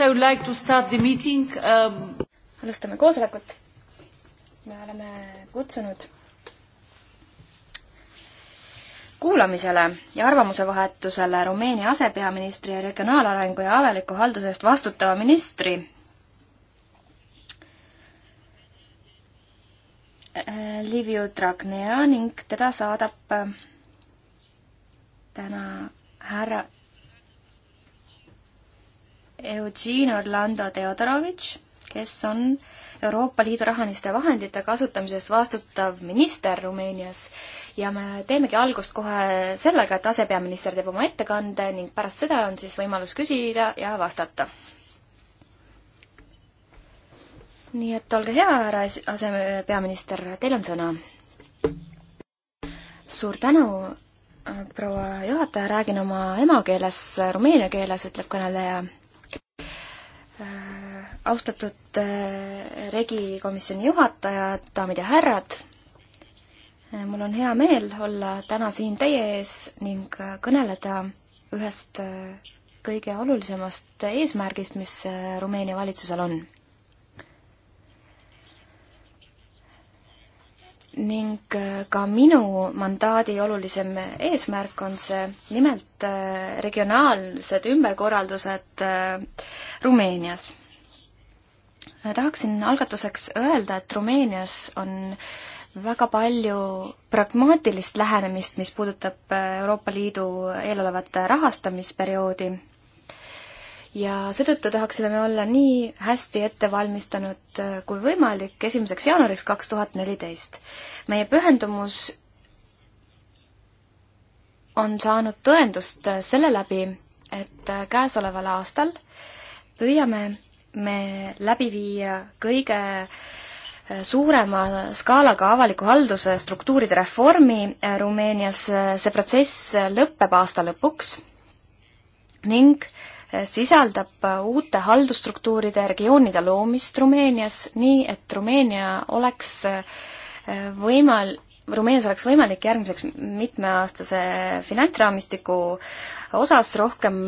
So I would like to start the meeting um.... alustame koosolekut. me oleme kutsunud kuulamisele ja arvamuse vahetusele Rumeenia asepeaministri ja regionaalarengu ja avaliku halduse eest vastutava ministri äh, Liviu Dragnea ning teda saadab äh, täna härra Eugene Orlando Teodorovitš, kes on Euroopa Liidu rahaliste vahendite kasutamisest vastutav minister Rumeenias ja me teemegi algust kohe sellega, et asepeaminister teeb oma ettekande ning pärast seda on siis võimalus küsida ja vastata. nii et olge hea, härra asepeaminister, teil on sõna. suur tänu, proua juhataja, räägin oma emakeeles, rumeenia keeles, ütleb kõneleja austatud äh, regikomisjoni juhataja, daamid ja härrad, mul on hea meel olla täna siin teie ees ning äh, kõneleda ühest äh, kõige olulisemast eesmärgist, mis Rumeenia valitsusel on. ning ka minu mandaadi olulisem eesmärk on see nimelt regionaalsed ümberkorraldused Rumeenias tahaksin algatuseks öelda, et Rumeenias on väga palju pragmaatilist lähenemist, mis puudutab äh, Euroopa Liidu eelolevat rahastamisperioodi. ja seetõttu tahaksime me olla nii hästi ette valmistanud äh, kui võimalik esimeseks jaanuariks kaks tuhat neliteist. meie pühendumus on saanud tõendust äh, selle läbi, et käesoleval aastal püüame me läbi viia kõige eh, suurema skaalaga avaliku halduse struktuuride reformi eh, Rumeenias. see protsess lõpeb aasta lõpuks ning eh, sisaldab uute haldusstruktuuride regioonide loomist Rumeenias, nii et Rumeenia oleks võimal-, Rumeenias oleks võimalik järgmiseks mitmeaastase finantsraamistiku osas rohkem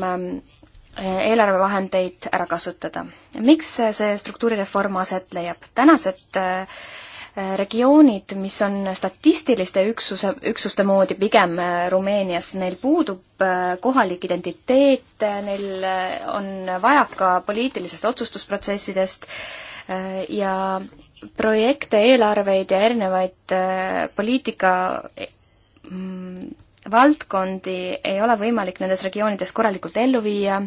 eelarvevahendeid ära kasutada. miks see struktuurireform aset leiab? tänased äh, regioonid, mis on statistiliste üksuse, üksuste moodi pigem äh, Rumeenias, neil puudub äh, kohalik identiteet, neil on vajaka poliitilisest otsustusprotsessidest ja projekte, eelarveid ja erinevaid poliitika mm, valdkondi ei ole võimalik nendes regioonides korralikult ellu viia,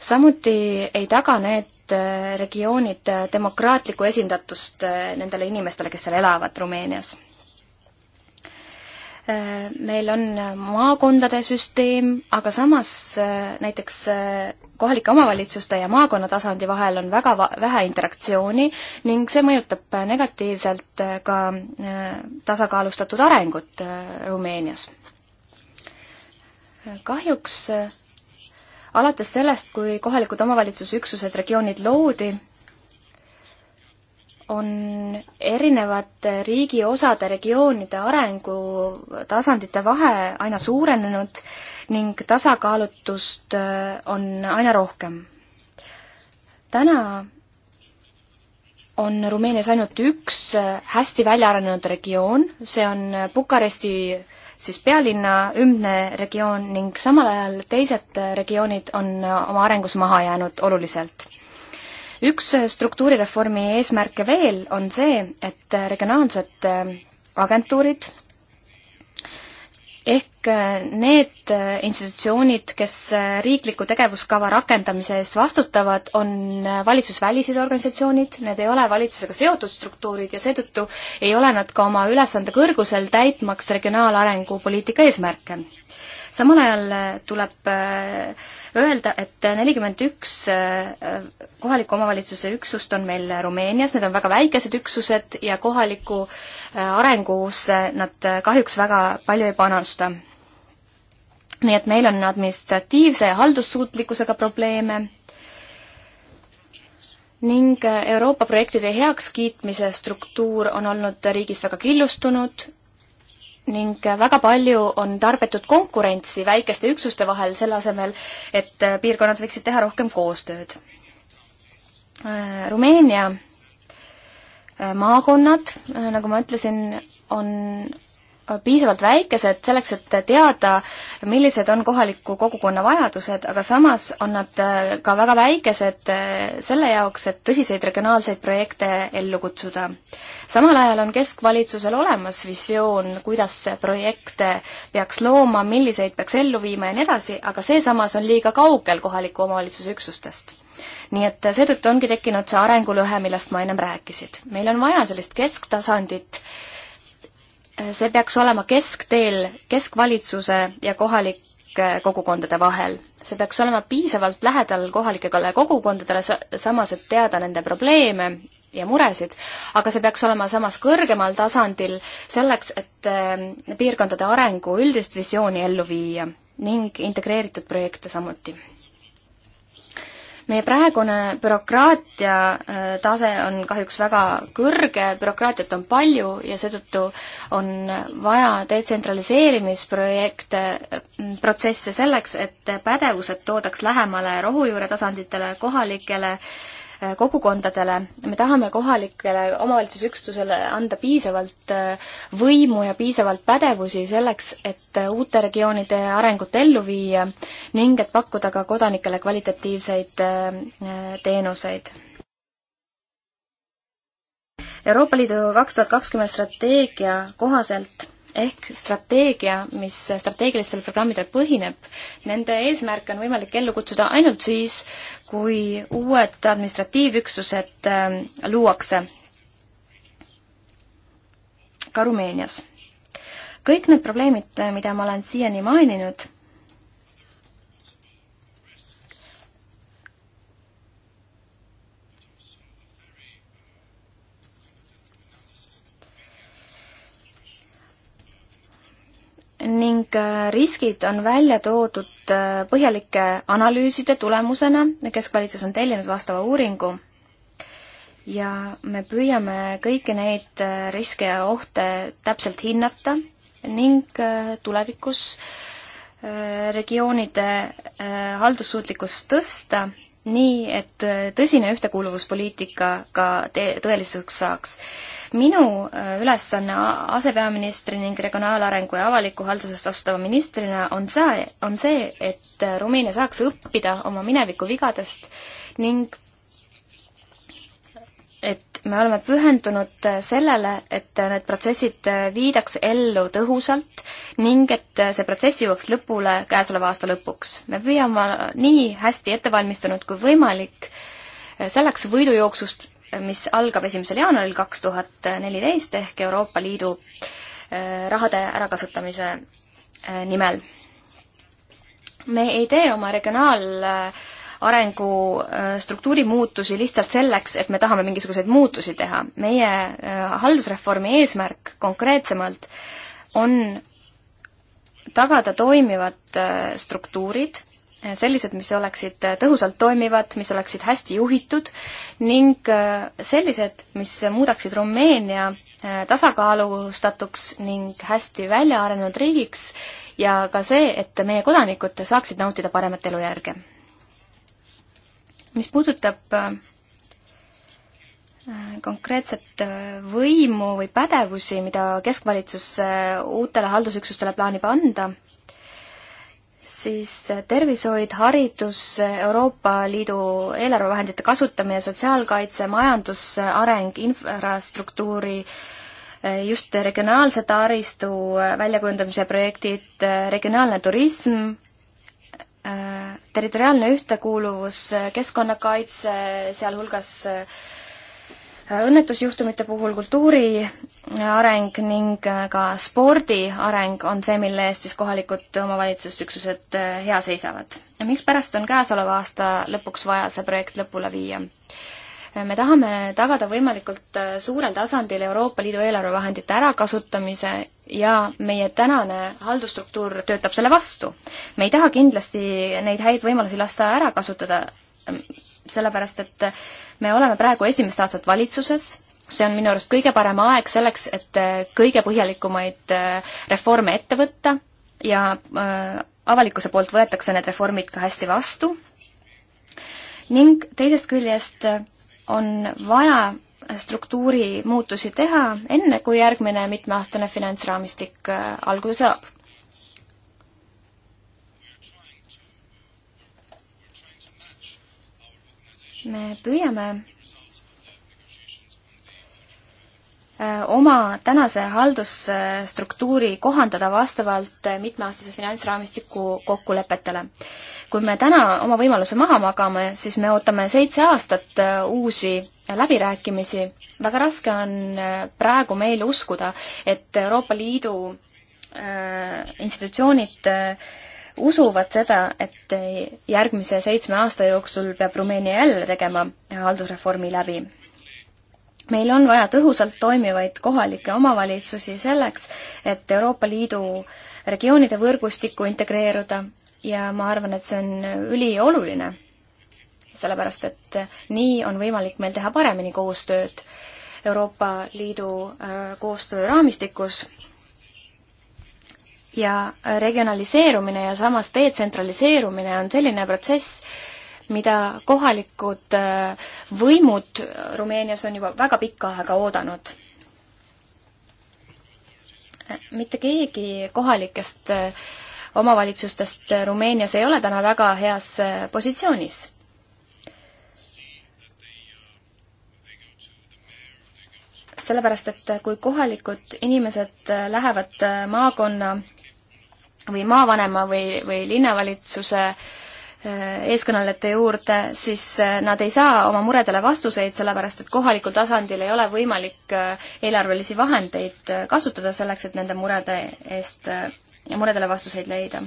samuti ei taga need äh, regioonid äh, demokraatlikku esindatust äh, nendele inimestele, kes seal elavad Rumeenias. meil on maakondade süsteem, aga samas näiteks kohalike omavalitsuste ja maakonna tasandi vahel on väga va vähe interaktsiooni ning see mõjutab negatiivselt ka tasakaalustatud arengut Rumeenias kahjuks äh, alates sellest, kui kohalikud omavalitsusüksused, regioonid loodi, on erinevate riigi osade, regioonide arengutasandite vahe aina suurenenud ning tasakaalutust äh, on aina rohkem. täna on Rumeenias ainult üks äh, hästi välja arenenud regioon, see on Bukaresti siis pealinna ümbne regioon ning samal ajal teised regioonid on oma arengus maha jäänud oluliselt. üks struktuurireformi eesmärke veel on see, et regionaalsed agentuurid ehk äh, need äh, institutsioonid, kes äh, riikliku tegevuskava rakendamise eest vastutavad, on valitsusvälised organisatsioonid, need ei ole valitsusega seotud struktuurid ja seetõttu ei ole nad ka oma ülesande kõrgusel täitmaks regionaalarengu poliitika eesmärke samal ajal äh, tuleb äh, öelda, et nelikümmend üks äh, kohaliku omavalitsuse üksust on meil Rumeenias, need on väga väikesed üksused ja kohaliku arengusse nad kahjuks väga palju ei panusta. nii et meil on administratiivse ja haldussuutlikkusega probleeme ning Euroopa projektide heakskiitmise struktuur on olnud riigis väga killustunud ning väga palju on tarbetut konkurentsi väikeste üksuste vahel, selle asemel, et piirkonnad võiksid teha rohkem koostööd. Rumeenia maakonnad, nagu ma ütlesin, on piisavalt väikesed selleks, et teada, millised on kohaliku kogukonna vajadused, aga samas on nad äh, ka väga väikesed äh, selle jaoks, et tõsiseid regionaalseid projekte ellu kutsuda. samal ajal on keskvalitsusel olemas visioon, kuidas projekte peaks looma, milliseid peaks ellu viima ja nii edasi, aga see samas on liiga kaugel kohaliku omavalitsuse üksustest nii et äh, seetõttu ongi tekkinud see arengulõhe, millest ma ennem rääkisin. meil on vaja sellist kesktasandit, see peaks olema keskteel keskvalitsuse ja kohalike kogukondade vahel. see peaks olema piisavalt lähedal kohalikele kogukondadele, samas et teada nende probleeme ja muresid, aga see peaks olema samas kõrgemal tasandil selleks, et äh, piirkondade arengu üldist visiooni ellu viia ning integreeritud projekte samuti meie praegune bürokraatia äh, tase on kahjuks väga kõrge, bürokraatiat on palju ja seetõttu on vaja detsentraliseerimisprojekte, äh, protsesse selleks, et pädevused toodaks lähemale rohujuure tasanditele, kohalikele äh, Äh, kogukondadele. me tahame kohalikele omavalitsusüksusele anda piisavalt äh, võimu ja piisavalt pädevusi selleks, et äh, uute regioonide arengut ellu viia ning et pakkuda ka kodanikele kvalitatiivseid teenuseid Euroopa Liidu kaks tuhat kakskümmend strateegia kohaselt ehk strateegia, mis strateegilistel programmidel põhineb, nende eesmärke on võimalik ellu kutsuda ainult siis, kui uued administratiivüksused ähm, luuakse ka Rumeenias. kõik need probleemid, äh, mida ma olen siiani maininud ning äh, riskid on välja toodud äh, põhjalike analüüside tulemusena, keskvalitsus on tellinud vastava uuringu ja me püüame kõiki neid äh, riske ja ohte täpselt hinnata ning tulevikus regioonide haldussuutlikkust tõsta nii, et äh, tõsine ühtekuuluvuspoliitika ka tõelisuseks saaks. minu äh, ülesanne asepeaministri ning regionaalarengu ja avaliku haldusest vastutava ministrina on see, on see, et äh, Rumeenia saaks õppida oma mineviku vigadest ning me oleme pühendunud sellele, et need protsessid viidaks ellu tõhusalt ning et see protsess jõuaks lõpule käesoleva aasta lõpuks. me püüame nii hästi ettevalmistunud kui võimalik selleks võidujooksust, mis algab esimesel jaanuaril kaks tuhat neliteist ehk Euroopa Liidu eh, rahade ärakasutamise eh, nimel. me ei tee oma regionaal- eh, arengu äh, struktuurimuutusi lihtsalt selleks, et me tahame mingisuguseid muutusi teha. meie äh, haldusreformi eesmärk konkreetsemalt on tagada toimivad äh, struktuurid, sellised, mis oleksid tõhusalt toimivad, mis oleksid hästi juhitud ning sellised, mis muudaksid Rumeenia tasakaalustatuks ning hästi välja arenenud riigiks ja ka see, et meie kodanikud saaksid nautida paremat elujärge mis puudutab äh, äh, konkreetset äh, võimu või pädevusi, mida keskvalitsus uutele haldusüksustele plaanib anda, siis tervishoid, haridus, Euroopa Liidu eelarvevahendite kasutamine, sotsiaalkaitse, majandusareng, infrastruktuuri, just regionaalse taristu väljakujundamise projektid, regionaalne turism Äh, territoriaalne ühtekuuluvus, äh, keskkonnakaitse, sealhulgas äh, õnnetusjuhtumite puhul kultuuri areng ning ka spordi areng on see, mille eest siis kohalikud omavalitsusüksused hea seisavad. mikspärast on käesoleva aasta lõpuks vaja see projekt lõpule viia? me tahame tagada võimalikult äh, suurel tasandil Euroopa Liidu eelarvevahendite ärakasutamise ja meie tänane haldusstruktuur töötab selle vastu. me ei taha kindlasti neid häid võimalusi lasta ära kasutada, ähm, sellepärast et äh, me oleme praegu esimest aastat valitsuses, see on minu arust kõige parem aeg selleks, et äh, kõige põhjalikumaid reforme ette võtta ja avalikkuse poolt võetakse need reformid ka hästi vastu ning teisest küljest on vaja struktuurimuutusi teha, enne kui järgmine mitmeaastane finantsraamistik äh, alguse saab me püüame Äh, oma tänase haldusstruktuuri kohandada vastavalt äh, mitmeaastase finantsraamistiku kokkulepetele. kui me täna oma võimaluse maha magame, siis me ootame seitse aastat äh, uusi läbirääkimisi. väga raske on praegu meil uskuda, et Euroopa Liidu institutsioonid usuvad seda, et järgmise seitsme aasta jooksul peab Rumeenia jälle tegema haldusreformi läbi meil on vaja tõhusalt toimivaid kohalikke omavalitsusi selleks, et Euroopa Liidu regioonide võrgustikku integreeruda ja ma arvan, et see on ülioluline, sellepärast et nii on võimalik meil teha paremini koostööd Euroopa Liidu äh, koostööraamistikus ja regionaliseerumine ja samas detsentraliseerumine on selline protsess, mida kohalikud äh, võimud Rumeenias on juba väga pikka aega oodanud. mitte keegi kohalikest äh, omavalitsustest Rumeenias ei ole täna väga heas äh, positsioonis sellepärast, et kui kohalikud inimesed lähevad maakonna või maavanema või, või linnavalitsuse Eh, eeskõnelejate juurde, siis eh, nad ei saa oma muredele vastuseid, sellepärast et kohalikul tasandil ei ole võimalik eh, eelarvelisi vahendeid kasutada selleks, et nende murede eest, muredele vastuseid leida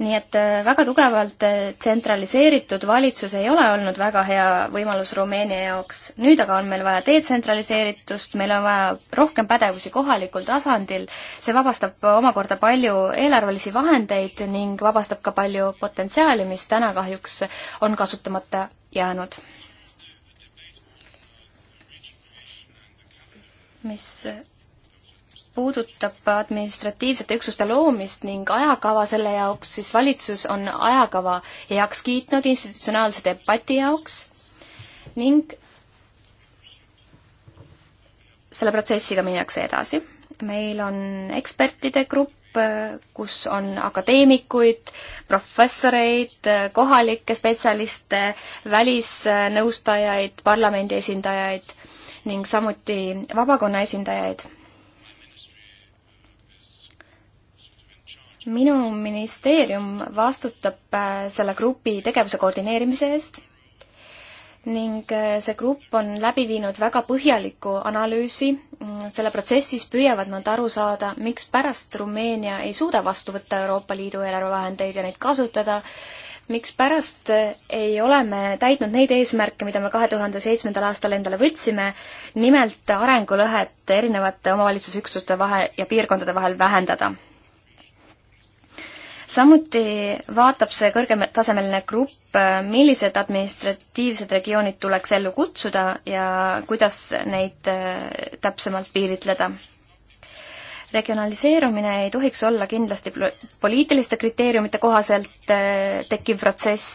nii et äh, väga tugevalt äh, tsentraliseeritud valitsus ei ole olnud väga hea võimalus Rumeenia jaoks. nüüd aga on meil vaja detsentraliseeritust, meil on vaja rohkem pädevusi kohalikul tasandil, see vabastab omakorda palju eelarvelisi vahendeid ning vabastab ka palju potentsiaali, mis täna kahjuks on kasutamata jäänud. mis puudutab administratiivsete üksuste loomist ning ajakava selle jaoks, siis valitsus on ajakava heaks kiitnud institutsionaalse debati jaoks ning selle protsessiga minnakse edasi. meil on ekspertide grupp, kus on akadeemikuid, professoreid, kohalikke spetsialiste, välisnõustajaid, parlamendi esindajaid ning samuti vabakonna esindajaid minu ministeerium vastutab äh, selle grupi tegevuse koordineerimise eest ning äh, see grupp on läbi viinud väga põhjaliku analüüsi. Mm, selle protsessis püüavad nad aru saada, mikspärast Rumeenia ei suuda vastu võtta Euroopa Liidu eelarvevahendeid ja neid kasutada, mikspärast äh, ei ole me täitnud neid eesmärke, mida me kahe tuhande seitsmendal aastal endale võtsime, nimelt arengulõhet erinevate omavalitsusüksuste vahe ja piirkondade vahel vähendada samuti vaatab see kõrgetasemeline grupp, äh, millised administratiivsed regioonid tuleks ellu kutsuda ja kuidas neid äh, täpsemalt piiritleda. regionaliseerumine ei tohiks olla kindlasti poliitiliste kriteeriumite kohaselt äh, tekkiv protsess,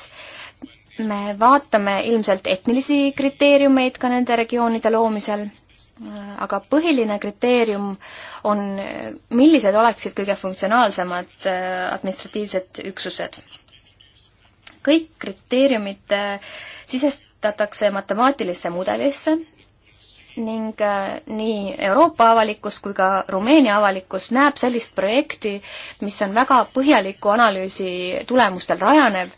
me vaatame ilmselt etnilisi kriteeriumeid ka nende regioonide loomisel aga põhiline kriteerium on, millised oleksid kõige funktsionaalsemad äh, administratiivsed üksused. kõik kriteeriumid äh, sisestatakse matemaatilisse mudelisse ning äh, nii Euroopa avalikkus kui ka Rumeenia avalikkus näeb sellist projekti, mis on väga põhjaliku analüüsi tulemustel rajanev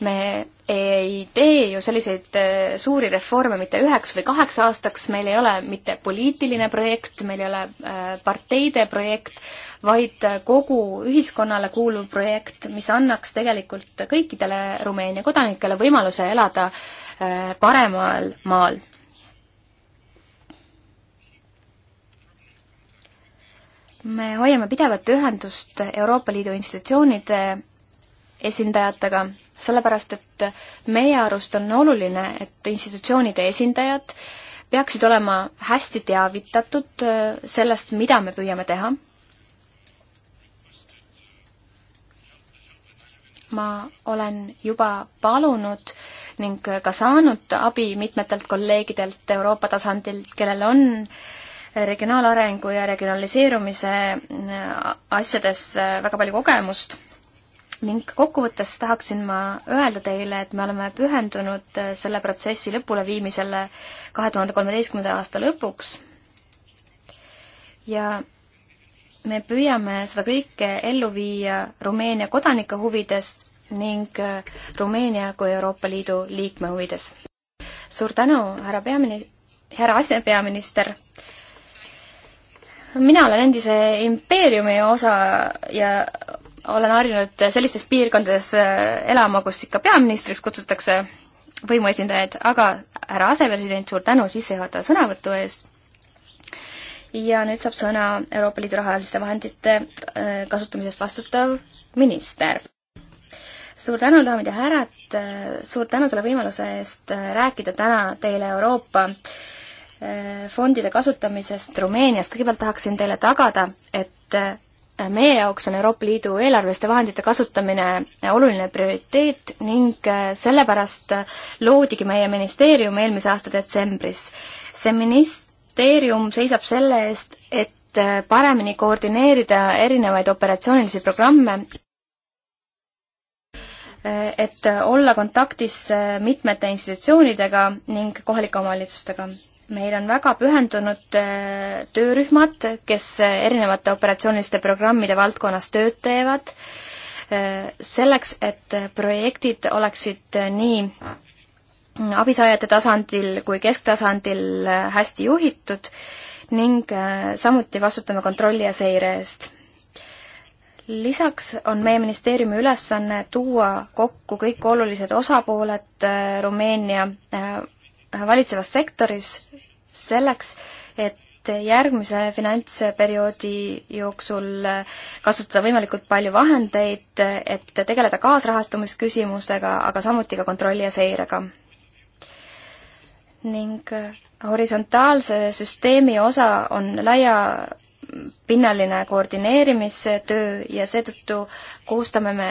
me ei tee ju selliseid äh, suuri reforme mitte üheks või kaheks aastaks, meil ei ole mitte poliitiline projekt, meil ei ole äh, parteide projekt, vaid äh, kogu ühiskonnale kuuluv projekt, mis annaks tegelikult kõikidele Rumeenia kodanikele võimaluse elada paremal maal. me hoiame pidevat ühendust Euroopa Liidu institutsioonide esindajatega sellepärast et meie arust on oluline, et institutsioonide esindajad peaksid olema hästi teavitatud äh, sellest, mida me püüame teha. ma olen juba palunud ning ka saanud abi mitmetelt kolleegidelt Euroopa tasandil, kellel on regionaalarengu ja regionaliseerumise äh, asjades äh, väga palju kogemust ning kokkuvõttes tahaksin ma öelda teile, et me oleme pühendunud äh, selle protsessi lõpuleviimisele kahe tuhande kolmeteistkümnenda aasta lõpuks ja me püüame seda kõike ellu viia Rumeenia kodanike huvidest ning äh, Rumeenia kui Euroopa Liidu liikme huvides. suur tänu, härra peamini-, härra asepeaminister! mina olen endise impeeriumi osa ja olen harjunud sellistes piirkondades äh, elama, kus ikka peaministriks kutsutakse võimuesindajaid, aga härra asepresident, suur tänu sissejuhatava sõnavõtu eest. ja nüüd saab sõna Euroopa Liidu rahaliste vahendite äh, kasutamisest vastutav minister. suur tänu, daamid ja härrad, äh, suur tänu selle võimaluse eest rääkida täna teile Euroopa fondide kasutamisest Rumeenias. kõigepealt tahaksin teile tagada, et meie jaoks on Euroopa Liidu eelarveliste vahendite kasutamine oluline prioriteet ning äh, sellepärast äh, loodigi meie ministeerium eelmise aasta detsembris. see ministeerium seisab selle eest, et äh, paremini koordineerida erinevaid operatsioonilisi programme, et olla kontaktis mitmete institutsioonidega ning kohalike omavalitsustega meil on väga pühendunud äh, töörühmad, kes äh, erinevate operatsiooniliste programmide valdkonnas tööd teevad, äh, selleks, et projektid oleksid nii abisaajate tasandil kui kesktasandil hästi juhitud ning samuti vastutame kontrolli ja seire eest. lisaks on meie ministeeriumi ülesanne tuua kokku kõik olulised osapooled Rumeenia valitsevas sektoris selleks, et järgmise finantsperioodi jooksul kasutada võimalikult palju vahendeid, et tegeleda kaasrahastumisküsimustega, aga samuti ka kontrolli ja seirega. ning horisontaalse süsteemi osa on laia pinnaline koordineerimistöö ja seetõttu koostame me,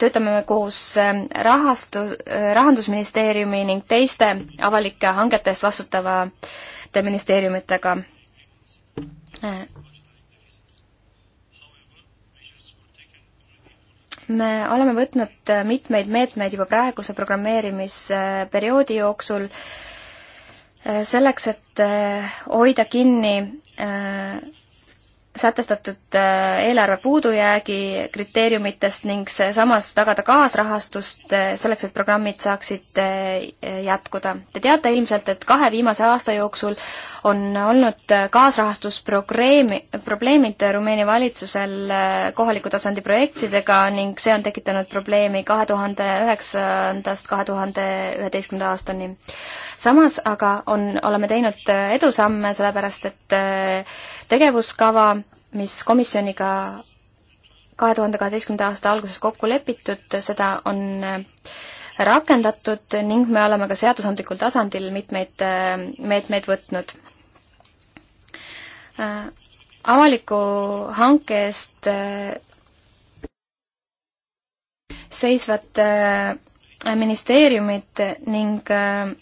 töötame me koos ähm, rahastu-, äh, Rahandusministeeriumi ning teiste avalike hangete eest vastutavate ministeeriumitega. me oleme võtnud äh, mitmeid meetmeid juba praeguse programmeerimisperioodi jooksul äh, selleks, et hoida kinni sätestatud äh, eelarve puudujäägi kriteeriumitest ning samas tagada kaasrahastust äh, selleks, et programmid saaksid äh, jätkuda. Te teate ilmselt, et kahe viimase aasta jooksul on olnud kaasrahastusprogreemi, probleemid Rumeenia valitsusel kohaliku tasandi projektidega ning see on tekitanud probleemi kahe tuhande üheksandast kahe tuhande üheteistkümnenda aastani. samas aga on, oleme teinud edusamme, sellepärast et tegevuskava mis komisjoniga kahe tuhande kaheteistkümnenda aasta alguses kokku lepitud, seda on äh, rakendatud ning me oleme ka seadusandlikul tasandil mitmeid äh, meetmeid võtnud. Äh, avaliku hanke eest seisvad ministeeriumid ning äh,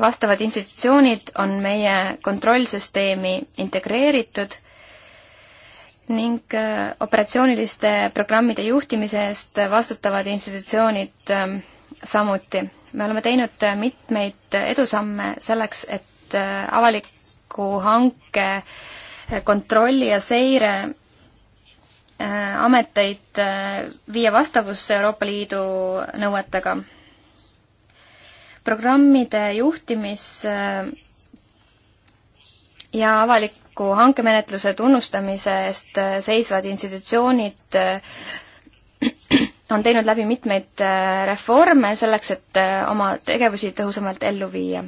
vastavad institutsioonid on meie kontrollsüsteemi integreeritud ning äh, operatsiooniliste programmide juhtimise eest vastutavad institutsioonid ähm, samuti. me oleme teinud äh, mitmeid edusamme selleks, et äh, avaliku hanke kontrolli ja seire ameteid viia vastavusse Euroopa Liidu nõuetega programmide juhtimis- ja avaliku hankemenetluse tunnustamise eest seisvad institutsioonid äh, on teinud läbi mitmeid äh, reforme selleks, et äh, oma tegevusi tõhusamalt ellu viia.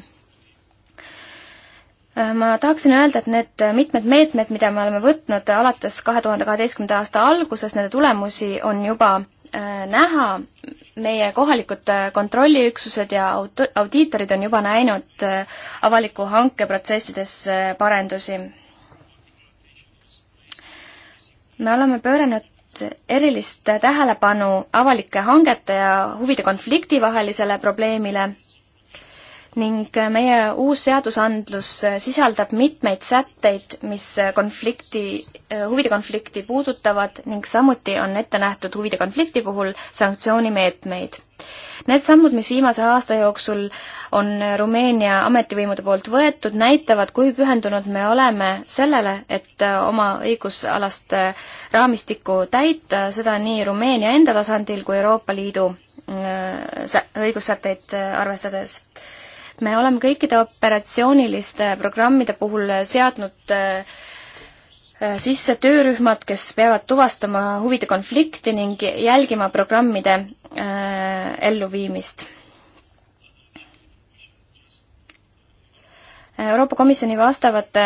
ma tahaksin öelda, et need mitmed meetmed, mida me oleme võtnud alates kahe tuhande kaheteistkümnenda aasta alguses, nende tulemusi on juba Äh, näha, meie kohalikud äh, kontrolliüksused ja aut-, audiitorid on juba näinud äh, avaliku hanke protsessides parendusi. me oleme pööranud erilist tähelepanu avalike hangete ja huvide konflikti vahelisele probleemile ning meie uus seadusandlus sisaldab mitmeid sätteid, mis konflikti, huvide konflikti puudutavad ning samuti on ette nähtud huvide konflikti puhul sanktsioonimeetmeid. Need sammud, mis viimase aasta jooksul on Rumeenia ametivõimude poolt võetud, näitavad, kui pühendunud me oleme sellele, et oma õigusalast raamistikku täita, seda nii Rumeenia enda tasandil kui Euroopa Liidu äh, õigussätteid arvestades me oleme kõikide operatsiooniliste programmide puhul seadnud äh, äh, sisse töörühmad, kes peavad tuvastama huvide konflikti ning jälgima programmide äh, elluviimist Euroopa Komisjoni vastavate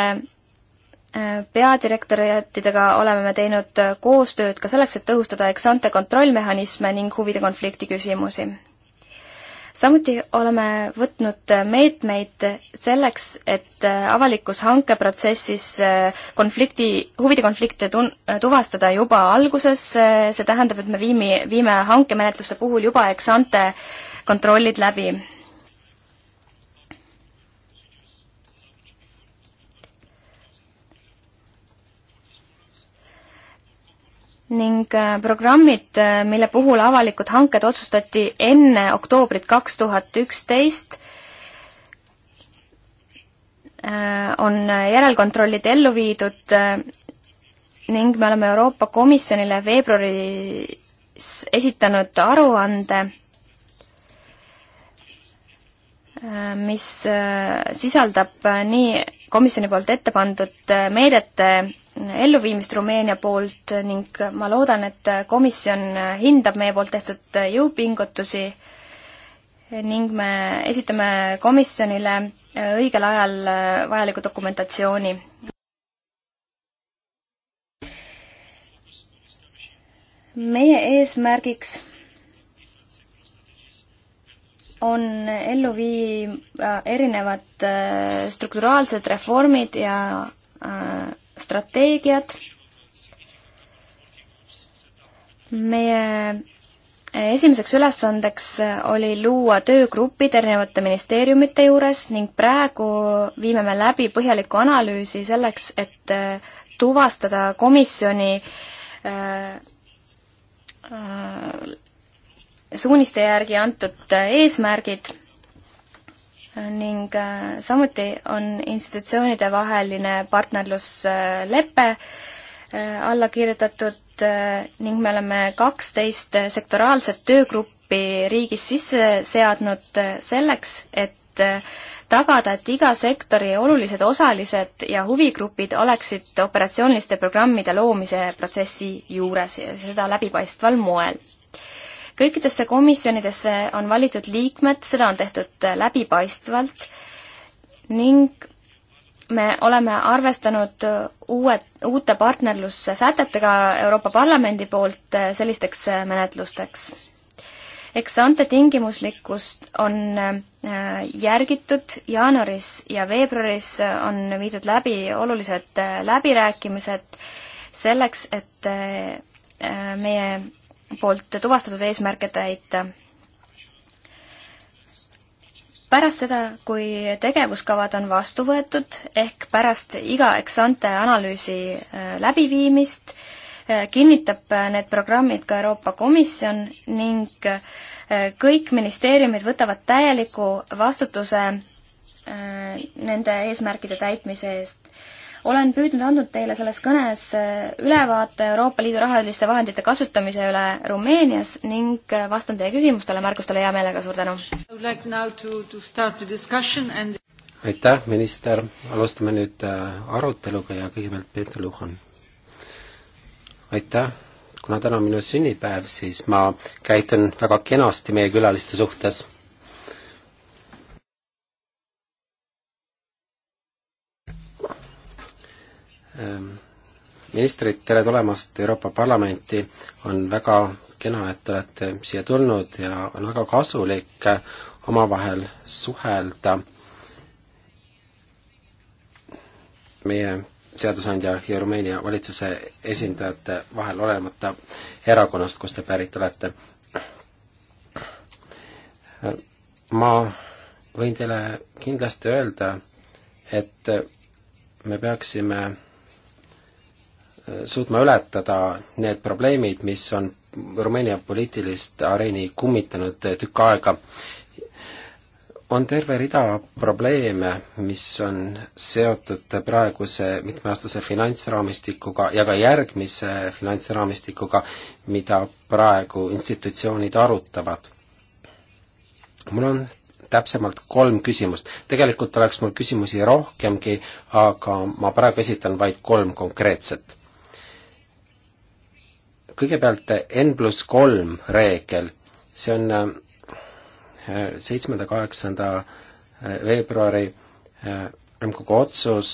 peadirektoriatidega oleme me teinud koostööd ka selleks, et tõhustada eksante kontrollmehhanisme ning huvide konflikti küsimusi samuti oleme võtnud meetmeid selleks, et avalikus hankeprotsessis äh, konflikti, huvide konflikte tun-, tuvastada juba alguses, see tähendab, et me viimi, viime hankemenetluste puhul juba ex-ante kontrollid läbi ning äh, programmid, äh, mille puhul avalikud hanked otsustati enne oktoobrit kaks tuhat üksteist, äh, on järelkontrollid ellu viidud ning me oleme Euroopa Komisjonile veebruaris esitanud aruande mis äh, sisaldab äh, nii komisjoni poolt ette pandud äh, meedete elluviimist Rumeenia poolt ning ma loodan, et komisjon hindab meie poolt tehtud jõupingutusi ning me esitame komisjonile õigel ajal vajaliku dokumentatsiooni. meie eesmärgiks on ellu viia äh, erinevad äh, strukturaalsed reformid ja äh, strateegiad. meie esimeseks ülesandeks oli luua töögrupid erinevate ministeeriumite juures ning praegu viime me läbi põhjaliku analüüsi selleks, et tuvastada komisjoni suuniste järgi antud eesmärgid ning äh, samuti on institutsioonide vaheline partnerluslepe äh, alla kirjutatud äh, ning me oleme kaksteist sektoraalset töögruppi riigis sisse seadnud selleks, et tagada, et iga sektori olulised osalised ja huvigrupid oleksid operatsiooniliste programmide loomise protsessi juures ja seda läbipaistval moel kõikidesse komisjonidesse on valitud liikmed, seda on tehtud äh, läbipaistvalt ning me oleme arvestanud äh, uue, uute partnerlussätetega Euroopa Parlamendi poolt äh, sellisteks menetlusteks. eks ante tingimuslikkust on järgitud, jaanuaris ja veebruaris on viidud läbi olulised läbirääkimised selleks, et meie poolt tuvastatud eesmärke täita. pärast seda, kui tegevuskavad on vastu võetud, ehk pärast iga eksante analüüsi äh, läbiviimist, äh, kinnitab äh, need programmid ka Euroopa Komisjon ning kõik ministeeriumid võtavad täieliku vastutuse nende eesmärkide täitmise eest olen püüdnud andnud teile selles kõnes äh, ülevaate Euroopa Liidu rahaliste vahendite kasutamise üle Rumeenias ning äh, vastan teie küsimustele, märkustele hea meelega, suur tänu! aitäh, minister, alustame nüüd äh, aruteluga ja kõigepealt Peeter Luhan. aitäh, kuna täna on minu sünnipäev, siis ma käitun väga kenasti meie külaliste suhtes Ehm, ministrid, tere tulemast Euroopa Parlamenti, on väga kena, et te olete siia tulnud ja on väga kasulik äh, omavahel suhelda meie seadusandja ja Rumeenia valitsuse esindajate vahel, olenemata erakonnast, kust te pärit olete. Äh, ma võin teile kindlasti öelda, et me peaksime suutma ületada need probleemid, mis on Rumeenia poliitilist areeni kummitanud tükk aega. on terve rida probleeme, mis on seotud praeguse mitmeaastase finantsraamistikuga ja ka järgmise finantsraamistikuga, mida praegu institutsioonid arutavad. mul on täpsemalt kolm küsimust. tegelikult oleks mul küsimusi rohkemgi, aga ma praegu esitan vaid kolm konkreetset kõigepealt eh, N pluss kolm reegel, see on eh, seitsmenda, kaheksanda eh, veebruari MKK otsus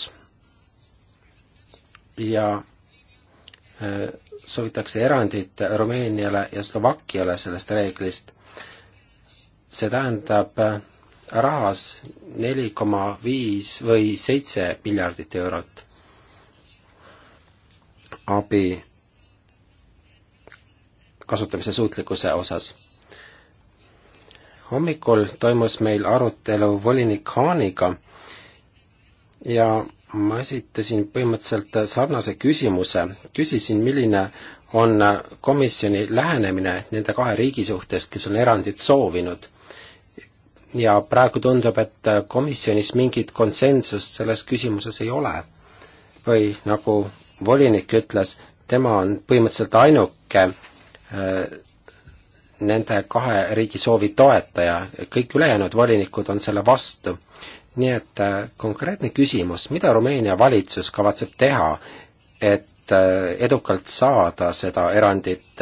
ja soovitakse erandit Rumeeniale ja Slovakkiale sellest reeglist. see tähendab rahas neli koma viis või seitse miljardit eurot abi kasutamise suutlikkuse osas. hommikul toimus meil arutelu volinik Haaniga ja ma esitasin põhimõtteliselt sarnase küsimuse, küsisin, milline on komisjoni lähenemine nende kahe riigi suhtes, kes on erandit soovinud. ja praegu tundub, et komisjonis mingit konsensust selles küsimuses ei ole. või nagu volinik ütles, tema on põhimõtteliselt ainuke Äh, nende kahe riigi soovi toetaja, kõik ülejäänud volinikud on selle vastu. nii et äh, konkreetne küsimus, mida Rumeenia valitsus kavatseb teha, et äh, edukalt saada seda erandit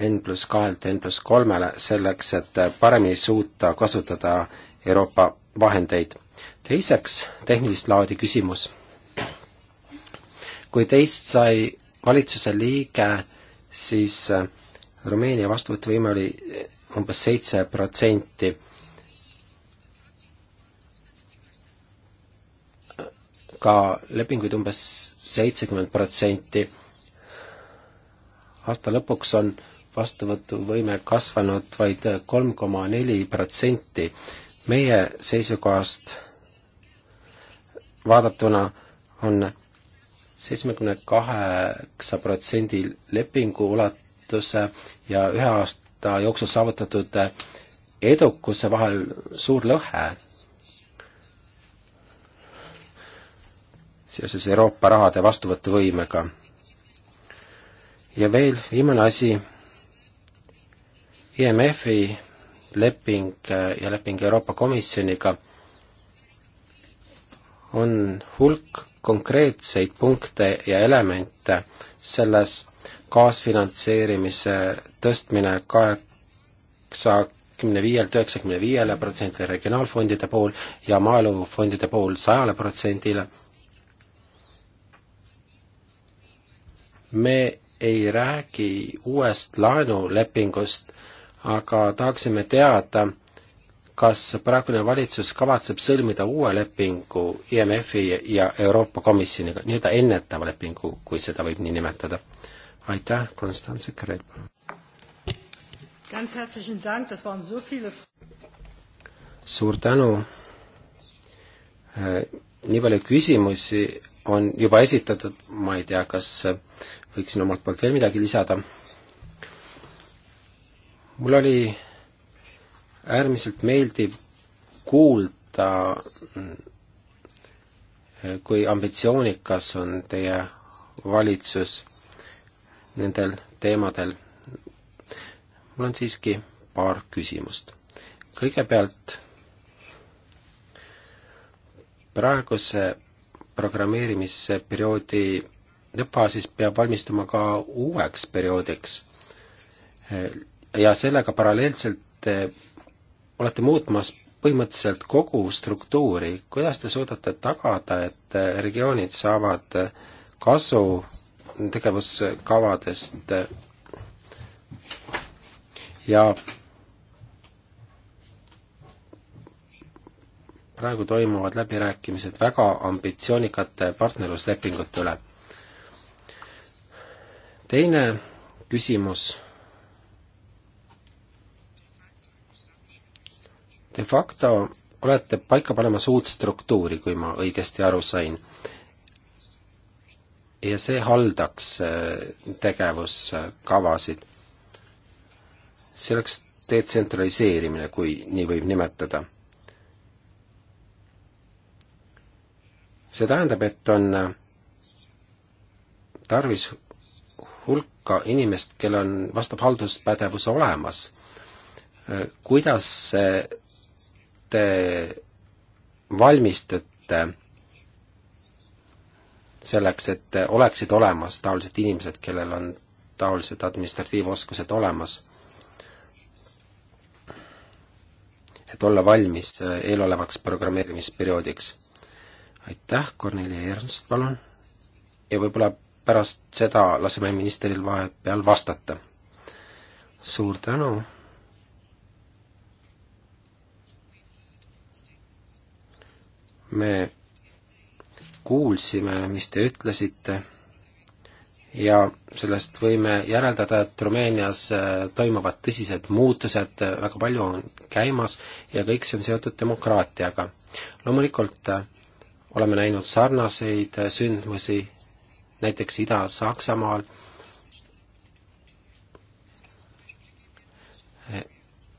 N pluss kahelt N pluss kolmele, selleks et paremini suuta kasutada Euroopa vahendeid. teiseks tehnilist laadi küsimus. kui teist sai valitsuse liige siis äh, Rumeenia vastuvõtuvõime oli äh, umbes seitse protsenti. ka lepinguid umbes seitsekümmend protsenti. aasta lõpuks on vastuvõtuvõime kasvanud vaid kolm koma neli protsenti. meie seisukohast vaadatuna on seitsmekümne kaheksa protsendi lepingu ulatuse ja ühe aasta jooksul saavutatud edukuse vahel suur lõhe. seoses Euroopa rahade vastuvõtuvõimega. ja veel viimane asi, IMF-i leping ja leping Euroopa Komisjoniga on hulk konkreetseid punkte ja elemente selles kaasfinantseerimise tõstmine kaheksakümne viielt üheksakümne viiele protsendile regionaalfondide puhul ja maaelufondide puhul sajale protsendile. me ei räägi uuest laenulepingust, aga tahaksime teada, kas praegune valitsus kavatseb sõlmida uue lepingu IMF-i ja Euroopa Komisjoniga, nii-öelda ennetava lepingu, kui seda võib nii nimetada? aitäh, Konstantse Kreel. suur tänu äh, nii palju küsimusi on juba esitatud, ma ei tea, kas võiksin omalt poolt veel midagi lisada. mul oli äärmiselt meeldiv kuulda, kui ambitsioonikas on teie valitsus nendel teemadel. mul on siiski paar küsimust. kõigepealt praeguse programmeerimisperioodi lõppfaasis peab valmistuma ka uueks perioodiks. ja sellega paralleelselt olete muutmas põhimõtteliselt kogu struktuuri, kuidas te suudate tagada, et regioonid saavad kasu tegevuskavadest ja praegu toimuvad läbirääkimised väga ambitsioonikate partnerluslepingute üle. teine küsimus De facto olete paika panemas uut struktuuri, kui ma õigesti aru sain. ja see haldaks äh, tegevuskavasid. see oleks detsentraliseerimine, kui nii võib nimetada. see tähendab, et on äh, tarvis hulka inimest, kellel on vastav halduspädevus olemas. Äh, kuidas see te valmistute selleks, et oleksid olemas taolised inimesed, kellel on taolised administratiivoskused olemas, et olla valmis eelolevaks programmeerimisperioodiks. aitäh, Kornelia Ernst, palun! ja võib-olla pärast seda laseme ministril vahepeal vastata. suur tänu! me kuulsime, mis te ütlesite ja sellest võime järeldada, et Rumeenias äh, toimuvad tõsised muutused, äh, väga palju on käimas ja kõik see on seotud demokraatiaga. loomulikult äh, oleme näinud sarnaseid sündmusi näiteks Ida-Saksamaal,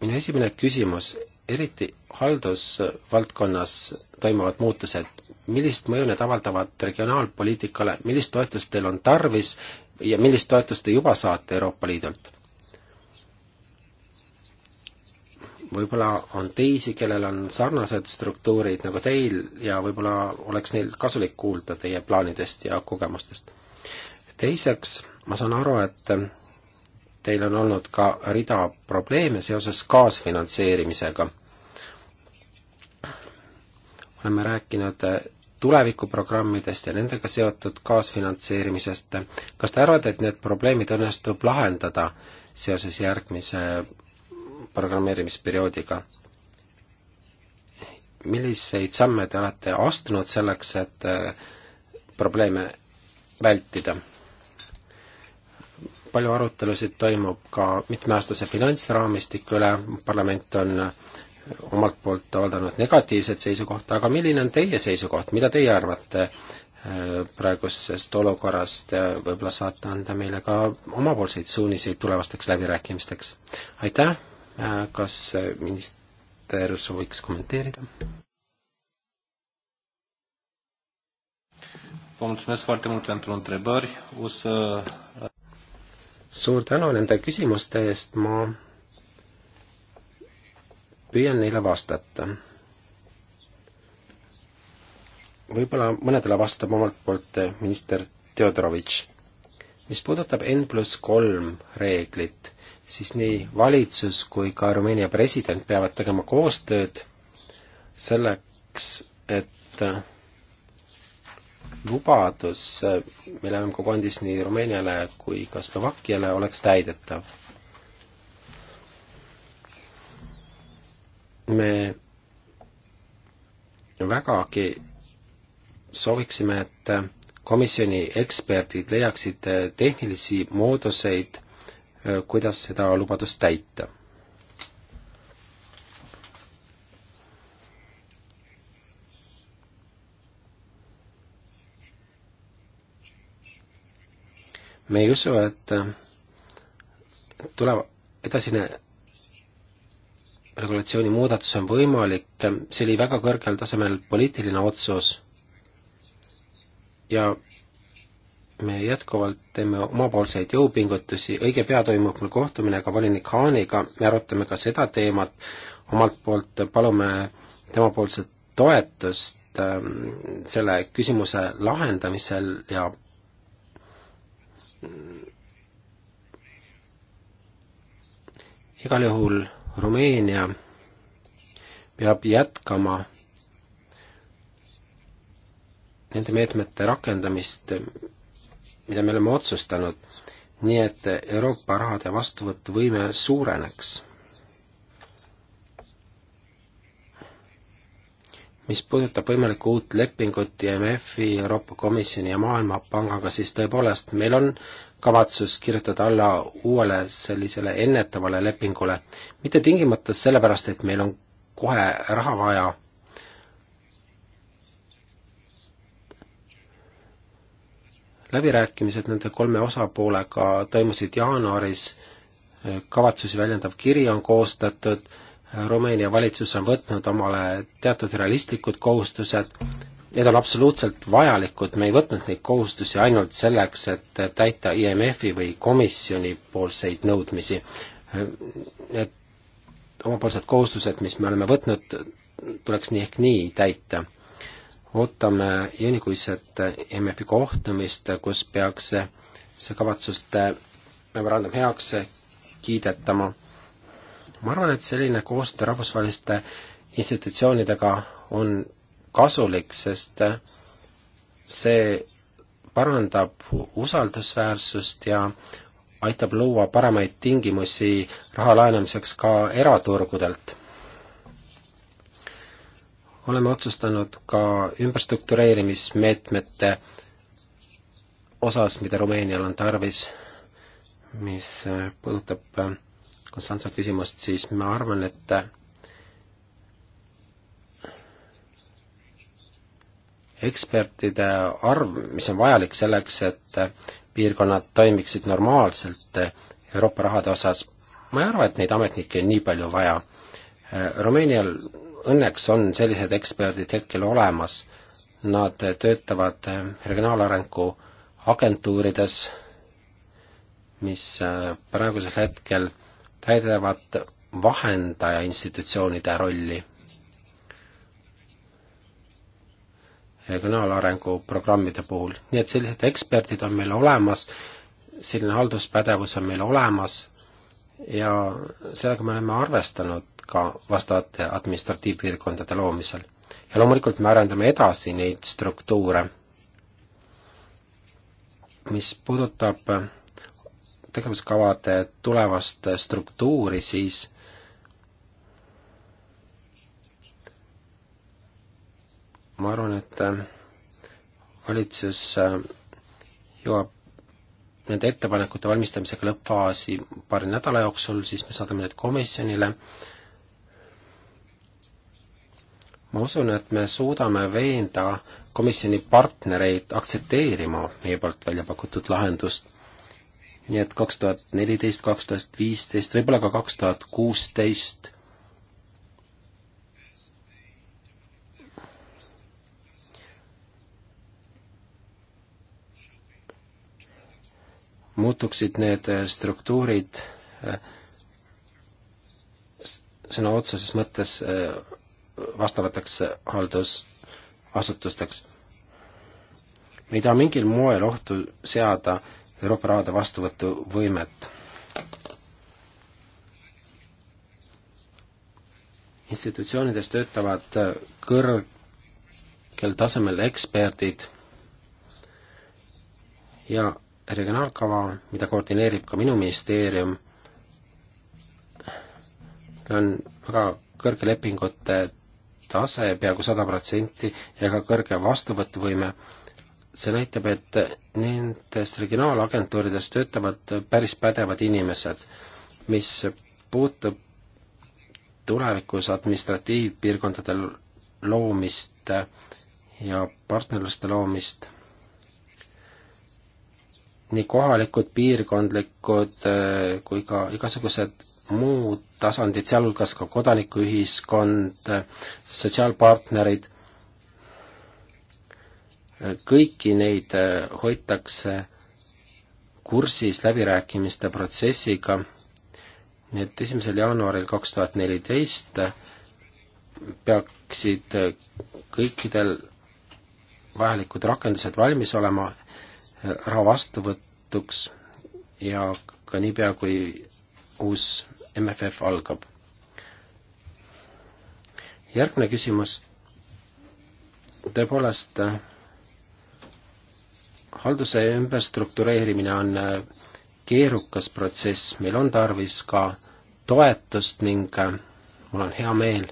minu esimene küsimus, eriti haldusvaldkonnas toimuvad muutused, millist mõju need avaldavad regionaalpoliitikale, millist toetust teil on tarvis ja millist toetust te juba saate Euroopa Liidult? võib-olla on teisi, kellel on sarnased struktuurid nagu teil ja võib-olla oleks neil kasulik kuulda teie plaanidest ja kogemustest. teiseks, ma saan aru, et teil on olnud ka rida probleeme seoses kaasfinantseerimisega oleme rääkinud äh, tulevikuprogrammidest ja nendega seotud kaasfinantseerimisest. kas te arvate, et need probleemid õnnestub lahendada seoses järgmise programmeerimisperioodiga? milliseid samme te olete astunud selleks, et äh, probleeme vältida? palju arutelusid toimub ka mitmeaastase finantsraamistiku üle, parlament on omalt poolt avaldanud negatiivset seisukohta, aga milline on teie seisukoht, mida teie arvate äh, praegusest olukorrast, võib-olla saate anda meile ka omapoolseid suuniseid tulevasteks läbirääkimisteks. aitäh, äh, kas äh, minister sooviks kommenteerida? suur tänu nende küsimuste eest, ma püüan neile vastata. võib-olla mõnedele vastab omalt poolt minister Teodorovitš. mis puudutab N pluss kolm reeglit, siis nii valitsus kui ka Rumeenia president peavad tegema koostööd selleks, et lubadus, mille oleme kogu andis nii Rumeeniale kui ka Slovakkiale, oleks täidetav me vägagi sooviksime, et komisjoni eksperdid leiaksid tehnilisi mooduseid, äh, kuidas seda lubadust täita. me ei usu, et äh, tuleb edasine regulatsiooni muudatus on võimalik, see oli väga kõrgel tasemel poliitiline otsus ja me jätkuvalt teeme omapoolseid jõupingutusi, õige pea toimub mul kohtumine ka volinik Haaniga, me arutame ka seda teemat, omalt poolt palume temapoolset toetust äh, selle küsimuse lahendamisel ja mm, igal juhul Rumeenia peab jätkama nende meetmete rakendamist, mida me oleme otsustanud, nii et Euroopa rahade vastuvõtuvõime suureneks. mis puudutab võimalikku uut lepingut IMF-i, Euroopa Komisjoni ja Maailmapangaga, siis tõepoolest, meil on kavatsus kirjutada alla uuele sellisele ennetavale lepingule, mitte tingimata sellepärast, et meil on kohe raha vaja, läbirääkimised nende kolme osapoolega toimusid jaanuaris, kavatsusi väljendav kiri on koostatud, Rumeenia valitsus on võtnud omale teatud realistlikud kohustused, need on absoluutselt vajalikud, me ei võtnud neid kohustusi ainult selleks, et täita IMF-i või komisjoni poolseid nõudmisi. Need omapoolsed kohustused, mis me oleme võtnud, tuleks nii ehk nii täita. ootame juunikuiset IMF-i kohtumist, kus peaks see kavatsuste memorandum heaks kiidetama. ma arvan, et selline koostöö rahvusvaheliste institutsioonidega on kasulik, sest see parandab usaldusväärsust ja aitab luua paremaid tingimusi raha laenamiseks ka eraturgudelt. oleme otsustanud ka ümberstruktureerimismeetmete osas, mida Rumeenial on tarvis, mis puudutab Konstantsa küsimust, siis ma arvan, et ekspertide arv, mis on vajalik selleks, et äh, piirkonnad toimiksid normaalselt äh, Euroopa rahade osas, ma ei arva, et neid ametnikke on nii palju vaja. Äh, Rumeenial õnneks on sellised eksperdid hetkel olemas, nad töötavad regionaalarengu agentuurides, mis praegusel hetkel täidavad vahendaja institutsioonide rolli regionaalarengu programmide puhul, nii et sellised eksperdid on meil olemas, selline halduspädevus on meil olemas ja sellega me oleme arvestanud ka vastavate administratiivpiirkondade loomisel. ja loomulikult me arendame edasi neid struktuure, mis puudutab tegevuskavade tulevast struktuuri, siis ma arvan, et äh, valitsus äh, jõuab nende ettepanekute valmistamisega lõppfaasi paari nädala jooksul, siis me saadame need komisjonile. ma usun, et me suudame veenda komisjoni partnereid aktsepteerima meie poolt välja pakutud lahendust. nii et kaks tuhat neliteist, kaks tuhat viisteist, võib-olla ka kaks tuhat kuusteist muutuksid need äh, struktuurid äh, sõna otseses mõttes äh, vastavateks haldusasutusteks. me ei taha mingil moel ohtu seada Euroopa rahade vastuvõtuvõimet. institutsioonides töötavad kõrgel tasemel eksperdid ja regionaalkava, mida koordineerib ka minu ministeerium, on väga kõrge lepingute tase, peaaegu sada protsenti, ja ka kõrge vastuvõtuvõime. see näitab, et nendes regionaalagentuurides töötavad päris pädevad inimesed. mis puutub tulevikus administratiivpiirkondade loomist ja partnerluste loomist nii kohalikud, piirkondlikud eh, kui ka igasugused muud tasandid, sealhulgas ka kodanikuühiskond, sotsiaalpartnerid, eh, kõiki neid eh, hoitakse kursis läbirääkimiste protsessiga, nii et esimesel jaanuaril kaks tuhat neliteist peaksid kõikidel vajalikud rakendused valmis olema raha vastuvõtuks ja ka niipea, kui uus MFF algab. järgmine küsimus. tõepoolest, halduse ümberstruktureerimine on äh, keerukas protsess, meil on tarvis ka toetust ning äh, mul on hea meel,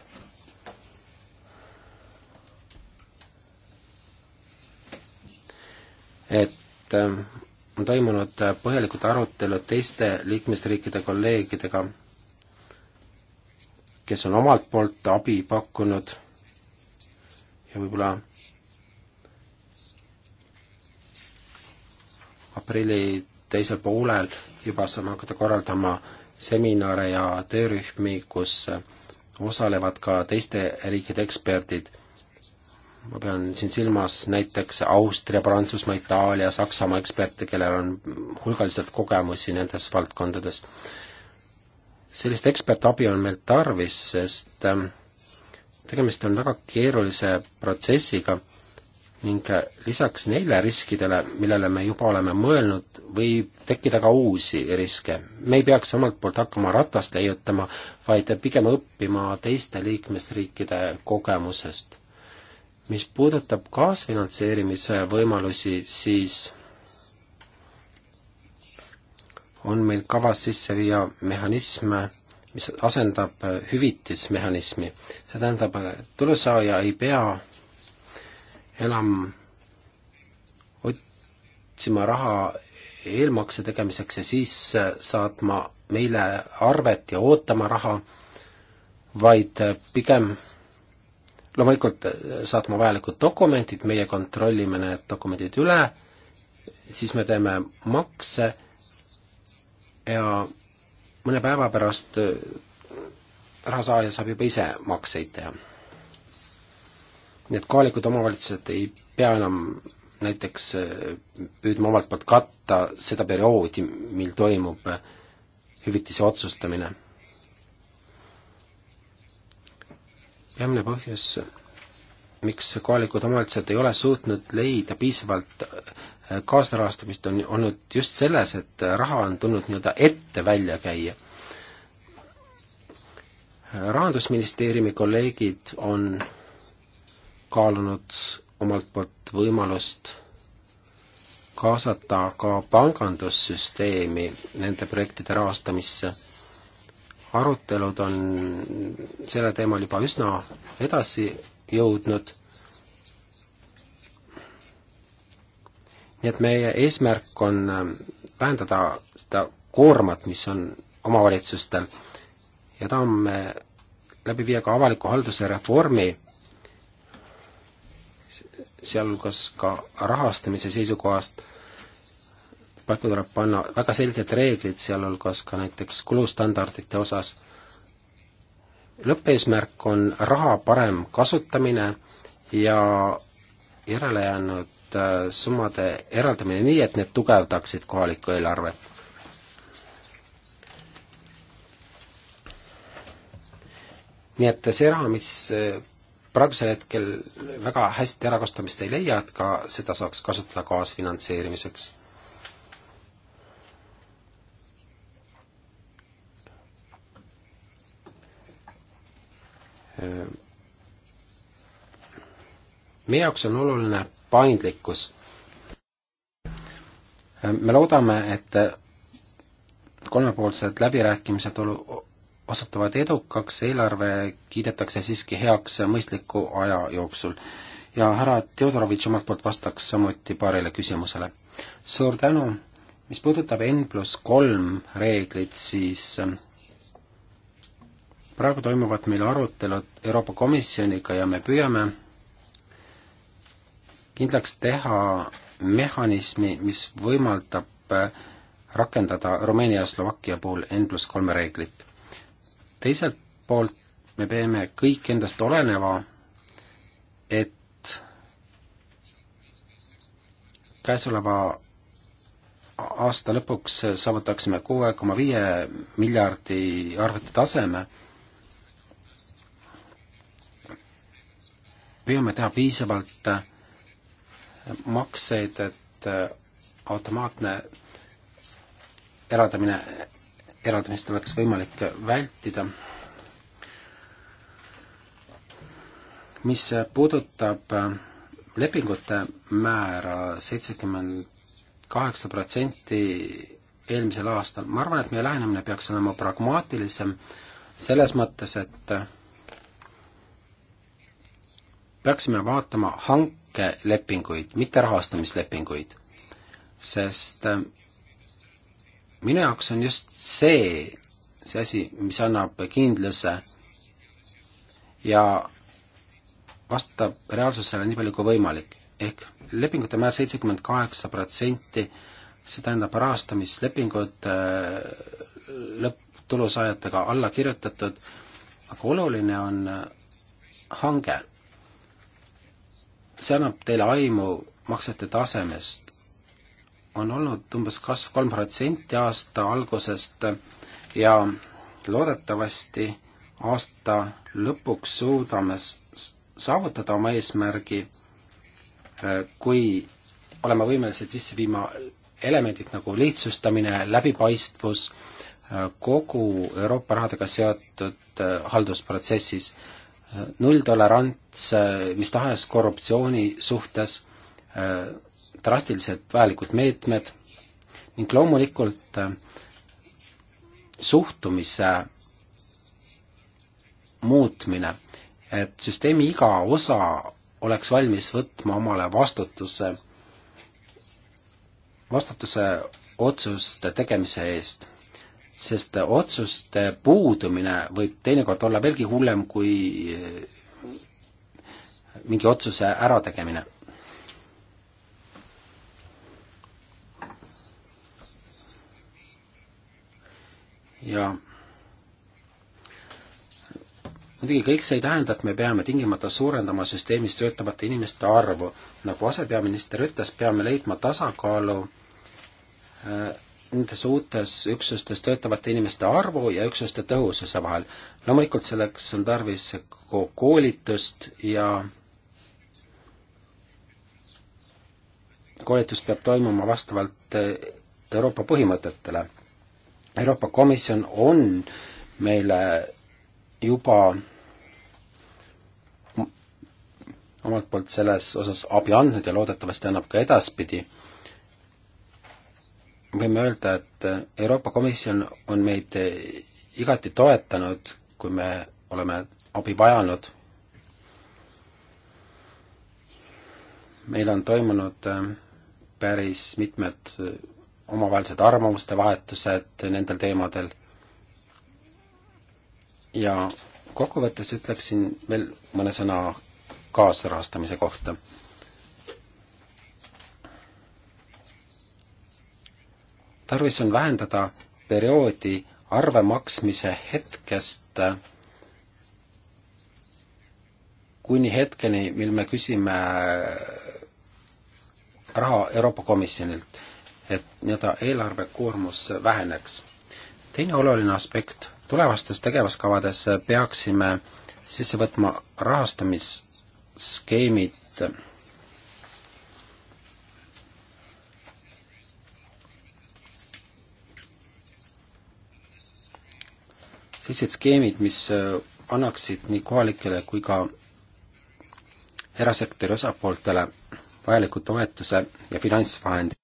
et et äh, on toimunud äh, põhjalikud arutelud teiste liikmesriikide kolleegidega, kes on omalt poolt abi pakkunud ja võib-olla aprilli teisel poolel juba saame hakata korraldama seminare ja töörühmi, kus äh, osalevad ka teiste riikide eksperdid ma pean siin silmas näiteks Austria, Prantsusmaa, Itaalia, Saksamaa eksperte, kellel on hulgaliselt kogemusi nendes valdkondades. sellist ekspertabi on meil tarvis, sest ähm, tegemist on väga keerulise protsessiga ning äh, lisaks neile riskidele, millele me juba oleme mõelnud, võib tekkida ka uusi riske. me ei peaks omalt poolt hakkama ratast leiutama, vaid pigem õppima teiste liikmesriikide kogemusest mis puudutab kaasfinantseerimise võimalusi, siis on meil kavas sisse viia mehhanism, mis asendab hüvitismehhanismi. see tähendab, tulusaaja ei pea enam otsima raha eelmakse tegemiseks ja siis saatma meile arvet ja ootama raha, vaid pigem loomulikult äh, saatma vajalikud dokumendid, meie kontrollime need dokumendid üle, siis me teeme makse ja mõne päeva pärast äh, rahasaaja saab juba ise makseid teha. nii et kohalikud omavalitsused ei pea enam näiteks äh, püüdma omalt poolt katta seda perioodi, mil toimub hüvitise otsustamine peamine põhjus, miks kohalikud omavalitsused ei ole suutnud leida piisavalt äh, kaasrahastamist, on olnud just selles, et raha on tulnud nii-öelda ette välja käia. rahandusministeeriumi kolleegid on kaalunud omalt poolt võimalust kaasata ka pangandussüsteemi nende projektide rahastamisse arutelud on sellel teemal juba üsna edasi jõudnud. nii et meie eesmärk on ähm, vähendada seda koormat, mis on omavalitsustel ja tahame äh, läbi viia ka avaliku halduse reformi, sealhulgas ka rahastamise seisukohast paika tuleb panna väga selged reeglid, sealhulgas ka näiteks kulustandardite osas. lõppeesmärk on raha parem kasutamine ja järelejäänud äh, summade eraldamine nii, et need tugevdaksid kohalikku eelarvet. nii et see raha, mis äh, praegusel hetkel väga hästi ärakasutamist ei leia, et ka seda saaks kasutada kaasfinantseerimiseks Äh, meie jaoks on oluline paindlikkus. Äh, me loodame, et äh, kolmepoolsed läbirääkimised olu-, osutuvad edukaks, eelarve kiidetakse siiski heaks mõistliku aja jooksul. ja härra Teodorovitš omalt poolt vastaks samuti paarile küsimusele. suur tänu, mis puudutab N pluss kolm reeglit, siis praegu toimuvad meil arutelud Euroopa Komisjoniga ja me püüame kindlaks teha mehhanismi, mis võimaldab äh, rakendada Rumeenia ja Slovakkia puhul N pluss kolme reeglit. teiselt poolt me peame kõik endast oleneva, et käesoleva aasta lõpuks saavutaksime kuue koma viie miljardi arvete taseme püüame teha piisavalt äh, makseid, et äh, automaatne eraldamine, eraldamist oleks võimalik vältida. mis puudutab äh, lepingute määra seitsekümmend kaheksa protsenti eelmisel aastal, ma arvan, et meie lähenemine peaks olema pragmaatilisem selles mõttes, et peaksime vaatama hankelepinguid, mitte rahastamislepinguid. sest äh, minu jaoks on just see, see asi, mis annab kindluse ja vastab reaalsusele nii palju kui võimalik. ehk lepingute määr seitsekümmend kaheksa protsenti, see tähendab rahastamislepingud äh, lõpptulusaajatega alla kirjutatud, aga oluline on äh, hange see annab teile aimu maksete tasemest. on olnud umbes kasv kolm protsenti aasta algusest ja loodetavasti aasta lõpuks suudame saavutada oma eesmärgi, kui oleme võimelised sisse viima elemendid nagu lihtsustamine, läbipaistvus, kogu Euroopa rahadega seotud haldusprotsessis nulltolerants äh, mis tahes korruptsiooni suhtes, äh, drastiliselt vajalikud meetmed ning loomulikult äh, suhtumise muutmine, et süsteemi iga osa oleks valmis võtma omale vastutuse, vastutuse otsuste tegemise eest sest otsuste puudumine võib teinekord olla veelgi hullem kui eh, mingi otsuse ärategemine ja muidugi kõik see ei tähenda, et me peame tingimata suurendama süsteemis töötavate inimeste arvu. nagu asepeaminister ütles, peame leidma tasakaalu eh, nendes uutes üksustes töötavate inimeste arvu ja üksuste tõhususe vahel. loomulikult selleks on tarvis koolitust ja koolitus peab toimuma vastavalt eh, Euroopa põhimõtetele. Euroopa Komisjon on meile juba omalt poolt selles osas abi andnud ja loodetavasti annab ka edaspidi võime öelda, et Euroopa Komisjon on meid igati toetanud, kui me oleme abi vajanud. meil on toimunud äh, päris mitmed äh, omavahelised arvamuste vahetused nendel teemadel ja kokkuvõttes ütleksin veel mõne sõna kaasrahastamise kohta tarvis on vähendada perioodi arve maksmise hetkest äh, kuni hetkeni, mil me küsime äh, raha Euroopa Komisjonilt, et nii-öelda eelarvekoormus väheneks. teine oluline aspekt, tulevastes tegevuskavades peaksime sisse võtma rahastamisskeemid, sellised skeemid, mis äh, annaksid nii kohalikele kui ka erasektori osapooltele vajaliku toetuse ja finantsvahendi,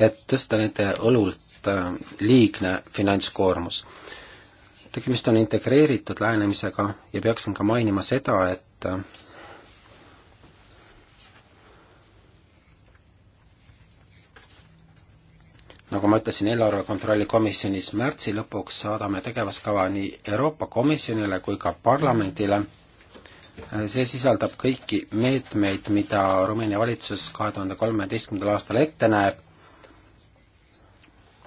et tõsta nende õlult äh, liigne finantskoormus. tegemist on integreeritud lähenemisega ja peaksin ka mainima seda, et äh, nagu ma ütlesin, eelarve kontrolli komisjonis märtsi lõpuks saadame tegevuskava nii Euroopa Komisjonile kui ka parlamendile. see sisaldab kõiki meetmeid, mida Rumeenia valitsus kahe tuhande kolmeteistkümnendal aastal ette näeb,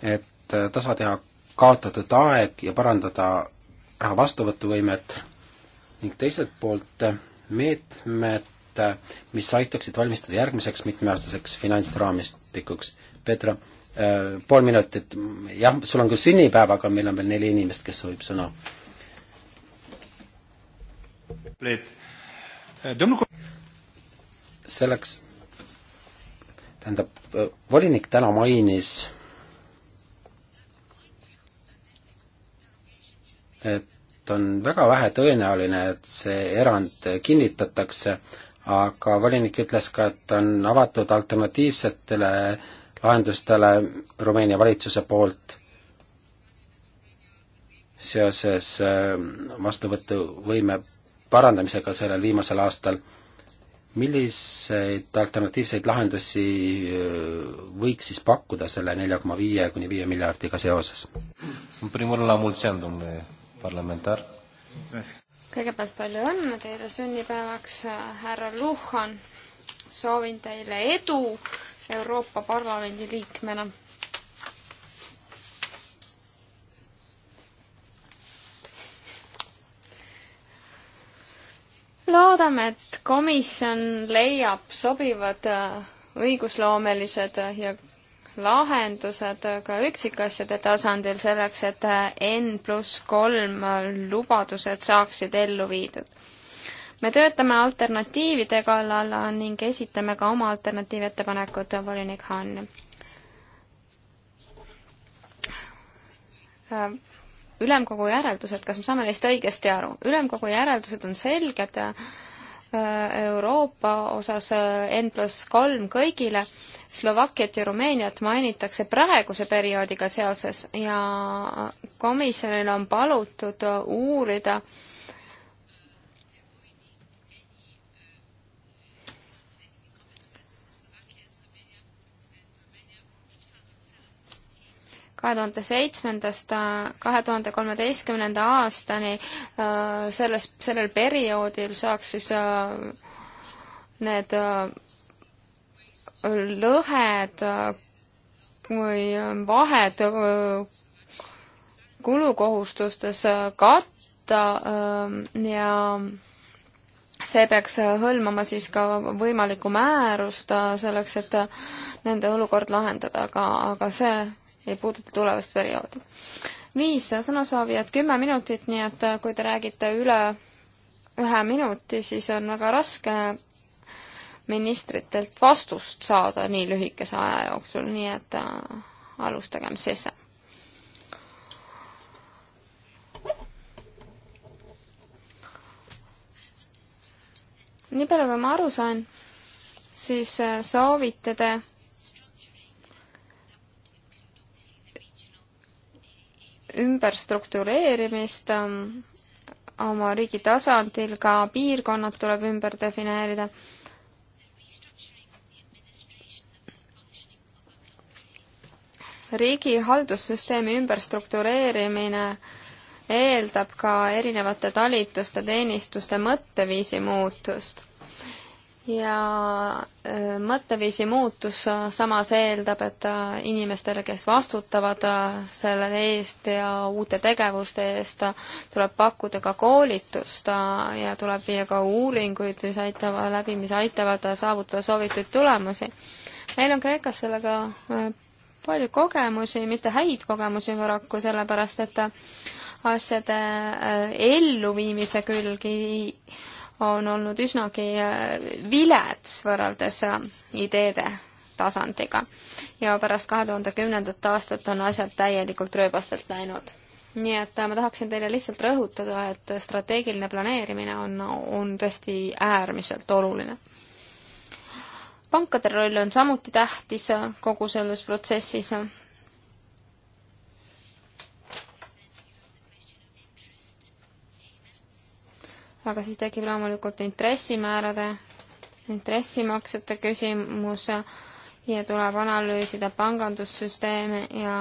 et tasa teha kaotatud aeg ja parandada raha vastuvõtuvõimet ning teiselt poolt meetmed, mis aitaksid valmistuda järgmiseks mitmeaastaseks finantsraamistikuks. Petra Äh, pool minutit, jah, sul on küll sünnipäev, aga meil on veel neli inimest, kes soovib sõna. Äh, selleks, tähendab, äh, volinik täna mainis, et on väga vähe tõenäoline, et see erand kinnitatakse, aga volinik ütles ka, et on avatud alternatiivsetele äh, lahendustele Rumeenia valitsuse poolt seoses äh, vastuvõtuvõime parandamisega sellel viimasel aastal. milliseid alternatiivseid lahendusi äh, võiks siis pakkuda selle nelja koma viie kuni viie miljardiga seoses? kõigepealt palju õnne teile sünnipäevaks, äh, härra Luhan! soovin teile edu Euroopa Parlamendi liikmena. loodame, et komisjon leiab sobivad äh, õigusloomelised ja lahendused ka üksikasjade tasandil selleks, et äh, N pluss kolm äh, lubadused saaksid ellu viidud me töötame alternatiivide kallal ning esitame ka oma alternatiivettepanekud, volinik Hann. Äh, ülemkogu järeldused, kas me saame neist õigesti aru? ülemkogu järeldused on selged äh, Euroopa osas äh, N pluss kolm kõigile, Slovakkiat ja Rumeeniat mainitakse praeguse perioodiga seoses ja komisjonil on palutud uurida äh, kahe tuhande seitsmendast äh, kahe tuhande kolmeteistkümnenda aastani, äh, selles, sellel perioodil saaks siis äh, need lõhed või vahed kulukohustustes katta ja see peaks hõlmama siis ka võimalikku määrust selleks, et nende olukord lahendada, aga, aga see ei puuduta tulevast perioodi. viis sõnasoovijat, kümme minutit, nii et äh, kui te räägite üle ühe minuti, siis on väga raske ministritelt vastust saada nii lühikese aja jooksul, nii et äh, alustagem siis. nii palju, kui ma aru sain, siis äh, soovite te ümberstruktureerimist ähm, oma riigi tasandil, ka piirkonnad tuleb ümber defineerida. riigi haldussüsteemi ümberstruktureerimine eeldab ka erinevate talituste, teenistuste mõtteviisi muutust ja äh, mõtteviisi muutus äh, samas eeldab, et äh, inimestele, kes vastutavad selle eest ja uute tegevuste eest, tuleb pakkuda ka koolitust ja tuleb viia ka uuringuid, mis aitavad läbi, mis aitavad saavutada soovitud tulemusi. meil on Kreekas sellega palju kogemusi, mitte häid kogemusi paraku, sellepärast et asjade elluviimise külgi on olnud üsnagi äh, vilets võrreldes äh, ideede tasandiga. ja pärast kahe tuhande kümnendat aastat on asjad täielikult rööbastelt läinud. nii et äh, ma tahaksin teile lihtsalt rõhutada, et strateegiline planeerimine on, on tõesti äärmiselt oluline. pankade roll on samuti tähtis kogu selles protsessis aga siis tekib loomulikult intressimäärade, intressimaksete küsimus ja tuleb analüüsida pangandussüsteeme ja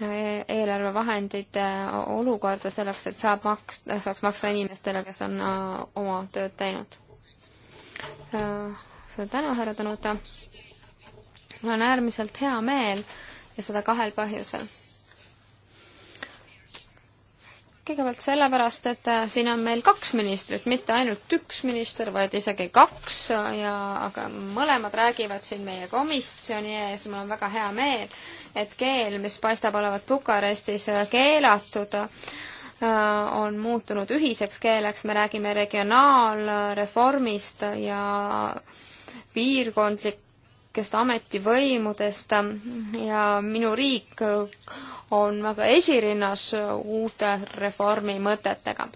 e-, eelarvevahendite olukorda selleks, et saab maksta, saaks maksta inimestele, kes on äh, oma tööd teinud. Äh, suur tänu, härra Tõnuta. mul on äärmiselt hea meel ja seda kahel põhjusel kõigepealt sellepärast, et äh, siin on meil kaks ministrit, mitte ainult üks minister, vaid isegi kaks äh, ja aga mõlemad räägivad siin meie komisjoni ees, mul on väga hea meel, et keel, mis paistab olevat Bukarestis äh, keelatud, on muutunud ühiseks keeleks, me räägime regionaalreformist ja piirkondlik kohalikest ametivõimudest ja minu riik on väga esirinnas uute reformi mõtetega.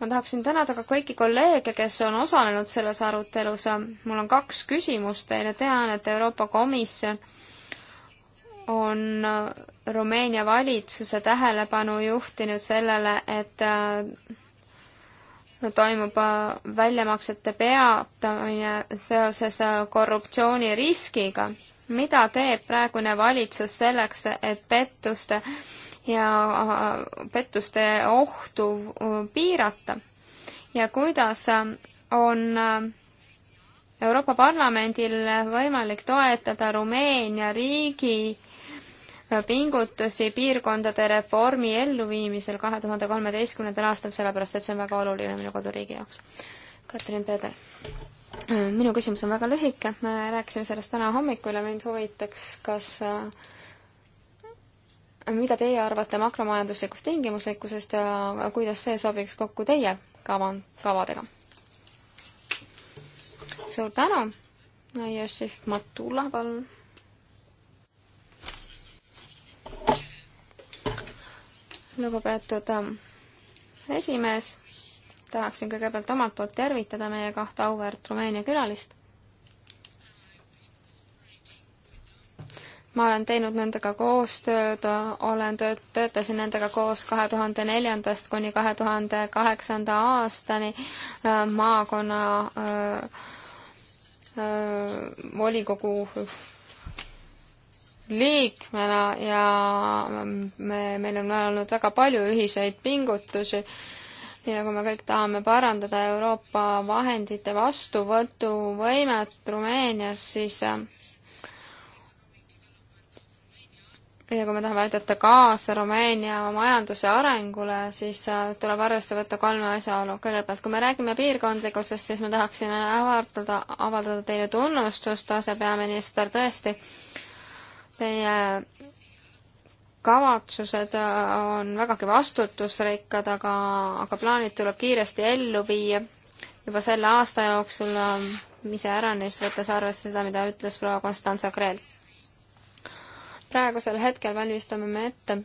ma tahaksin tänada ka kõiki kolleege, kes on osalenud selles arutelus. mul on kaks küsimust teile. tean, et Euroopa Komisjon on Rumeenia valitsuse tähelepanu juhtinud sellele, et toimub äh, väljamaksete peatamine seoses äh, korruptsiooniriskiga. mida teeb praegune valitsus selleks, et pettuste ja äh, pettuste ohtu piirata? ja kuidas on Euroopa Parlamendil võimalik toetada Rumeenia riigi pingutusi piirkondade reformi elluviimisel kahe tuhande kolmeteistkümnendal aastal, sellepärast et see on väga oluline minu koduriigi jaoks. Katrin Peeder. minu küsimus on väga lühike, me rääkisime sellest täna hommikul ja mind huvitaks, kas äh, mida teie arvate makromajanduslikust tingimuslikkusest ja kuidas see sobiks kokku teie kava, kavadega? suur tänu, Jossif Matula, palun lugupeetud ähm, esimees, tahaksin kõigepealt omalt poolt tervitada meie kahte auväärt Rumeenia külalist. ma olen teinud nendega koostööd, olen tööd, töötasin nendega koos kahe tuhande neljandast kuni kahe tuhande kaheksanda aastani äh, maakonna öö, äh, öö, äh, volikogu liikmena ja me, meil on olnud väga palju ühiseid pingutusi ja kui me kõik tahame parandada Euroopa vahendite vastuvõtuvõimet Rumeenias, siis ja kui me tahame aidata kaasa Rumeenia majanduse arengule, siis äh, tuleb arvesse võtta kolme asjaolu. kõigepealt, kui me räägime piirkondlikkusest, siis ma tahaksin avaldada, avaldada teile tunnustust, asepeaminister, tõesti Teie kavatsused äh, on vägagi vastutusrikkad, aga, aga plaanid tuleb kiiresti ellu viia juba selle aasta jooksul, äh, iseäranis võttes arvesse seda, mida ütles proua Konstantse Kreel. praegusel hetkel valmistame me ette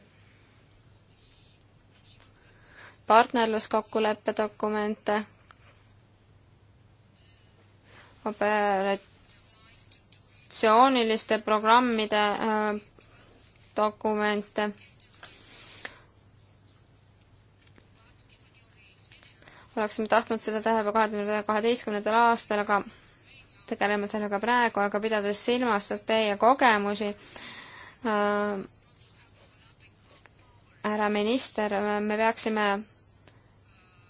partnerluskokkuleppe dokumente, operat-, institutsiooniliste programmide äh, dokumente. oleksime tahtnud seda teha juba kahekümne kaheteistkümnendal aastal, aga tegeleme sellega praegu, aga pidades silmas teie kogemusi, äh, härra minister, me peaksime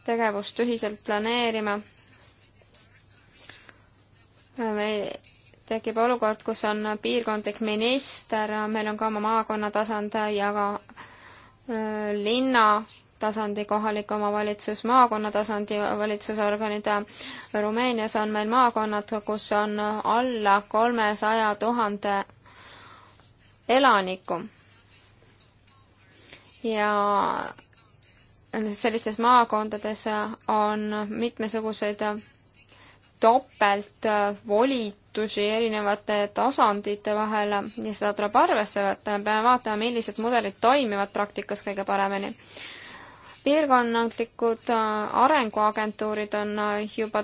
tegevust ühiselt planeerima me tekib olukord, kus on piirkondlik minister, meil on ka oma maakonna tasand ja ka linna tasandi kohalik omavalitsus, maakonna tasandi valitsusorganid. Rumeenias on meil maakonnad, kus on alla kolmesaja tuhande elaniku. ja sellistes maakondades on mitmesuguseid topeltvolid äh, muutusi erinevate tasandite vahel ja seda tuleb arvesse võtta, me peame vaatama, millised mudelid toimivad praktikas kõige paremini. piirkonnalikud äh, arenguagentuurid on äh, juba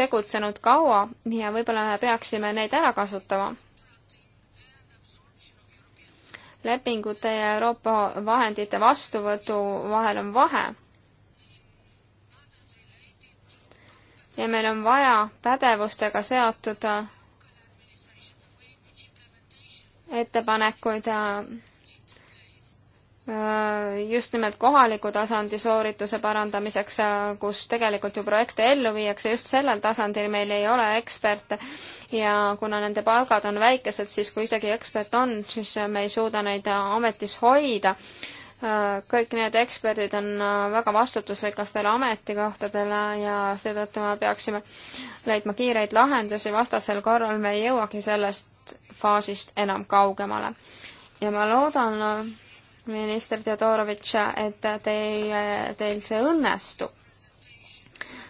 tegutsenud kaua ja võib-olla me peaksime neid ära kasutama. lepingute ja Euroopa vahendite vastuvõtu vahel on vahe ja meil on vaja pädevustega seotud äh, ettepanekuid äh, just nimelt kohaliku tasandi soorituse parandamiseks, äh, kus tegelikult ju projekte ellu viiakse, just sellel tasandil meil ei ole eksperte ja kuna nende palgad on väikesed, siis kui isegi ekspert on, siis me ei suuda neid ametis hoida. Äh, kõik need eksperdid on väga vastutusrikastel ametikohtadel ja seetõttu me peaksime leidma kiireid lahendusi, vastasel korral me ei jõuagi sellest sellest faasist enam kaugemale. ja ma loodan, minister Theodorovitš, et teie, teil see õnnestub.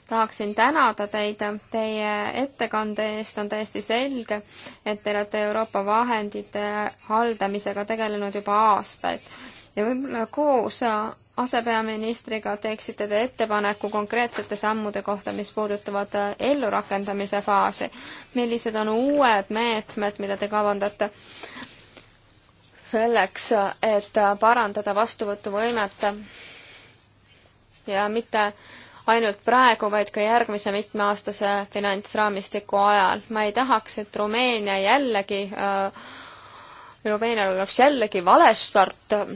tahaksin tänada teid teie ettekande eest, on täiesti selge, et te olete Euroopa vahendite haldamisega tegelenud juba aastaid ja võib-olla koos asepeaministriga teeksite te ettepaneku konkreetsete sammude kohta, mis puudutavad äh, ellurakendamise faasi. millised on uued meetmed, mida te kavandate selleks, et äh, parandada vastuvõtuvõimet ja mitte ainult praegu, vaid ka järgmise mitmeaastase finantsraamistiku ajal. ma ei tahaks, et Rumeenia jällegi äh,, Rumeenial oleks jällegi vale start äh,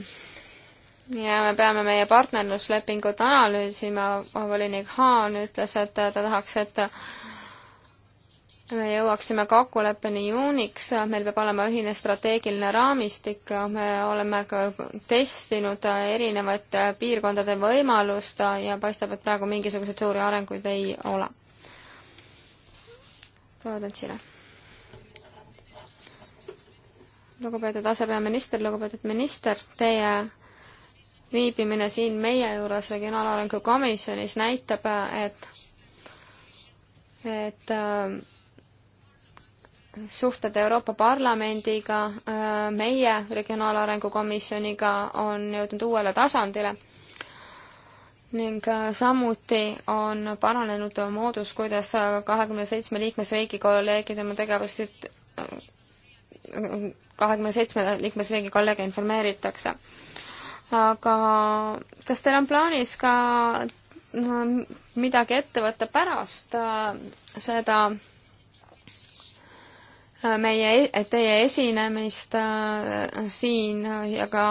ja me peame meie partnerluslepingut analüüsima, volinik Haan ütles, et ta tahaks, et me jõuaksime kokkuleppeni juuniks, meil peab olema ühine strateegiline raamistik, me oleme ka testinud erinevate piirkondade võimalust ja paistab, et praegu mingisuguseid suuri arenguid ei ole. proua Tantsile. lugupeetud asepeaminister, lugupeetud minister, teie viibimine siin meie juures Regionaalarengu Komisjonis näitab, et, et äh, suhted Euroopa Parlamendiga, äh, meie Regionaalarengu Komisjoniga on jõudnud uuele tasandile ning äh, samuti on paranenud moodus, kuidas kahekümne seitsme liikmesriigi kolleegid oma tegevusid, kahekümne seitsme liikmesriigi kolleege informeeritakse aga kas teil on plaanis ka midagi ette võtta pärast äh, seda äh, meie, e-, teie esinemist äh, siin ja ka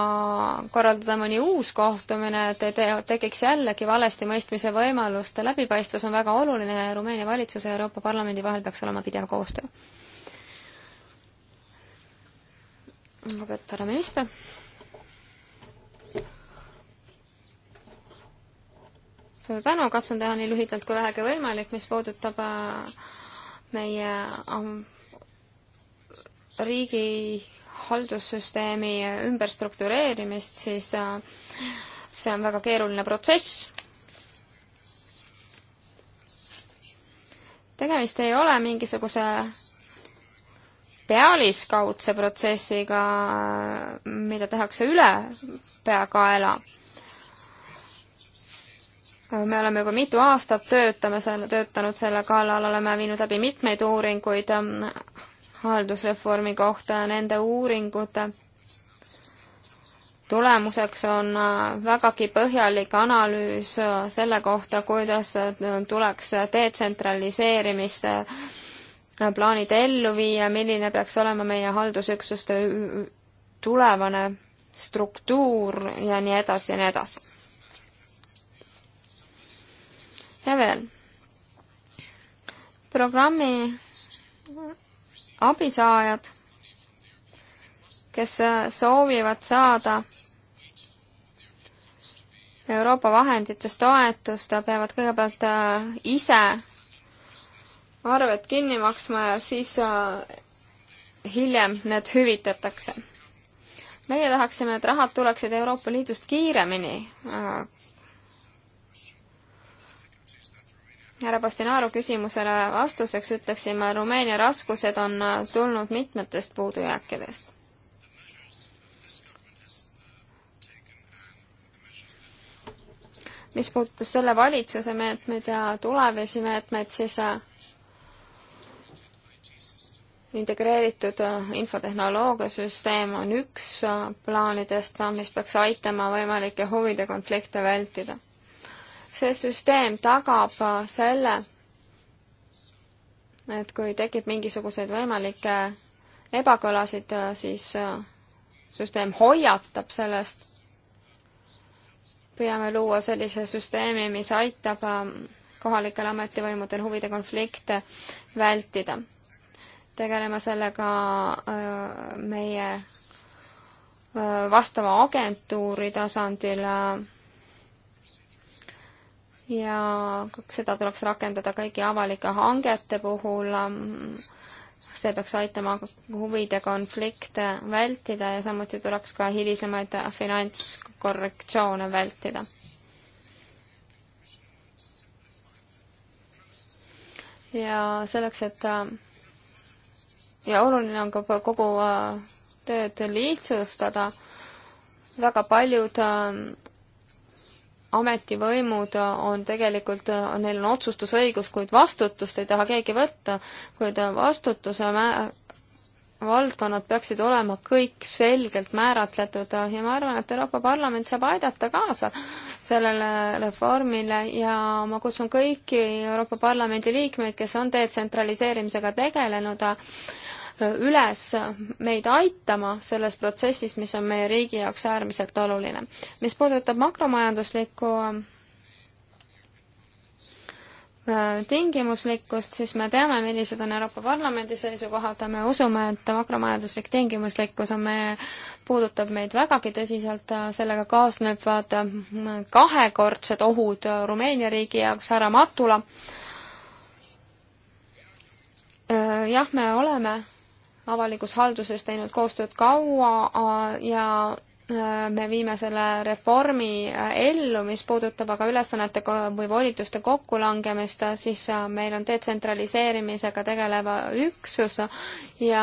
korraldada mõni uus kohtumine, et te, tekiks jällegi valesti mõistmise võimalust. läbipaistvus on väga oluline ja Rumeenia valitsuse ja Euroopa Parlamendi vahel peaks olema pidev koostöö. lugupeetud härra minister suur tänu, katsun teha nii lühidalt kui vähegi võimalik, mis puudutab äh, meie ähm, riigi haldussüsteemi ümberstruktureerimist, siis äh, see on väga keeruline protsess. tegemist ei ole mingisuguse pealiskaudse protsessiga, äh, mida tehakse üle peakaela me oleme juba mitu aastat töötame selle, töötanud selle kallal, oleme viinud läbi mitmeid uuringuid ähm, haldusreformi kohta ja nende uuringute tulemuseks on äh, vägagi põhjalik analüüs äh, selle kohta, kuidas äh, tuleks detsentraliseerimist plaanid ellu viia, milline peaks olema meie haldusüksuste tulevane struktuur ja nii edasi ja nii edasi ja veel. programmi abisaajad, kes äh, soovivad saada Euroopa vahenditest toetust, peavad kõigepealt äh, ise arved kinni maksma ja siis äh, hiljem need hüvitatakse. meie tahaksime, et rahad tuleksid Euroopa Liidust kiiremini härra Postinaru küsimusele vastuseks ütleksin ma, Rumeenia raskused on tulnud mitmetest puudujääkidest. mis puudutab selle valitsuse meetmeid ja tulevasi meetmeid, siis äh, integreeritud äh, infotehnoloogiasüsteem on üks äh, plaanidest, mis peaks aitama võimalikke huvide konflikte vältida see süsteem tagab äh, selle, et kui tekib mingisuguseid võimalikke ebakõlasid, äh, siis äh, süsteem hoiatab sellest. püüame luua sellise süsteemi, mis aitab ähm, kohalikel ametivõimudel huvide konflikte vältida. tegeleme sellega meie vastava agentuuri tasandil ja seda tuleks rakendada kõigi avalike hangete puhul. see peaks aitama huvide konflikte vältida ja samuti tuleks ka hilisemaid finantskorrektsioone vältida. ja selleks, et ja oluline on ka kogu äh, tööd lihtsustada, väga paljud äh, ametivõimud on tegelikult, neil on otsustusõigus, kuid vastutust ei taha keegi võtta, kuid vastutuse valdkonnad peaksid olema kõik selgelt määratletud ja ma arvan, et Euroopa Parlament saab aidata kaasa sellele reformile ja ma kutsun kõiki Euroopa Parlamendi liikmeid, kes on detsentraliseerimisega tegelenud, üles meid aitama selles protsessis, mis on meie riigi jaoks äärmiselt oluline. mis puudutab makromajanduslikku äh, tingimuslikkust, siis me teame, millised on Euroopa Parlamendi seisukohad ja me usume, et makromajanduslik tingimuslikkus on meie, puudutab meid vägagi tõsiselt, sellega kaasnevad äh, kahekordsed ohud Rumeenia riigi jaoks, härra Matula. Äh, jah, me oleme avalikus halduses teinud koostööd kaua ja äh, me viime selle reformi äh, ellu, mis puudutab aga ülesannete või volituste kokkulangemist, siis äh, meil on detsentraliseerimisega tegelev üksus ja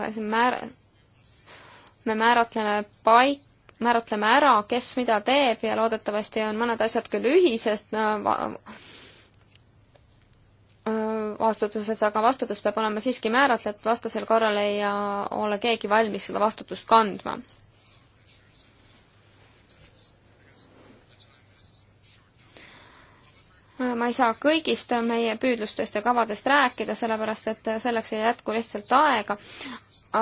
me määr-, me määratleme paik-, määratleme ära, kes mida teeb ja loodetavasti on mõned asjad küll ühisest no, Äh, vastutuses, aga vastutus peab olema siiski määratletud, vastasel korral ei ole keegi valmis seda vastutust kandma. Äh, ma ei saa kõigist meie püüdlustest ja kavadest rääkida, sellepärast et selleks ei jätku lihtsalt aega,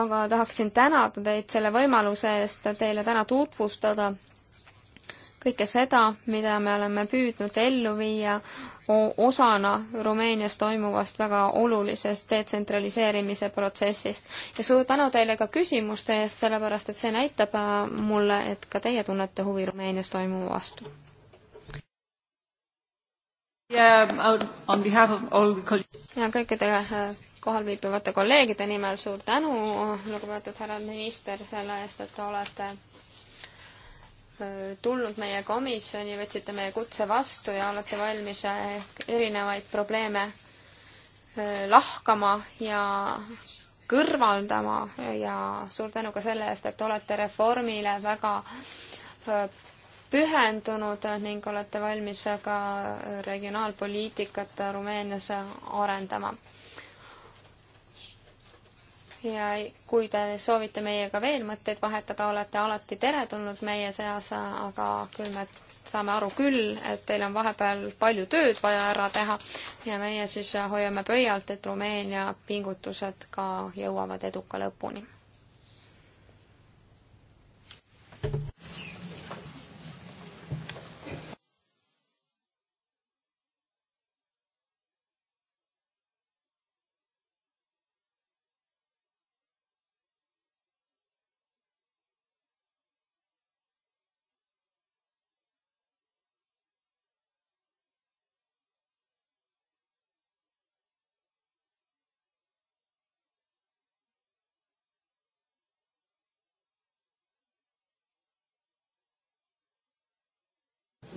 aga tahaksin tänada teid selle võimaluse eest teile täna tutvustada kõike seda, mida me oleme püüdnud ellu viia osana Rumeenias toimuvast väga olulisest detsentraliseerimise protsessist. ja suur tänu teile ka küsimuste eest, sellepärast et see näitab äh, mulle, et ka teie tunnete huvi Rumeenias toimuva vastu. ja kõikide äh, kohalviibivate kolleegide nimel suur tänu, lugupeetud härra minister, selle eest, et te olete tulnud meie komisjoni, võtsite meie kutse vastu ja olete valmis eh, erinevaid probleeme eh, lahkama ja kõrvaldama ja suur tänu ka selle eest, et olete reformile väga eh, pühendunud ning olete valmis ka regionaalpoliitikat Rumeenias arendama ja kui te soovite meiega veel mõtteid vahetada, olete alati teretulnud meie seas, aga küll me saame aru küll, et teil on vahepeal palju tööd vaja ära teha ja meie siis hoiame pöialt, et Rumeenia pingutused ka jõuavad eduka lõpuni.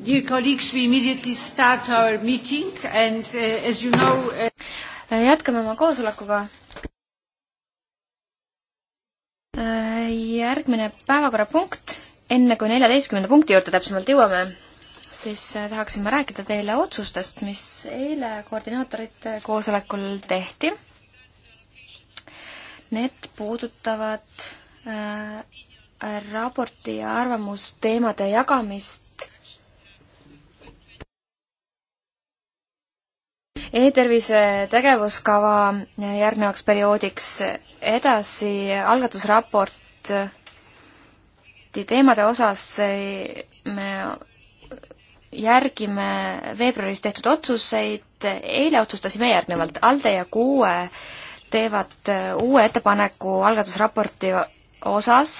Dear colleagues, we immediately start our meeting and uh, as you know uh... Äh, jätkame oma koosolekuga. Äh, järgmine päevakorrapunkt, enne kui neljateistkümnenda punkti juurde täpsemalt jõuame, siis äh, tahaksin ma rääkida teile otsustest, mis eile koordinaatorite koosolekul tehti. Need puudutavad äh, raporti ja arvamusteemade jagamist E-tervise tegevuskava järgnevaks perioodiks edasi algatusraporti teemade osas me järgime veebruaris tehtud otsuseid, eile otsustasime järgnevalt, ALDE ja QUE teevad uue ettepaneku algatusraporti osas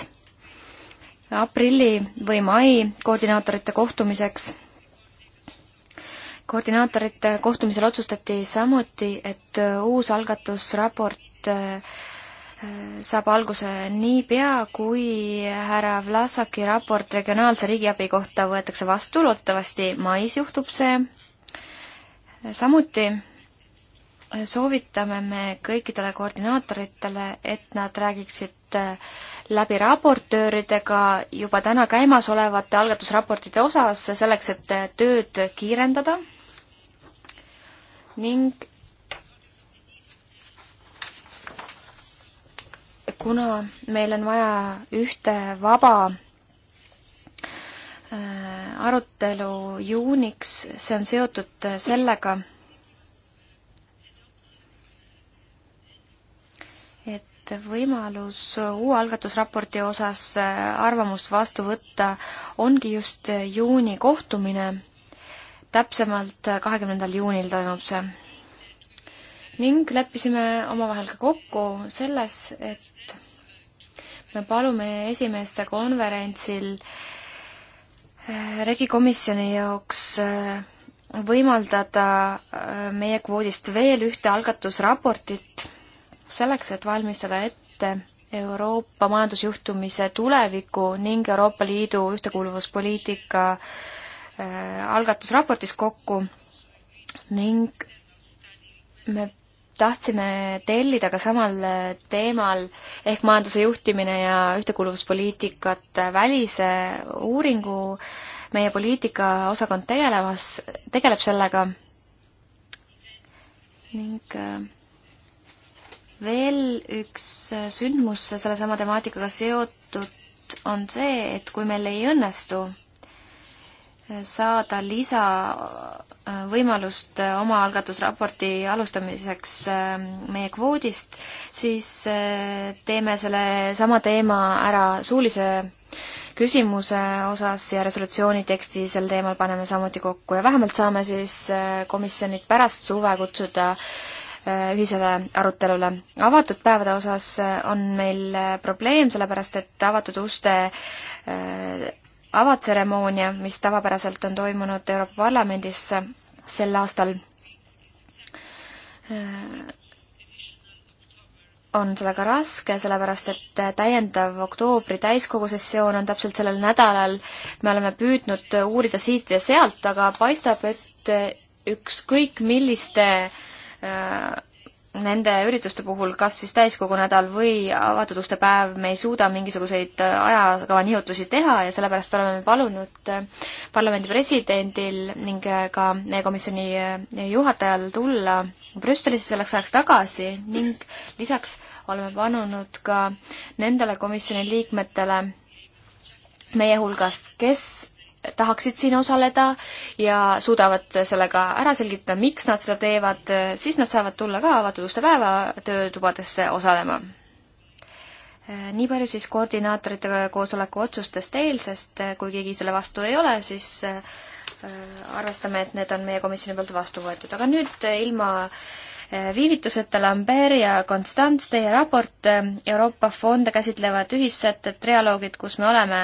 aprilli või mai koordinaatorite kohtumiseks koordinaatorite kohtumisel otsustati samuti, et uus algatusraport äh, saab alguse niipea, kui härra Vlasaki raport regionaalse riigiabi kohta võetakse vastu, loodetavasti mais juhtub see. samuti soovitame me kõikidele koordinaatoritele, et nad räägiksid äh, läbi raportööridega juba täna käimasolevate algatusraportide osas, selleks et tööd kiirendada ning kuna meil on vaja ühte vaba äh, arutelu juuniks, see on seotud sellega, et võimalus uue algatusraporti osas äh, arvamust vastu võtta ongi just juuni kohtumine täpsemalt kahekümnendal juunil toimub see. ning leppisime omavahel ka kokku selles, et me palume esimeeste konverentsil eh, regikomisjoni jaoks eh, võimaldada eh, meie kvoodist veel ühte algatusraportit selleks, et valmistada ette Euroopa majandusjuhtumise tulevikku ning Euroopa Liidu ühtekuuluvuspoliitika äh, Äh, algatusraportis kokku ning me tahtsime tellida ka samal teemal ehk majanduse juhtimine ja ühtekuuluvuspoliitikat välise uuringu. meie poliitikaosakond tegelemas, tegeleb sellega ning äh, veel üks sündmus sellesama temaatikaga seotud on see, et kui meil ei õnnestu saada lisavõimalust äh, äh, omaalgatusraporti alustamiseks äh, meie kvoodist, siis teeme selle sama teema ära suulise küsimuse osas ja resolutsiooni teksti sel teemal paneme samuti kokku ja vähemalt saame siis komisjonid pärast suve kutsuda ühisele arutelule. avatud päevade osas on meil probleem, sellepärast et avatud uste avatseremoonia, mis tavapäraselt on toimunud Euroopa Parlamendis äh, sel aastal, äh, on see väga raske, sellepärast et äh, täiendav oktoobri täiskogu sessioon on täpselt sellel nädalal, me oleme püüdnud uurida siit ja sealt, aga paistab, et ükskõik milliste äh, nende ürituste puhul, kas siis täiskogu nädal või avatud uste päev, me ei suuda mingisuguseid äh, ajakava nihutusi teha ja sellepärast oleme palunud äh, parlamendi presidendil ning äh, ka meie komisjoni juhatajal tulla Brüsselisse selleks ajaks tagasi ning lisaks oleme palunud ka nendele komisjoni liikmetele meie hulgast, kes tahaksid siin osaleda ja suudavad sellega ära selgitada, miks nad seda teevad, siis nad saavad tulla ka avatud uste päeva töötubadesse osalema. nii palju siis koordinaatorite koosoleku otsustest eilsest, kui keegi selle vastu ei ole, siis äh, arvestame, et need on meie komisjoni poolt vastu võetud, aga nüüd äh, ilma äh, viivituseta Lambert ja Constance, teie raport Euroopa fonde käsitlevad ühissätted, trialoogid, kus me oleme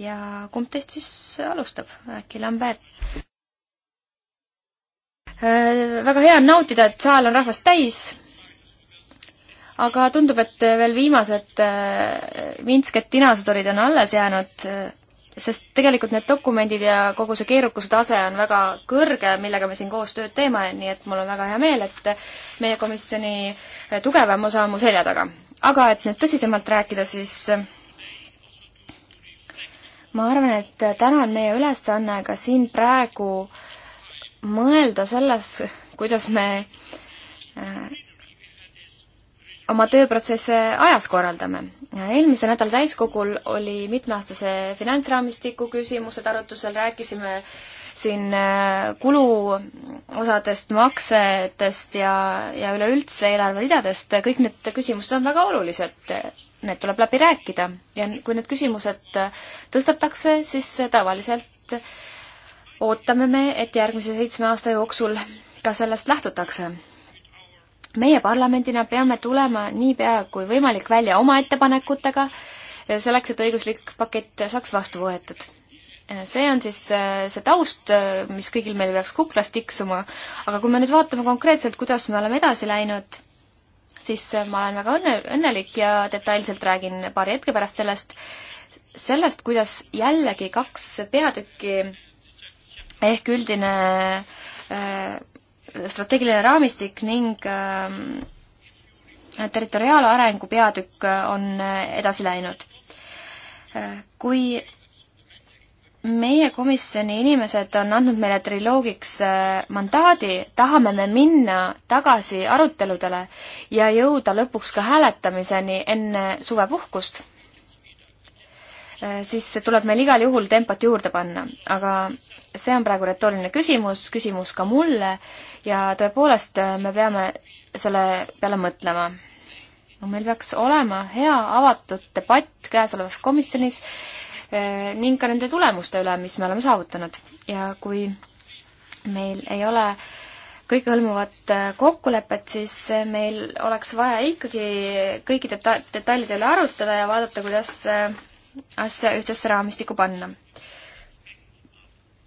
ja kumb teist siis alustab, äkki Lambert? Äh, väga hea on nautida, et saal on rahvast täis, aga tundub, et veel viimased vintsked äh, dinosaurid on alles jäänud, äh, sest tegelikult need dokumendid ja kogu see keerukuse tase on väga kõrge, millega me siin koos tööd teeme, nii et mul on väga hea meel, et meie komisjoni tugevam osa on mu selja taga. aga et nüüd tõsisemalt rääkida, siis ma arvan, et täna on meie ülesanne ka siin praegu mõelda selles, kuidas me äh, oma tööprotsesse ajas korraldame. eelmise nädala täiskogul oli mitmeaastase finantsraamistiku küsimused arutusel, rääkisime siin äh, kuluosadest, maksetest ja, ja üleüldse eelarveridadest, kõik need küsimused on väga olulised need tuleb läbi rääkida ja kui need küsimused tõstatakse, siis tavaliselt ootame me, et järgmise seitsme aasta jooksul ka sellest lähtutakse. meie parlamendina peame tulema niipea kui võimalik välja oma ettepanekutega, selleks, et õiguslik pakett saaks vastu võetud. see on siis äh, see taust, äh, mis kõigil meil peaks kuklas tiksuma, aga kui me nüüd vaatame konkreetselt, kuidas me oleme edasi läinud siis ma olen väga õnne, õnnelik ja detailselt räägin paari hetke pärast sellest, sellest, kuidas jällegi kaks peatükki ehk üldine äh, strateegiline raamistik ning äh, territoriaalarengu peatükk on äh, edasi läinud. Äh, kui meie komisjoni inimesed on andnud meile triloogiks äh, mandaadi, tahame me minna tagasi aruteludele ja jõuda lõpuks ka hääletamiseni enne suvepuhkust, äh, siis tuleb meil igal juhul tempot juurde panna, aga see on praegu retooriline küsimus, küsimus ka mulle ja tõepoolest äh, me peame selle peale mõtlema no meil peaks olema hea avatud debatt käesolevas komisjonis Eh, ning ka nende tulemuste üle, mis me oleme saavutanud. ja kui meil ei ole kõikehõlmavat eh, kokkulepet, siis eh, meil oleks vaja ikkagi kõigi deta-, detailide üle arutada ja vaadata, kuidas asja ühtsesse raamistikku panna.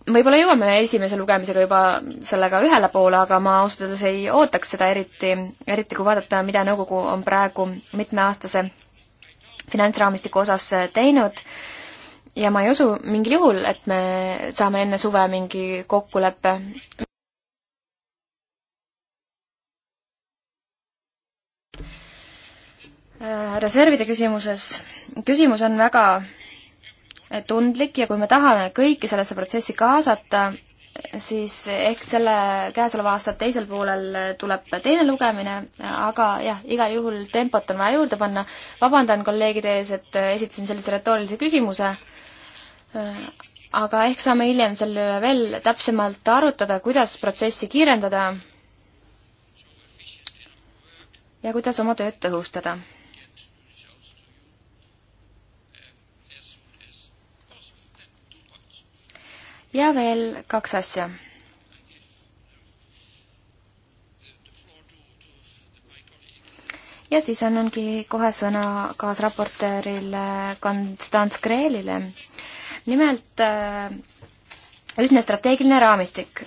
võib-olla jõuame esimese lugemisega juba sellega ühele poole, aga ma ausalt öeldes ei ootaks seda eriti, eriti kui vaadata, mida nõukogu on praegu mitmeaastase finantsraamistiku osas teinud ja ma ei usu mingil juhul, et me saame enne suve mingi kokkuleppe. reservide küsimuses, küsimus on väga tundlik ja kui me tahame kõiki sellesse protsessi kaasata, siis ehk selle käesoleva aasta teisel poolel tuleb teine lugemine, aga jah, igal juhul tempot on vaja juurde panna. vabandan kolleegide ees, et esitasin sellise retoorilise küsimuse aga ehk saame hiljem selle üle veel täpsemalt arutada, kuidas protsessi kiirendada ja kuidas oma tööd tõhustada. ja veel kaks asja. ja siis annangi kohe sõna kaasraportöörile Konstanz Kreelile nimelt äh, ühtne strateegiline raamistik.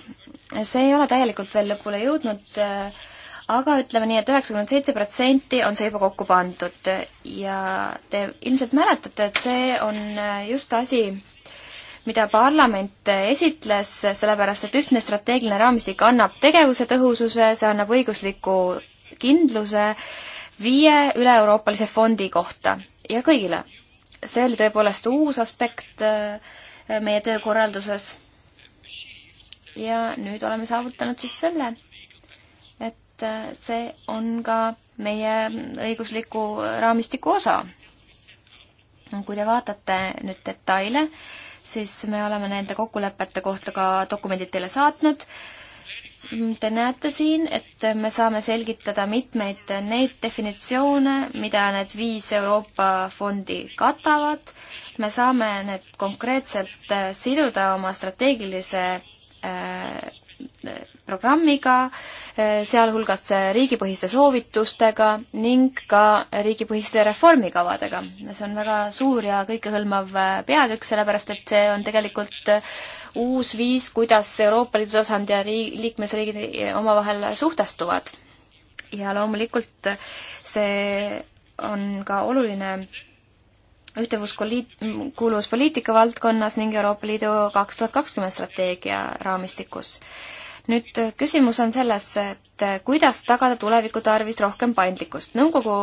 see ei ole täielikult veel lõpule jõudnud, äh, aga ütleme nii et, et üheksakümmend seitse protsenti on see juba kokku pandud ja te ilmselt mäletate, et see on äh, just asi, mida parlament esitles, sellepärast et ühtne strateegiline raamistik annab tegevuse tõhususe, see annab õigusliku kindluse viie üle-euroopalise fondi kohta ja kõigile see oli tõepoolest uus aspekt äh, meie töökorralduses. ja nüüd oleme saavutanud siis selle, et äh, see on ka meie õigusliku raamistiku osa. kui te vaatate nüüd detaile, siis me oleme nende kokkulepete kohta ka dokumendid teile saatnud äh, Te näete siin, et me saame selgitada mitmeid neid definitsioone, mida need viis Euroopa fondi katavad. me saame need konkreetselt siduda oma strateegilise äh, programmiga, eh, sealhulgas riigipõhiste soovitustega ning ka riigipõhiste reformikavadega. see on väga suur ja kõikehõlmav eh, peatükk, sellepärast et see on tegelikult eh, uus viis, kuidas Euroopa Liidu tasand ja riik, liikmesriigid omavahel suhtestuvad. ja loomulikult see on ka oluline ühtekuuluvuspoliitika valdkonnas ning Euroopa Liidu kaks tuhat kakskümmend strateegia raamistikus. nüüd küsimus on selles, et kuidas tagada tuleviku tarvis rohkem paindlikkust. nõukogu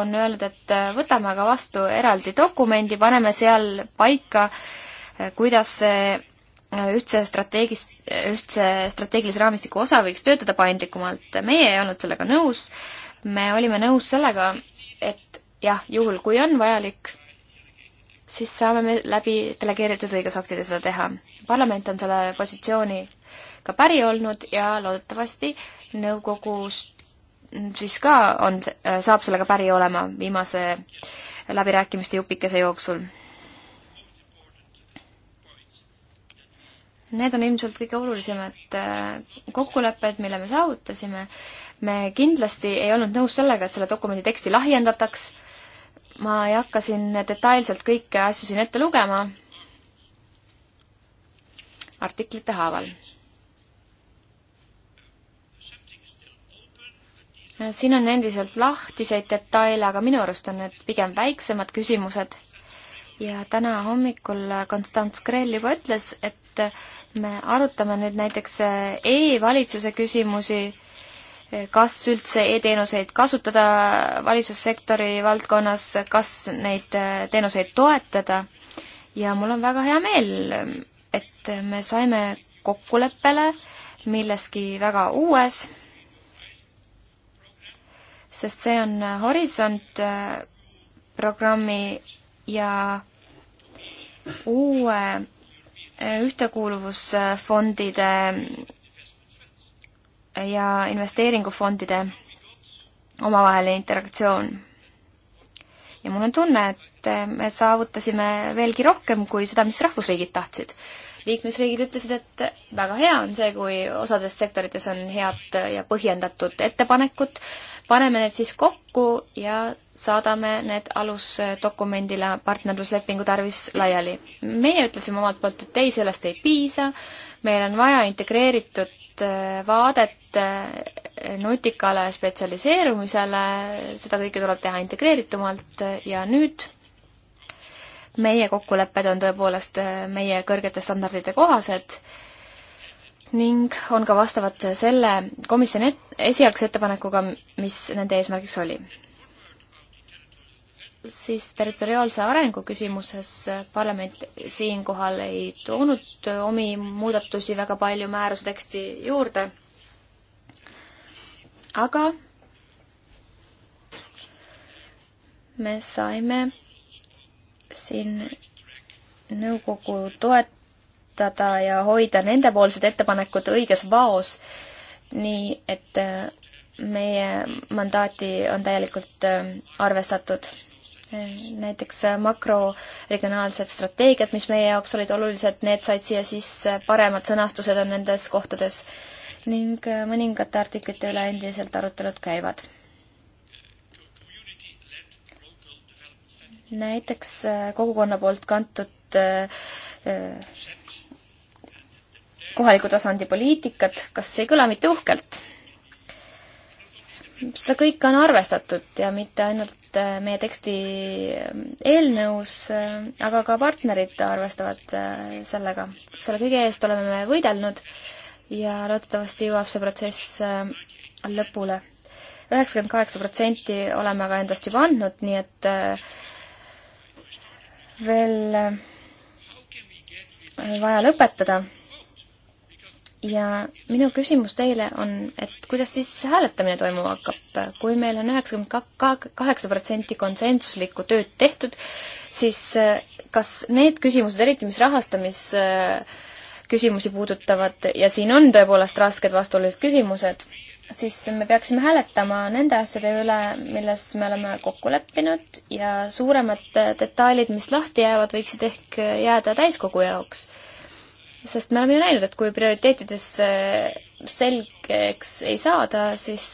on öelnud, et võtame aga vastu eraldi dokumendi, paneme seal paika, eh, kuidas see eh, ühtse strateegis, ühtse strateegilise raamistiku osa võiks töötada paindlikumalt. meie ei olnud sellega nõus, me olime nõus sellega, et jah, juhul kui on vajalik, siis saame me läbi delegeeritud õigusaktide seda teha. parlament on selle positsiooni ka päri olnud ja loodetavasti nõukogus siis ka on, saab sellega päri olema viimase läbirääkimiste jupikese jooksul. Need on ilmselt kõige olulisemad äh, kokkulepped, mille me saavutasime. me kindlasti ei olnud nõus sellega, et selle dokumendi teksti lahjendataks ma ei hakka siin detailselt kõiki asju siin ette lugema, artiklite haaval. siin on endiselt lahtiseid detaile, aga minu arust on need pigem väiksemad küsimused ja täna hommikul Konstants Krell juba ütles, et me arutame nüüd näiteks e-valitsuse küsimusi kas üldse e-teenuseid kasutada valitsussektori valdkonnas, kas neid äh, teenuseid toetada ja mul on väga hea meel, et me saime kokkuleppele milleski väga uues, sest see on Horisont äh, programmi ja uue äh, ühtekuuluvusfondide ja investeeringufondide omavaheline interaktsioon. ja mul on tunne, et me saavutasime veelgi rohkem kui seda, mis rahvusriigid tahtsid. liikmesriigid ütlesid, et väga hea on see, kui osades sektorites on head ja põhjendatud ettepanekud, paneme need siis kokku ja saadame need alusdokumendile partnerluslepingu tarvis laiali. meie ütlesime omalt poolt, et ei, sellest ei piisa, meil on vaja integreeritud äh, vaadet äh, nutikale spetsialiseerumisele, seda kõike tuleb teha integreeritumalt äh, ja nüüd meie kokkulepped on tõepoolest meie kõrgete standardite kohased ning on ka vastavad selle komisjoni et esialgse ettepanekuga, mis nende eesmärgiks oli siis territoriaalse arengu küsimuses parlament siinkohal ei toonud omi muudatusi väga palju määruse teksti juurde, aga me saime siin nõukogu toetada ja hoida nendepoolsed ettepanekud õiges vaos, nii et meie mandaati on täielikult äh, arvestatud näiteks makroregionaalsed strateegiad, mis meie jaoks olid olulised, need said siia sisse, paremad sõnastused on nendes kohtades ning äh, mõningate artiklite üle endiselt arutelud käivad. näiteks äh, kogukonna poolt kantud äh, kohaliku tasandi poliitikad, kas ei kõla mitte uhkelt? seda kõike on arvestatud ja mitte ainult äh, meie teksti äh, eelnõus, äh, aga ka partnerid arvestavad sellega. selle kõige eest oleme me võidelnud ja loodetavasti jõuab see protsess lõpule. üheksakümmend kaheksa protsenti oleme aga endast juba andnud, nii et veel vaja lõpetada ja minu küsimus teile on, et kuidas siis hääletamine toimuma hakkab, kui meil on üheksakümmend kaheksa protsenti konsensuslikku tööd tehtud, siis äh, kas need küsimused, eriti mis rahastamisküsimusi äh, puudutavad ja siin on tõepoolest rasked vastuolulised küsimused, siis me peaksime hääletama nende asjade üle, milles me oleme kokku leppinud ja suuremad äh, detailid, mis lahti jäävad, võiksid ehk jääda täiskogu jaoks sest me oleme ju näinud, et kui prioriteetides eh, selgeks ei saada, siis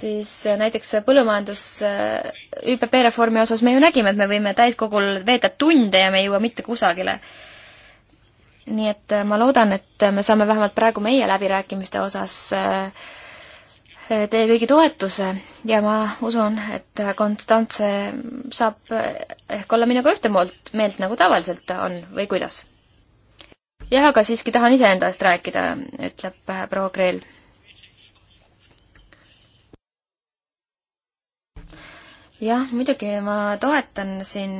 siis eh, näiteks põllumajandus eh, ÜPP reformi osas me ju nägime, et me võime täiskogul veeta tunde ja me ei jõua mitte kusagile. nii et ma loodan, et me saame vähemalt praegu meie läbirääkimiste osas äh, teie kõigi toetuse ja ma usun, et Konstantse saab ehk olla minuga ühte moolt meelt, nagu tavaliselt on või kuidas? jah, aga siiski tahan iseenda eest rääkida, ütleb proua Kreel. jah, muidugi ma toetan siin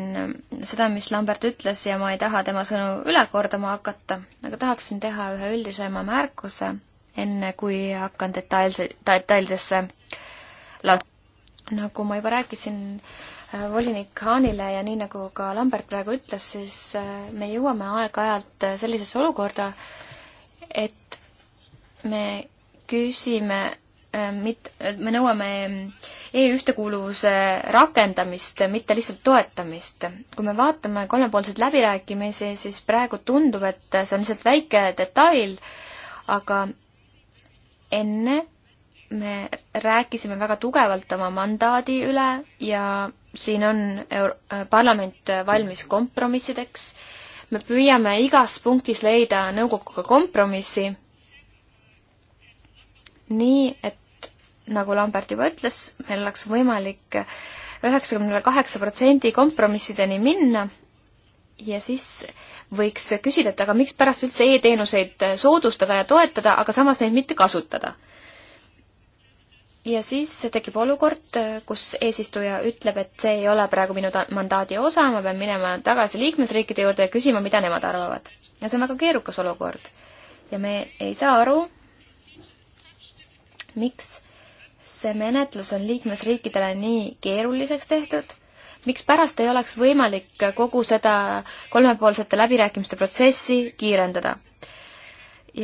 seda, mis Lambert ütles ja ma ei taha tema sõnu üle kordama hakata, aga tahaksin teha ühe üldisema märkuse enne kui hakkan detailse, detailidesse lat-. nagu ma juba rääkisin äh, volinik Haanile ja nii, nagu ka Lambert praegu ütles, siis äh, me jõuame aeg-ajalt äh, sellisesse olukorda, et me küsime mit-, me nõuame e-ühtekuuluvuse rakendamist, mitte lihtsalt toetamist. kui me vaatame kolmepoolseid läbirääkimisi, siis praegu tundub, et see on lihtsalt väike detail, aga enne me rääkisime väga tugevalt oma mandaadi üle ja siin on Euro äh, parlament valmis kompromissideks. me püüame igas punktis leida nõukoguga kompromissi. nii, et nagu Lambert juba ütles, meil oleks võimalik üheksakümnele kaheksa protsendi kompromissideni minna ja siis võiks küsida, et aga mikspärast üldse e-teenuseid soodustada ja toetada, aga samas neid mitte kasutada. ja siis tekib olukord, kus eesistuja ütleb, et see ei ole praegu minu mandaadi osa, ma pean minema tagasi liikmesriikide juurde ja küsima, mida nemad arvavad. ja see on väga keerukas olukord. ja me ei saa aru, miks see menetlus on liikmesriikidele nii keeruliseks tehtud mikspärast ei oleks võimalik kogu seda kolmepoolsete läbirääkimiste protsessi kiirendada?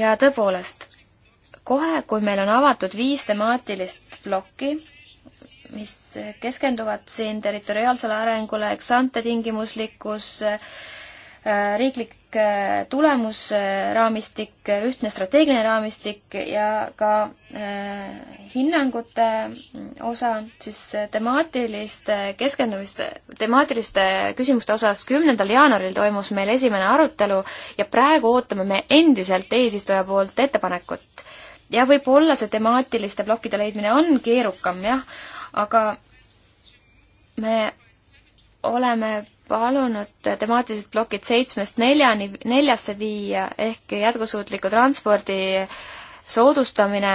ja tõepoolest, kohe, kui meil on avatud viis temaatilist plokki, mis keskenduvad siin territoriaalsele arengule, eksante tingimuslikkus, riiklik äh, tulemusraamistik, äh, ühtne strateegiline raamistik ja ka äh, hinnangute mm, osa, siis temaatiliste keskendumiste, temaatiliste küsimuste osas kümnendal jaanuaril toimus meil esimene arutelu ja praegu ootame me endiselt eesistuja poolt ettepanekut. ja võib-olla see temaatiliste plokkide leidmine on keerukam, jah, aga me oleme palunud temaatilised plokid seitsmest neljani, neljasse viia ehk jätkusuutliku transpordi soodustamine.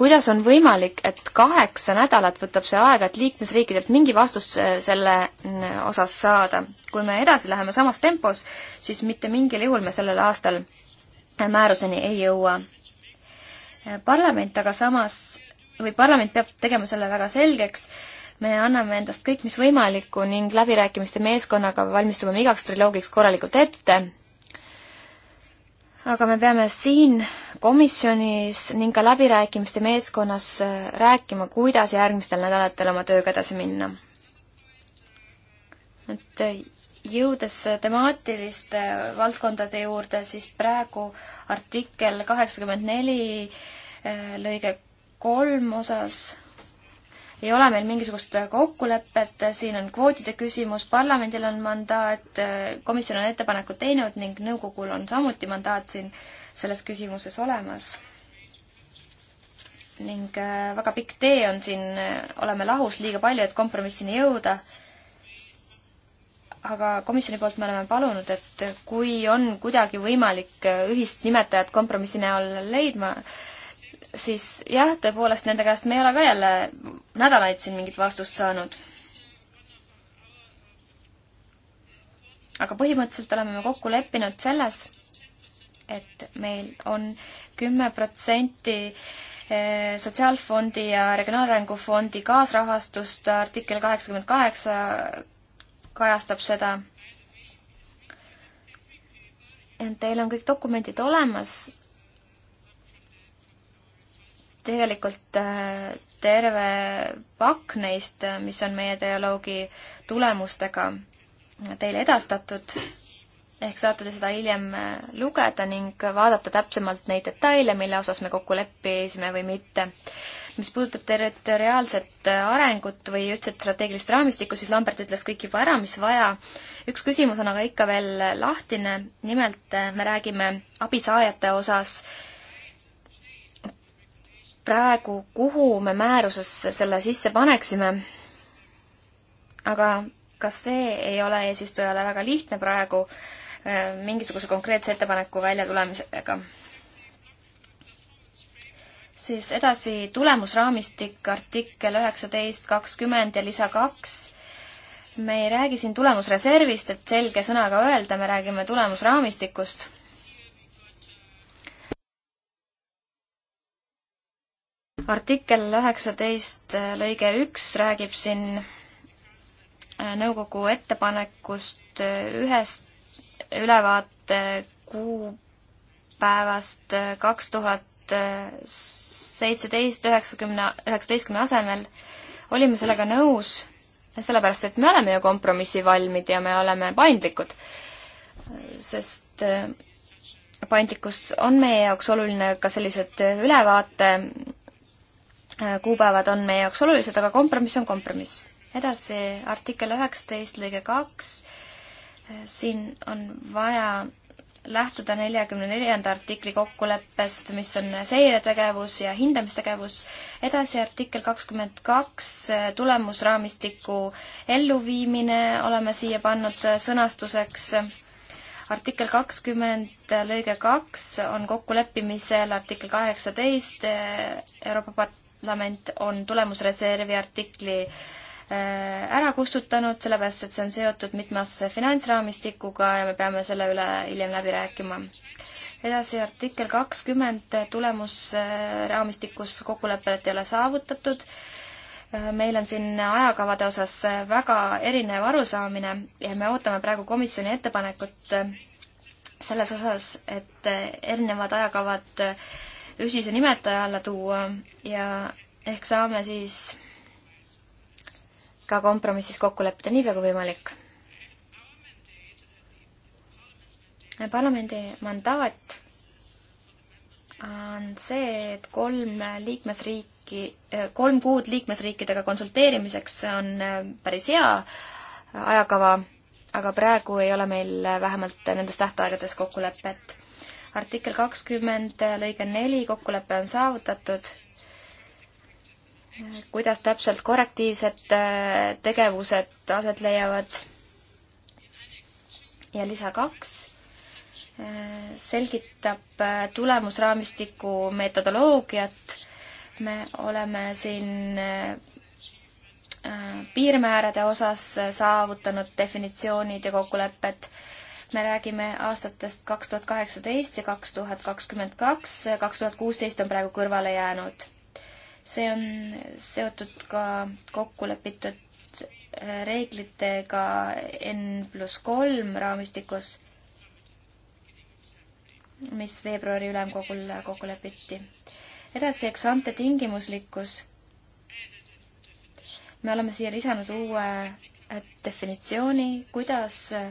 kuidas on võimalik, et kaheksa nädalat võtab see aega, et liikmesriikidelt mingi vastus äh, selle mm, osas saada? kui me edasi läheme samas tempos, siis mitte mingil juhul me sellel aastal äh, määruseni ei jõua. Äh, parlament aga samas, või parlament peab tegema selle väga selgeks, me anname endast kõik, mis võimalikku ning läbirääkimiste meeskonnaga valmistume me igaks triloogiks korralikult ette. aga me peame siin komisjonis ning ka läbirääkimiste meeskonnas äh, rääkima, kuidas järgmistel nädalatel oma tööga edasi minna. et äh, jõudes äh, temaatiliste valdkondade juurde, siis praegu artikkel kaheksakümmend neli lõige kolm osas ei ole meil mingisugust kokkulepet, siin on kvootide küsimus, parlamendil on mandaat, komisjon on ettepanekud teinud ning nõukogul on samuti mandaat siin selles küsimuses olemas. ning äh, väga pikk tee on siin, äh, oleme lahus liiga palju, et kompromissini jõuda. aga komisjoni poolt me oleme palunud, et kui on kuidagi võimalik äh, ühist nimetajat kompromissi näol leidma, siis jah, tõepoolest nende käest me ei ole ka jälle nädalaid siin mingit vastust saanud. aga põhimõtteliselt oleme me kokku leppinud selles, et meil on kümme protsenti eh, sotsiaalfondi ja regionaalarengu fondi kaasrahastust, artikkel kaheksakümmend kaheksa kajastab seda. Teil on kõik dokumendid olemas, tegelikult äh, terve pakk neist, äh, mis on meie dialoogi tulemustega teile edastatud, ehk saate te seda hiljem äh, lugeda ning vaadata täpsemalt neid detaile, mille osas me kokku leppisime või mitte. mis puudutab territoriaalset arengut või üldse strateegilist raamistikku, siis Lambert ütles kõik juba ära, mis vaja. üks küsimus on aga ikka veel lahtine, nimelt me räägime abisaajate osas äh, praegu, kuhu me määruses selle sisse paneksime. aga kas see ei ole eesistujale väga lihtne praegu äh, mingisuguse konkreetse ettepaneku väljatulemisega? siis edasi tulemusraamistik, artikkel üheksateist, kakskümmend ja lisa kaks. me ei räägi siin tulemusreservist, et selge sõnaga öelda, me räägime tulemusraamistikust artikkel üheksateist äh, lõige üks räägib siin äh, nõukogu ettepanekust äh, ühest ülevaate kuupäevast kaks tuhat seitseteist üheksakümne, üheksateistkümne asemel, olime sellega nõus, sellepärast et me oleme ju kompromissivalmid ja me oleme paindlikud. sest paindlikkus on meie jaoks oluline, ka sellised ülevaate Äh, kuupäevad on meie jaoks olulised, aga kompromiss on kompromiss. edasi, artikkel üheksateist lõige kaks, äh, siin on vaja lähtuda neljakümne neljanda artikli kokkuleppest, mis on seiretegevus ja hindamistegevus. edasi artikkel kakskümmend kaks, äh, tulemusraamistiku elluviimine oleme siia pannud sõnastuseks. artikkel kakskümmend lõige kaks on kokkuleppimisel artikkel kaheksateist Euroopa parlament on tulemusreservi artikli äh, ära kustutanud, sellepärast et see on seotud mitmeaastase finantsraamistikuga ja me peame selle üle hiljem läbi rääkima. edasi artikkel kakskümmend tulemusraamistikus kokkulepet ei ole saavutatud. Äh, meil on siin ajakavade osas väga erinev arusaamine ja me ootame praegu komisjoni ettepanekut äh, selles osas, et erinevad ajakavad äh, ühise nimetaja alla tuua ja ehk saame siis ka kompromissis kokku leppida niipea kui võimalik. parlamendi mandaat on see, et kolm liikmesriiki, kolm kuud liikmesriikidega konsulteerimiseks on päris hea ajakava, aga praegu ei ole meil vähemalt nendes tähtaegades kokkulepet artikkel kakskümmend lõige neli, kokkulepe on saavutatud. kuidas täpselt korrektiivsed äh, tegevused aset leiavad? ja lisa kaks äh, selgitab äh, tulemusraamistiku metodoloogiat. me oleme siin piirmäärade osas saavutanud definitsioonid ja kokkulepped me räägime aastatest kaks tuhat kaheksateist ja kaks tuhat kakskümmend kaks, kaks tuhat kuusteist on praegu kõrvale jäänud. see on seotud ka kokkulepitud reeglitega N pluss kolm raamistikus, mis veebruari ülemkogul kokku lepiti. edasi, eks ante tingimuslikkus. me oleme siia lisanud uue definitsiooni, kuidas äh,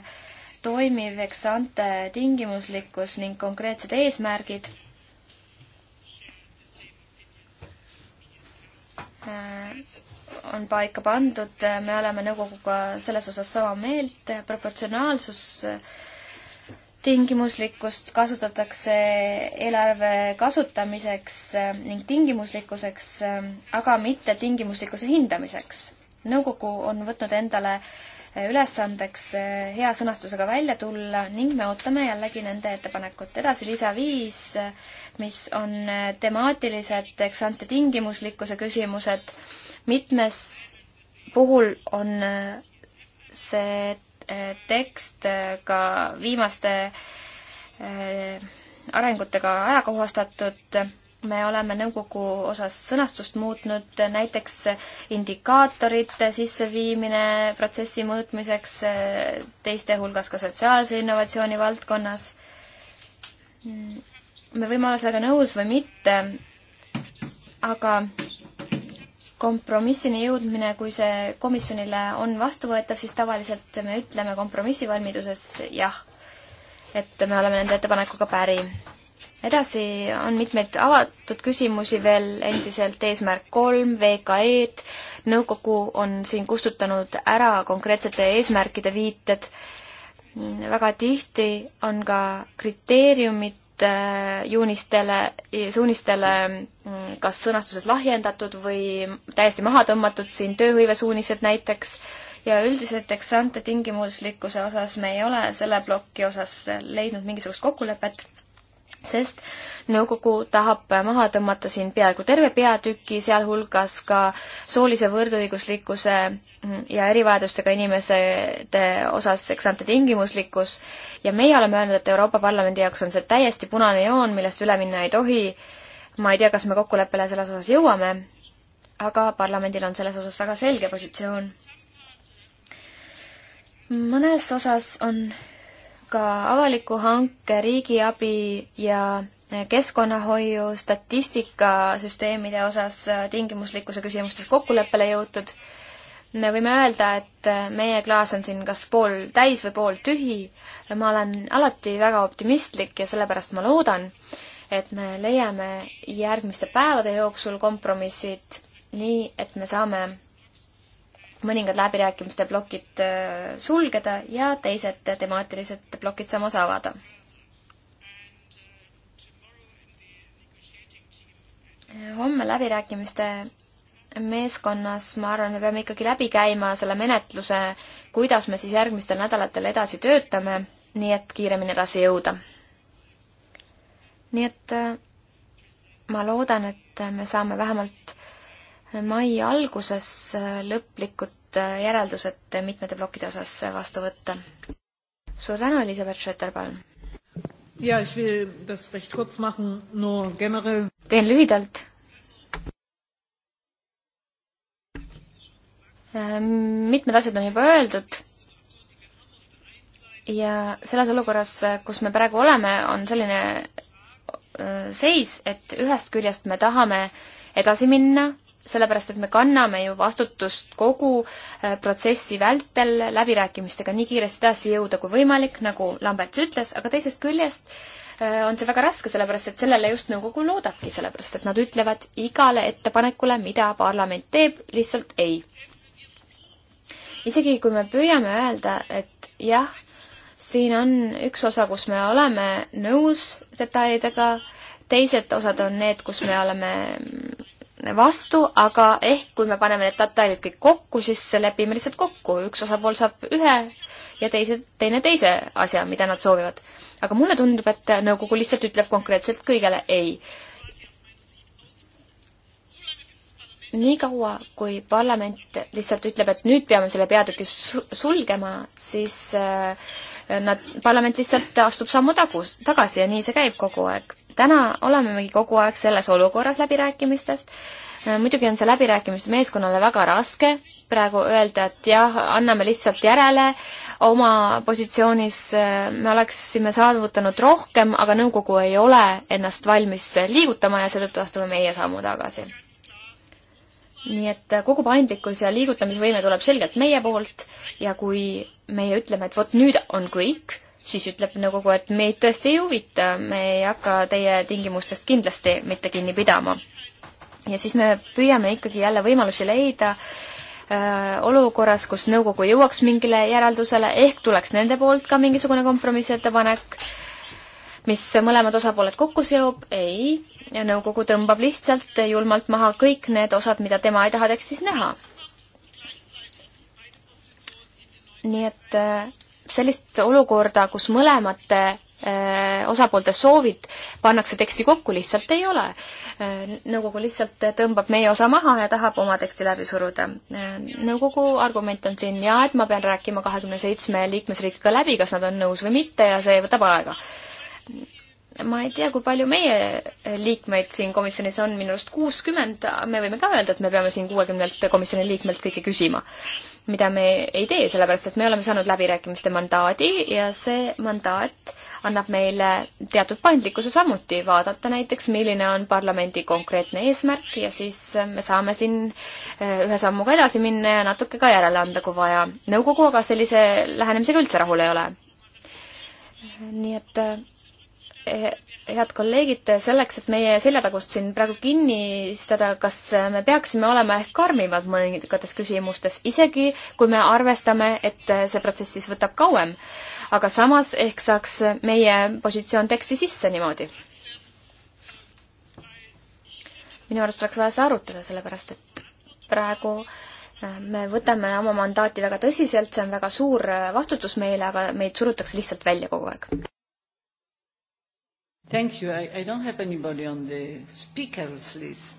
toimiv eksante tingimuslikkus ning konkreetsed eesmärgid. Äh, on paika pandud, äh, me oleme nõukoguga selles osas sama meelt, proportsionaalsus äh, tingimuslikkust kasutatakse eelarve kasutamiseks ning tingimuslikkuseks, aga mitte tingimuslikkuse hindamiseks. nõukogu on võtnud endale äh, ülesandeks eh, hea sõnastusega välja tulla ning me ootame jällegi nende ettepanekut. edasi lisa viis, mis on eh, temaatilised eksante tingimuslikkuse küsimused. mitmes puhul on eh, see tekst ka viimaste arengutega ajakohastatud me oleme nõukogu osas sõnastust muutnud, näiteks indikaatorite sisseviimine protsessi mõõtmiseks, eh, teiste hulgas ka sotsiaalse innovatsiooni valdkonnas. Mm, me võime olla sellega nõus või mitte, aga kompromissini jõudmine, kui see komisjonile on vastuvõetav, siis tavaliselt me ütleme kompromissivalmiduses jah, et me oleme nende ettepanekuga päri edasi on mitmeid avatud küsimusi veel endiselt, eesmärk kolm, VKE-d, nõukogu on siin kustutanud ära konkreetsete eesmärkide viited, väga tihti on ka kriteeriumid äh, juunistele, suunistele mm, kas sõnastuses lahjendatud või täiesti maha tõmmatud, siin tööhõivesuunised näiteks, ja üldiselt eksante tingimuslikkuse osas me ei ole selle ploki osas leidnud mingisugust kokkulepet sest nõukogu tahab maha tõmmata siin peaaegu terve peatüki, sealhulgas ka soolise võrdõiguslikkuse ja erivajadustega inimeste osas eksante tingimuslikkus ja meie oleme öelnud, et Euroopa Parlamendi jaoks on see täiesti punane joon, millest üle minna ei tohi. ma ei tea, kas me kokkuleppele selles osas jõuame, aga parlamendil on selles osas väga selge positsioon. mõnes osas on ka avaliku hanke, riigiabi ja keskkonnahoiu statistikasüsteemide osas tingimuslikkuse küsimustes kokkuleppele jõutud. me võime öelda, et meie klaas on siin kas pooltäis või pooltühi. ma olen alati väga optimistlik ja sellepärast ma loodan, et me leiame järgmiste päevade jooksul kompromissid, nii et me saame mõningad läbirääkimiste plokid äh, sulgeda ja teised temaatilised plokid samas avada. homme läbirääkimiste meeskonnas, ma arvan, me peame ikkagi läbi käima selle menetluse, kuidas me siis järgmistel nädalatel edasi töötame, nii et kiiremini edasi jõuda. nii et äh, ma loodan, et me saame vähemalt mai alguses lõplikud järeldused mitmete plokkide osas vastu võtta. suur tänu, Elisabeth Schöter-Palm! Ja, ich will das recht kurz machen, nur generell. Teen lühidalt. Ähm, mitmed asjad on juba öeldud ja selles olukorras, kus me praegu oleme, on selline äh, seis, et ühest küljest me tahame edasi minna sellepärast, et me kanname ju vastutust kogu äh, protsessi vältel läbirääkimistega nii kiiresti edasi jõuda kui võimalik, nagu Lamberts ütles, aga teisest küljest äh, on see väga raske, sellepärast et sellele just nõukogu loodabki, sellepärast et nad ütlevad igale ettepanekule, mida parlament teeb, lihtsalt ei. isegi kui me püüame öelda, et jah, siin on üks osa, kus me oleme nõus detailidega, teised osad on need, kus me oleme vastu, aga ehk kui me paneme need detailid kõik kokku, siis lepime lihtsalt kokku, üks osapool saab ühe ja teise, teine teise asja, mida nad soovivad. aga mulle tundub, et nõukogu lihtsalt ütleb konkreetselt kõigele ei. niikaua, kui parlament lihtsalt ütleb, et nüüd peame selle peatüki sulgema, siis äh, nad, parlament lihtsalt astub sammu tagus, tagasi ja nii see käib kogu aeg täna olemegi kogu aeg selles olukorras läbirääkimistest. muidugi on see läbirääkimiste meeskonnale väga raske praegu öelda, et jah, anname lihtsalt järele oma positsioonis, me oleksime saavutanud rohkem, aga nõukogu ei ole ennast valmis liigutama ja seetõttu astume meie sammu tagasi. nii et kogu paindlikkus ja liigutamisvõime tuleb selgelt meie poolt ja kui meie ütleme, et vot nüüd on kõik siis ütleb nõukogu, et meid tõesti ei huvita, me ei hakka teie tingimustest kindlasti mitte kinni pidama. ja siis me püüame ikkagi jälle võimalusi leida öö, äh, olukorras, kus nõukogu jõuaks mingile järeldusele, ehk tuleks nende poolt ka mingisugune kompromissettepanek, mis mõlemad osapooled kokku seob, ei, ja nõukogu tõmbab lihtsalt julmalt maha kõik need osad, mida tema ei taha tekstis näha. nii et äh, sellist olukorda, kus mõlemate eh, osapoolte soovid pannakse teksti kokku, lihtsalt ei ole. Eh, nõukogu lihtsalt tõmbab meie osa maha ja tahab oma teksti läbi suruda. Eh, nõukogu argument on siin jaa, et ma pean rääkima kahekümne seitsme liikmesriigiga läbi, kas nad on nõus või mitte ja see võtab aega. ma ei tea, kui palju meie liikmeid siin komisjonis on, minu arust kuuskümmend, me võime ka öelda, et me peame siin kuuekümnelt komisjoni liikmelt kõike küsima mida me ei tee, sellepärast et me oleme saanud läbirääkimiste mandaadi ja see mandaat annab meile teatud paindlikkuse samuti vaadata näiteks, milline on parlamendi konkreetne eesmärk ja siis me saame siin eh, ühe sammuga edasi minna ja natuke ka järele anda, kui vaja. nõukogu aga sellise lähenemisega üldse rahul ei ole. nii et eh, head kolleegid, selleks, et meie seljatagust siin praegu kinnistada, kas me peaksime olema ehk karmimad mõningates küsimustes, isegi kui me arvestame, et see protsess siis võtab kauem. aga samas ehk saaks meie positsioon teksti sisse niimoodi. minu arust oleks vaja see arutada, sellepärast et praegu äh, me võtame oma mandaati väga tõsiselt, see on väga suur äh, vastutus meile, aga meid surutakse lihtsalt välja kogu aeg. Thank you. I, I don't have anybody on the speakers list.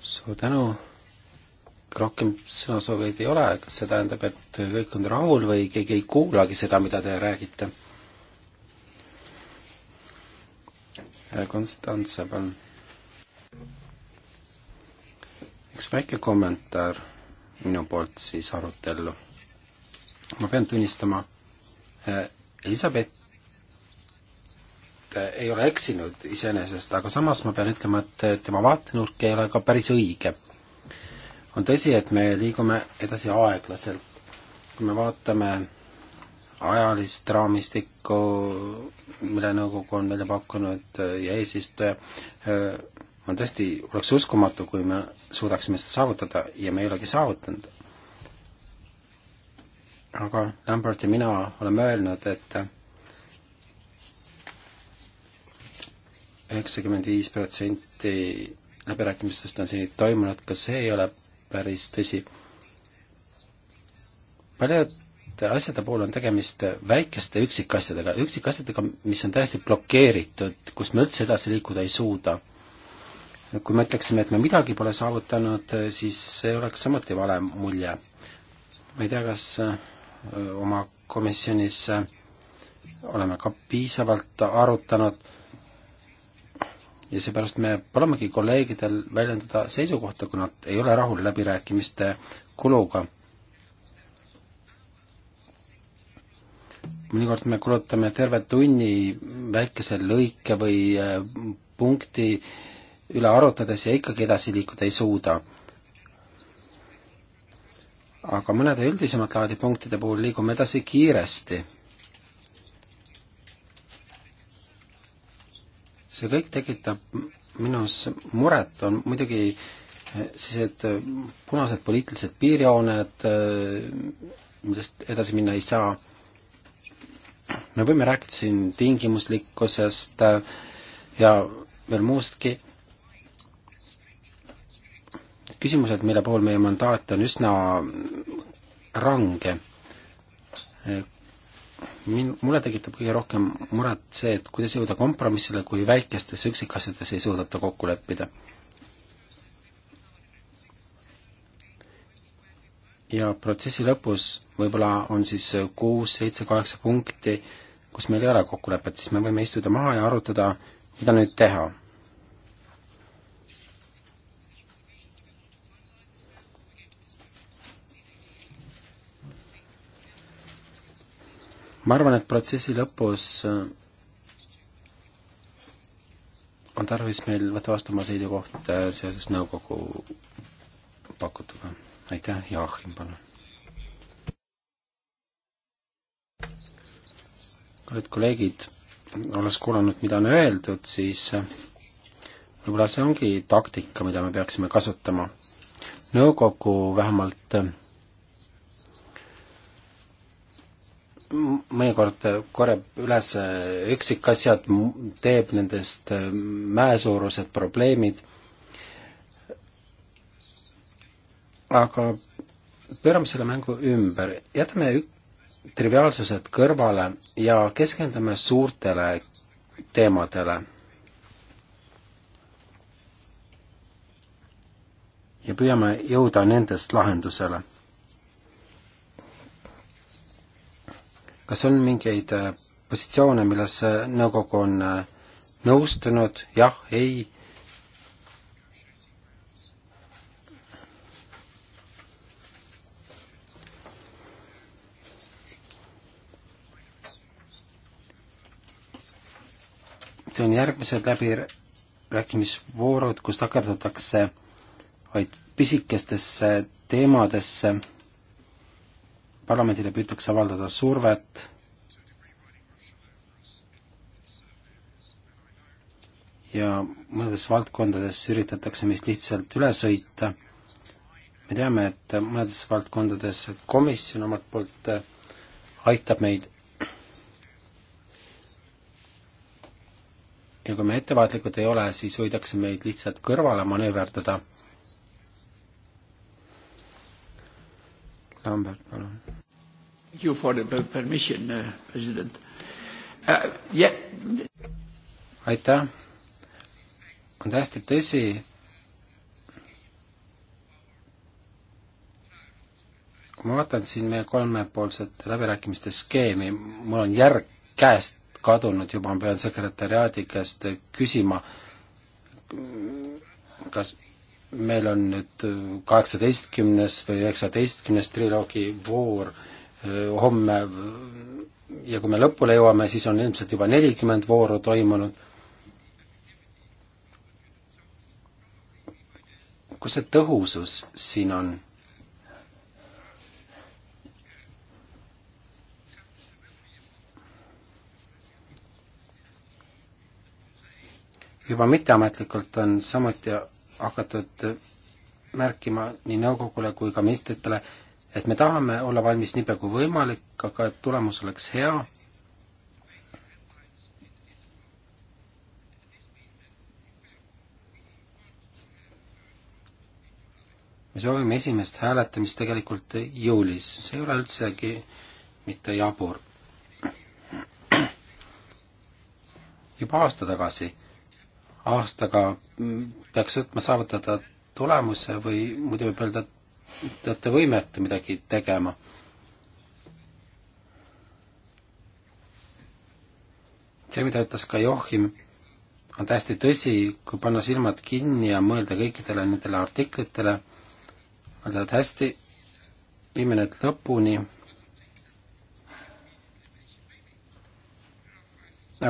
suur tänu. rohkem sõnasoovijaid ei ole, kas see tähendab, et kõik on rahul või keegi ei kuulagi seda, mida te räägite? Konstantse, palun. üks väike kommentaar minu poolt siis arutellu. ma pean tunnistama, eh, Elizabeth Äh, ei ole eksinud iseenesest, aga samas ma pean ütlema, et tema vaatenurk ei ole ka päris õige. on tõsi, et me liigume edasi aeglaselt. kui me vaatame ajalist raamistikku, mille nõukogu on välja pakkunud äh, ja eesistuja, on äh, tõesti, oleks uskumatu, kui me suudaksime seda saavutada ja me ei olegi saavutanud. aga Lambert ja mina oleme öelnud, et üheksakümmend viis protsenti läbirääkimistest on seni toimunud, kas see ei ole päris tõsi? paljude asjade puhul on tegemist väikeste üksikasjadega, üksikasjadega, mis on täiesti blokeeritud, kus me üldse edasi liikuda ei suuda. kui me ütleksime, et me midagi pole saavutanud, siis see oleks samuti vale mulje. ma ei tea, kas äh, oma komisjonis äh, oleme ka piisavalt arutanud ja seepärast me palumegi kolleegidel väljendada seisukohta, kui nad ei ole rahul läbirääkimiste kuluga. mõnikord me kulutame terve tunni väikese lõike või äh, punkti üle arutades ja ikkagi edasi liikuda ei suuda. aga mõnede üldisemat laadi punktide puhul liigume edasi kiiresti see kõik tekitab minus muret, on muidugi eh, sellised eh, punased poliitilised piirjooned, eh, millest edasi minna ei saa. me võime rääkida siin tingimuslikkusest ja veel muustki, küsimused, mille puhul meie mandaat on üsna range min-, mulle tekitab kõige rohkem muret see, et kuidas jõuda kompromissile, kui väikestes üksikasjades ei suudeta kokku leppida. ja protsessi lõpus võib-olla on siis kuus, seitse, kaheksa punkti, kus meil ei ole kokkulepet, siis me võime istuda maha ja arutada, mida nüüd teha ma arvan, et protsessi lõpus äh, on tarvis meil võtta vastu oma seisukoht äh, seoses nõukogu pakutuga. aitäh, Joachim, palun. kallid kolleegid, olles kuulanud, mida on öeldud, siis äh, võib-olla see ongi taktika, mida me peaksime kasutama. nõukogu vähemalt mõnikord korjab üles üksikasjad, teeb nendest mäesuurused probleemid, aga pöörame selle mängu ümber, jätame triviaalsused kõrvale ja keskendume suurtele teemadele. ja püüame jõuda nendest lahendusele kas on mingeid äh, positsioone, milles äh, nõukogu on äh, nõustunud, jah, ei? Need on järgmised läbirääkimisvoorud, kus takerdutakse vaid pisikestesse teemadesse parlamendile püütakse avaldada survet ja mõnedes valdkondades üritatakse meist lihtsalt üle sõita. me teame, et mõnedes valdkondades komisjon omalt poolt aitab meid. ja kui me ettevaatlikud ei ole, siis võidakse meid lihtsalt kõrvale manööverdada. Lambert, palun you for the permission uh,, president uh,. Yeah. aitäh. on täiesti tõsi. kui ma vaatan siin meie kolmepoolsete läbirääkimiste skeemi, mul on järg käest kadunud juba, ma pean sekretäriaadi käest küsima, kas meil on nüüd kaheksateistkümnes või üheksateistkümnes triloogi voor homme ja kui me lõpule jõuame, siis on ilmselt juba nelikümmend vooru toimunud. kus see tõhusus siin on? juba mitteametlikult on samuti hakatud märkima nii nõukogule kui ka ministritele, et me tahame olla valmis niipea kui võimalik, aga et tulemus oleks hea. me soovime esimest hääletamist tegelikult juulis, see ei ole üldsegi mitte jabur. juba aasta tagasi, aastaga peaks võtma saavutada tulemuse või muidu võib öelda, et te olete võimetu midagi tegema. see, mida ütles ka Johim, on täiesti tõsi, kui panna silmad kinni ja mõelda kõikidele nendele artiklitele, öelda, et hästi, viime need lõpuni,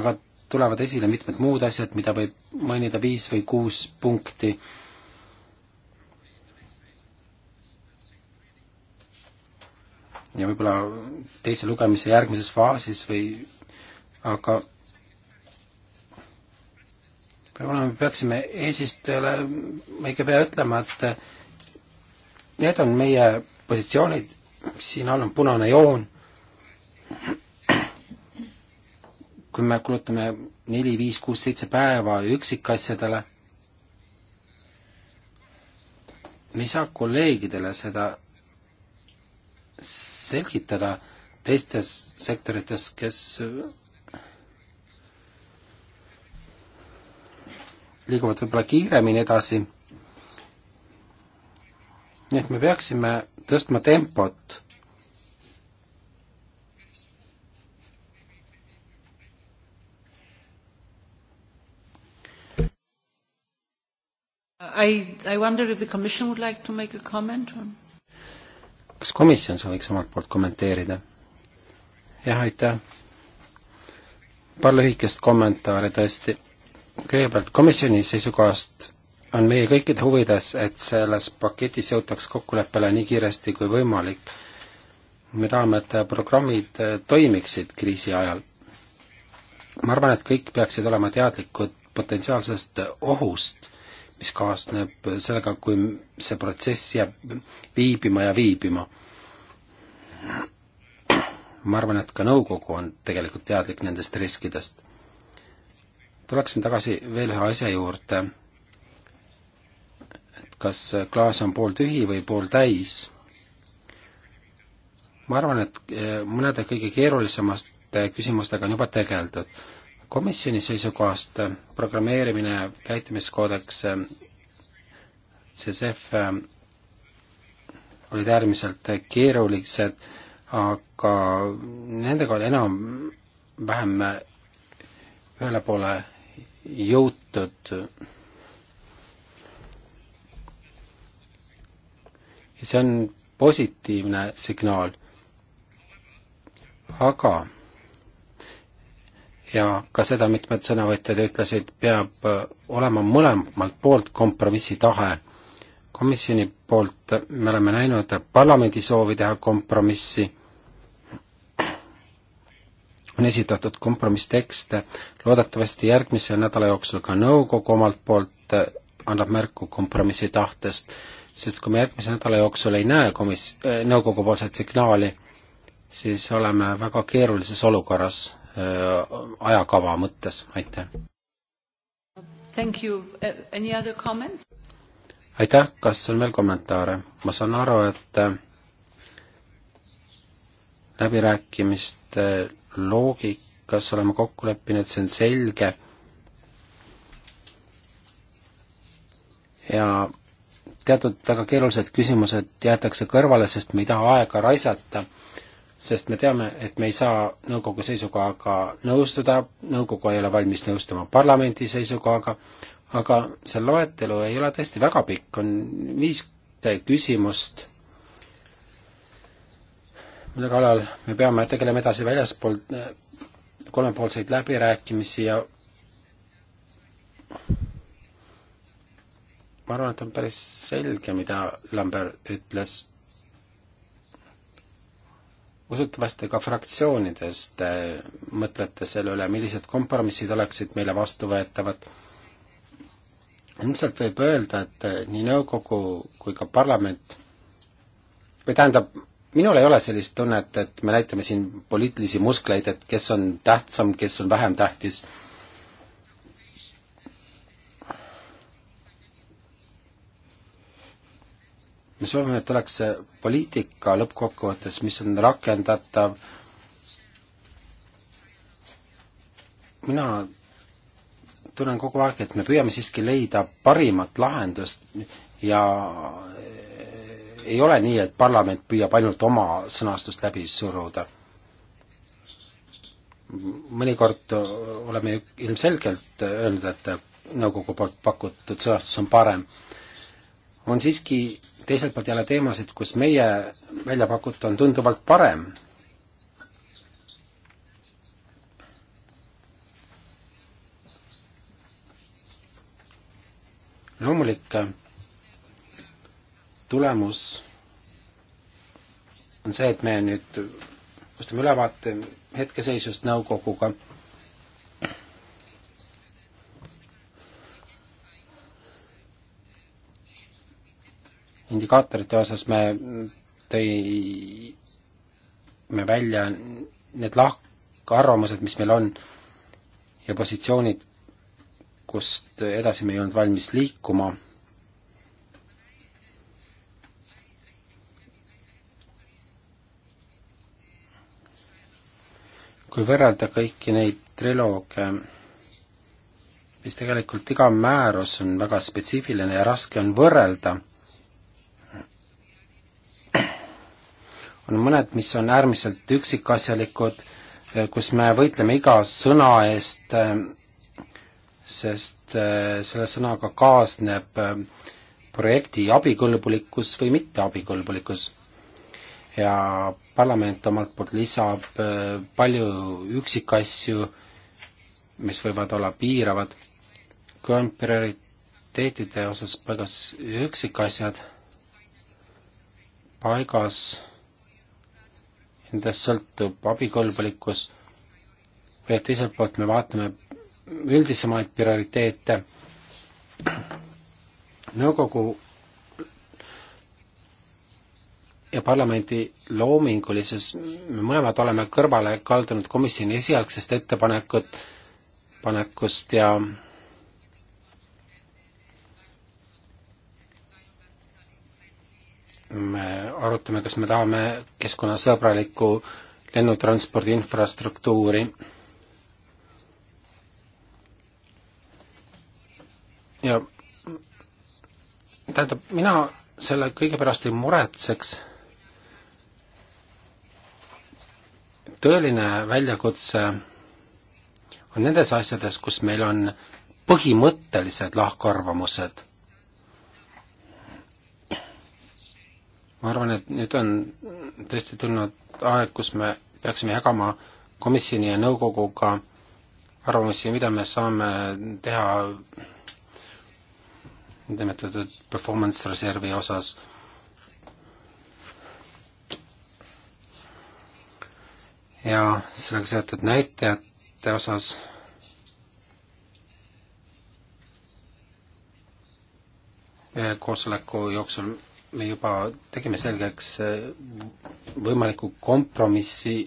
aga tulevad esile mitmed muud asjad, mida võib mainida viis või kuus punkti ja võib-olla teise lugemise järgmises faasis või aga võib-olla me peaksime eesistujale õige pea ütlema, et need on meie positsioonid, siin all on punane joon, kui me kulutame neli, viis, kuus, seitse päeva üksikasjadele, me ei saa kolleegidele seda selgitada teistes sektorites, kes liiguvad võib-olla kiiremini edasi. nii et me peaksime tõstma tempot. I, I wonder if the Commission would like to make a comment on kas komisjon sooviks omalt poolt kommenteerida? jah, aitäh. paar lühikest kommentaari tõesti. kõigepealt komisjoni seisukohast on meie kõikide huvides, et selles paketis jõutaks kokkuleppele nii kiiresti kui võimalik. me tahame, et programmid toimiksid kriisi ajal. ma arvan, et kõik peaksid olema teadlikud potentsiaalsest ohust mis kaasneb sellega, kui see protsess jääb viibima ja viibima. ma arvan, et ka nõukogu on tegelikult teadlik nendest riskidest. tuleksin tagasi veel ühe asja juurde, et kas klaas on pooltühi või pooltäis. ma arvan, et eh, mõnede kõige keerulisemate küsimustega on juba tegeldud komisjoni seisukohast programmeerimine, käitumiskoodeks, eh, CSF eh, olid äärmiselt keerulised, aga nendega oli enam-vähem eh, ühele poole jõutud. ja see on positiivne signaal. aga ja ka seda mitmed sõnavõtjad ütlesid, peab äh, olema mõlemalt poolt kompromissitahe. komisjoni poolt me oleme näinud parlamendi soovi teha kompromissi, on esitatud kompromisstekste, loodetavasti järgmise nädala jooksul ka nõukogu omalt poolt äh, annab märku kompromissi tahtest, sest kui me järgmise nädala jooksul ei näe komis-, äh, nõukogu poolset signaali, siis oleme väga keerulises olukorras Äh, ajakava mõttes, aitäh. Uh, aitäh, kas on veel kommentaare? ma saan aru, et äh, läbirääkimiste loogikas oleme kokku leppinud, see on selge ja teatud väga keerulised küsimused jäetakse kõrvale, sest me ei taha aega raisata sest me teame, et me ei saa nõukogu seisukohaga nõustuda, nõukogu ei ole valmis nõustuma parlamendi seisukohaga, aga see loetelu ei ole tõesti väga pikk, on viis küsimust, mille kallal me peame tegelema edasi väljaspool äh, kolmepoolseid läbirääkimisi ja ma arvan, et on päris selge, mida Lambert ütles usutavasti ka fraktsioonidest äh, mõtlete selle üle, millised kompromissid oleksid meile vastuvõetavad. ilmselt võib öelda, et äh, nii nõukogu kui ka parlament või tähendab, minul ei ole sellist tunnet, et me näitame siin poliitilisi muskleid, et kes on tähtsam, kes on vähem tähtis me soovime, et oleks see poliitika lõppkokkuvõttes, mis on rakendatav, mina tunnen kogu aeg, et me püüame siiski leida parimat lahendust ja ei ole nii, et parlament püüab ainult oma sõnastust läbi suruda. mõnikord oleme ju ilmselgelt öelnud, et nõukogu poolt pakutud sõnastus on parem. on siiski teiselt poolt jälle teemasid, kus meie väljapakutu on tunduvalt parem. loomulik äh, tulemus on see, et me nüüd ostame ülevaate hetkeseisust nõukoguga indikaatorite osas me tõi, me välja need lahkarvamused, mis meil on ja positsioonid, kust edasi me ei olnud valmis liikuma. kui võrrelda kõiki neid trilooge, mis tegelikult iga määrus on väga spetsiifiline ja raske on võrrelda on mõned, mis on äärmiselt üksikasjalikud, eh, kus me võitleme iga sõna eest, eh, sest eh, selle sõnaga kaasneb projekti abikõlbulikkus või mitteabikõlbulikkus. ja parlament omalt poolt lisab palju üksikasju, mis võivad olla piiravad, kui on prioriteetide osas paigas üksikasjad, paigas nendest sõltub abikõlbulikkus, või et teiselt poolt me vaatame üldisemaid prioriteete, nõukogu ja parlamendi loomingulises, me mõlemad oleme kõrvale kaldunud komisjoni esialgsest ettepanekut, panekust ja me arutame, kas me tahame keskkonnasõbralikku lennutranspordi infrastruktuuri. ja tähendab, mina selle kõige pärast ei muretseks, tõeline väljakutse on nendes asjades, kus meil on põhimõttelised lahkarvamused ma arvan, et nüüd on tõesti tulnud aeg, kus me peaksime jagama komisjoni ja nõukoguga arvamusi, mida me saame teha nimetatud performance reservi osas. ja sellega seotud näitajate osas koosoleku jooksul me juba tegime selgeks eh, võimaliku kompromissi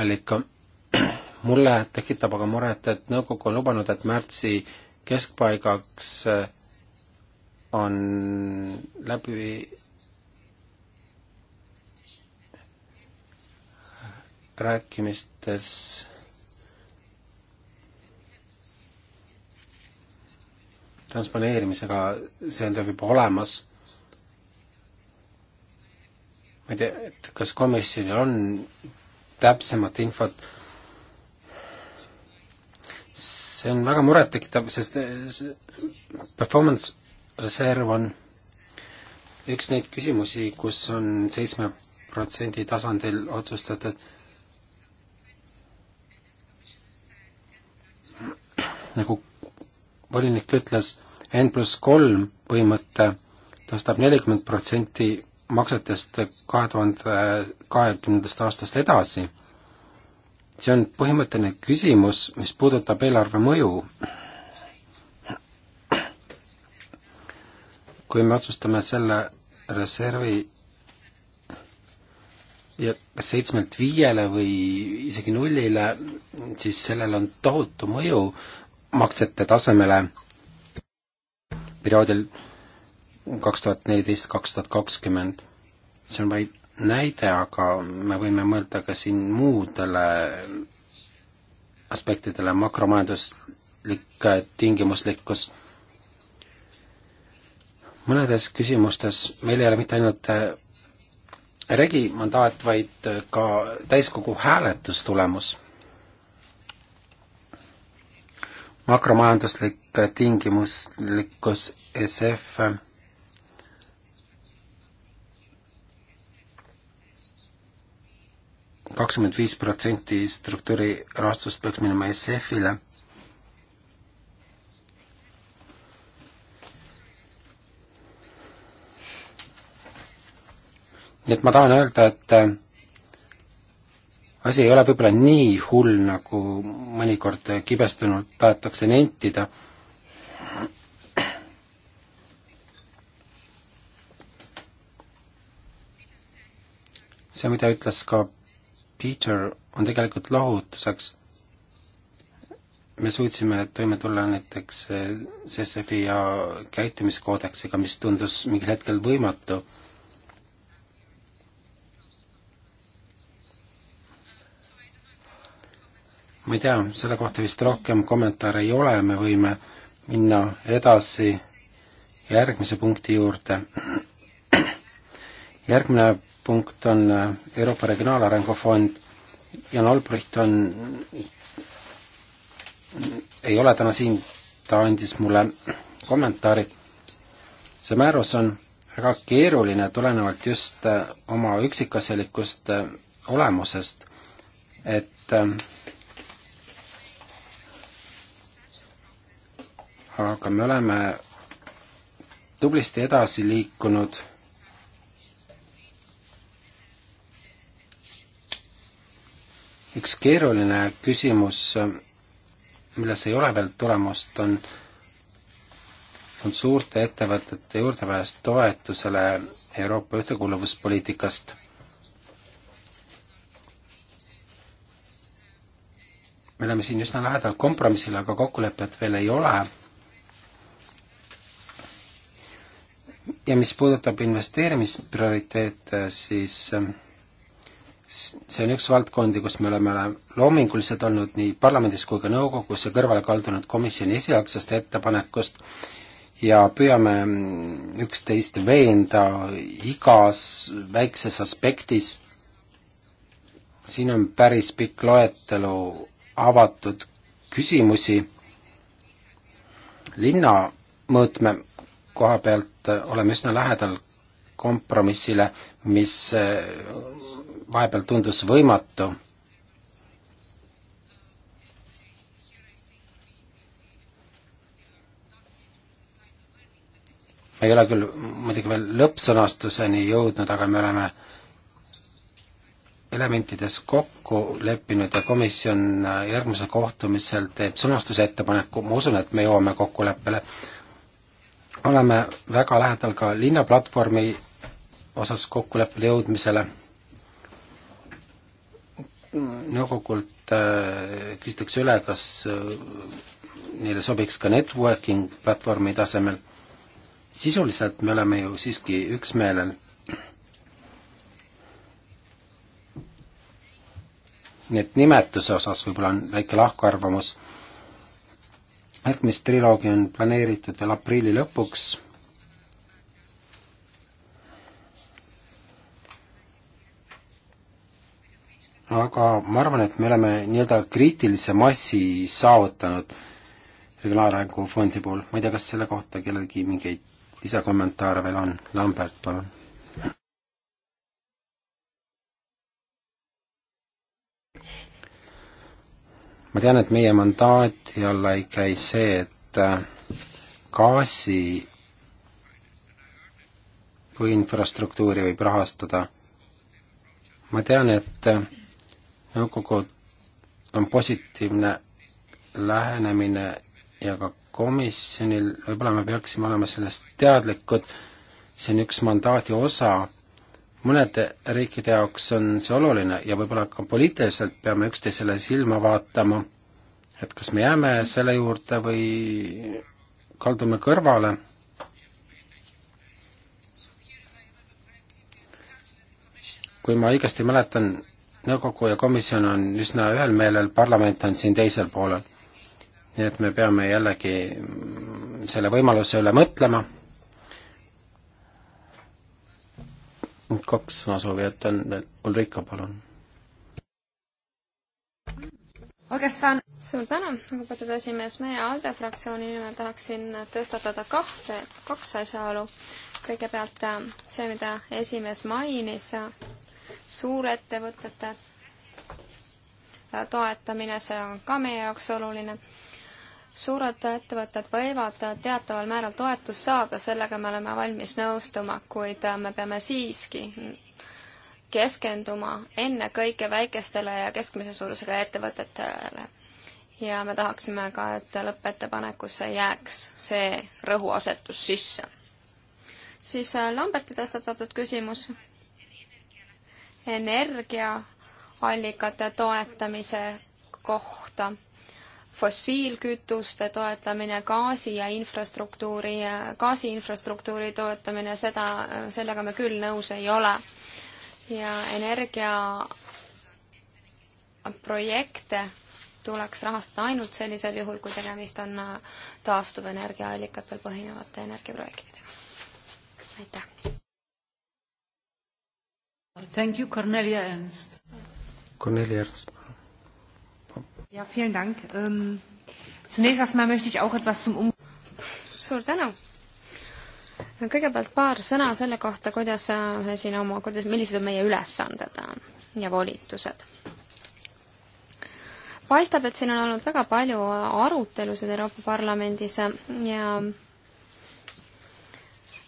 allika. mulle tekitab aga muret, et nõukogu on lubanud, et märtsi keskpaigaks eh, on läbi rääkimistes transponeerimisega, see on tal juba olemas. ma ei tea, et kas komisjonil on täpsemat infot, see on väga murettekitav, sest performance reserv on üks neid küsimusi, kus on seitsme protsendi tasandil otsustatud, nagu volinik ütles, N pluss kolm põhimõte tõstab nelikümmend protsenti maksetest kahe tuhande kahekümnendast aastast edasi. see on põhimõtteline küsimus, mis puudutab eelarve mõju. kui me otsustame selle reservi ja kas seitsmelt viiele või isegi nullile, siis sellel on tohutu mõju maksete tasemele perioodil kaks tuhat neliteist, kaks tuhat kakskümmend. see on vaid näide, aga me võime mõelda ka siin muudele aspektidele, makromajanduslik tingimuslikkus. mõnedes küsimustes meil ei ole mitte ainult eh, regi mandaat, vaid ka täiskogu hääletustulemus makromajanduslik tingimuslikkus e SF kakskümmend viis protsenti struktuurirahastust peaks minema e SF-ile. nii et ma tahan öelda, et asi ei ole võib-olla nii hull, nagu mõnikord kibestunult tahetakse nentida. see, mida ütles ka Peter, on tegelikult lahutuseks. me suutsime toime tulla näiteks CSF-i ja käitumiskoodeksiga, mis tundus mingil hetkel võimatu ma ei tea, selle kohta vist rohkem kommentaare ei ole, me võime minna edasi järgmise punkti juurde. järgmine punkt on Euroopa Regionaalarengu Fond. Jan Albrecht on, ei ole täna siin, ta andis mulle kommentaari. see määrus on väga keeruline tulenevalt just oma üksikasjalikust äh, olemusest, et äh, aga me oleme tublisti edasi liikunud üks keeruline küsimus, milles ei ole veel tulemust, on, on suurte ettevõtete juurdepääs toetusele Euroopa ühtekuuluvuspoliitikast. me oleme siin üsna lähedal kompromissile, aga kokkulepet veel ei ole ja mis puudutab investeerimisprioriteete, siis ähm, see on üks valdkondi, kus me oleme loomingulised olnud nii parlamendis kui ka nõukogus ja kõrvale kaldunud komisjoni esialgsest ettepanekust ja püüame mm, üksteist veenda igas väikses aspektis. siin on päris pikk loetelu avatud küsimusi linna mõõtme koha pealt oleme üsna lähedal kompromissile, mis eh, vahepeal tundus võimatu. me ei ole küll muidugi veel lõppsõnastuseni jõudnud, aga me oleme elementides kokku leppinud ja komisjon järgmisel kohtumisel teeb sõnastuse ettepaneku, ma usun, et me jõuame kokkuleppele oleme väga lähedal ka linnaplatvormi osas kokkuleppele jõudmisele. nõukogult äh, küsitakse üle, kas äh, neile sobiks ka networking platvormi tasemel. sisuliselt me oleme ju siiski üksmeelel. nii et nimetuse osas võib-olla on väike lahkarvamus järgmist triloogi on planeeritud veel aprilli lõpuks. aga ma arvan, et me oleme nii-öelda kriitilise massi saavutanud Regionaalarengu Fondi puhul, ma ei tea, kas selle kohta kellelgi mingeid lisakommentaare veel on, Lambert, palun ma tean, et meie mandaati alla ei käi see, et äh, gaasi või infrastruktuuri võib rahastada. ma tean, et äh, nõukogu on positiivne lähenemine ja ka komisjonil, võib-olla me peaksime olema sellest teadlikud, see on üks mandaadi osa mõnede riikide jaoks on see oluline ja võib-olla ka poliitiliselt peame üksteisele silma vaatama, et kas me jääme selle juurde või kaldume kõrvale. kui ma õigesti mäletan, nõukogu ja komisjon on üsna ühel meelel, parlament on siin teisel poolel. nii et me peame jällegi selle võimaluse üle mõtlema kaks sõnasoovijat on veel, Ulrika, palun. suur tänu, lugupeetud esimees, meie ALDE fraktsiooni nimel tahaksin tõstatada kahte, kaks asjaolu. kõigepealt äh, see, mida esimees mainis, suurettevõtete äh, toetamine, see on ka meie jaoks oluline suured ettevõtted võivad teataval määral toetust saada, sellega me oleme valmis nõustuma, kuid äh, me peame siiski keskenduma ennekõike väikestele ja keskmise suurusega ettevõtetele. ja me tahaksime ka, et lõppettepanekusse jääks see rõhuasetus sisse. siis äh, Lamberti tõstatatud küsimus energiaallikate toetamise kohta fossiilkütuste toetamine, gaasi ja infrastruktuuri, gaasiinfrastruktuuri toetamine, seda, sellega me küll nõus ei ole. ja energiaprojekte tuleks rahastada ainult sellisel juhul, kui tegemist on taastuvenergiaallikatel põhinevate energiaprojektidega. aitäh! Thank you, Cornelia Ernst. Cornelia Ernst ja, vielen Dank um,. Zunächst erstmal möchte ich auch etwas zum um-. suur tänu kõigepealt paar sõna selle kohta, kuidas äh, siin oma, kuidas, millised on meie ülesanded äh, ja volitused. paistab, et siin on olnud väga palju äh, arutelusid Euroopa Parlamendis ja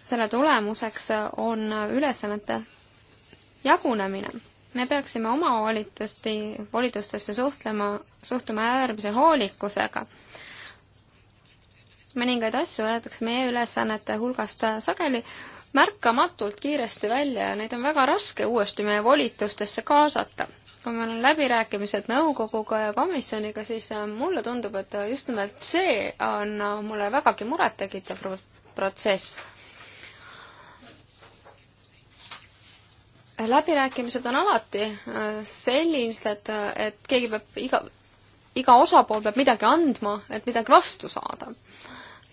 selle tulemuseks on ülesannete jagunemine me peaksime oma volitusti, volitustesse suhtlema, suhtuma äärmise hoolikusega. mõningaid asju võetakse meie ülesannete hulgast sageli märkamatult kiiresti välja ja neid on väga raske uuesti meie volitustesse kaasata. kui meil on läbirääkimised nõukoguga ja komisjoniga, siis mulle tundub, et just nimelt see on mulle vägagi murettekitav protsess läbirääkimised on alati äh, sellised, äh, et keegi peab iga, iga osapool peab midagi andma, et midagi vastu saada.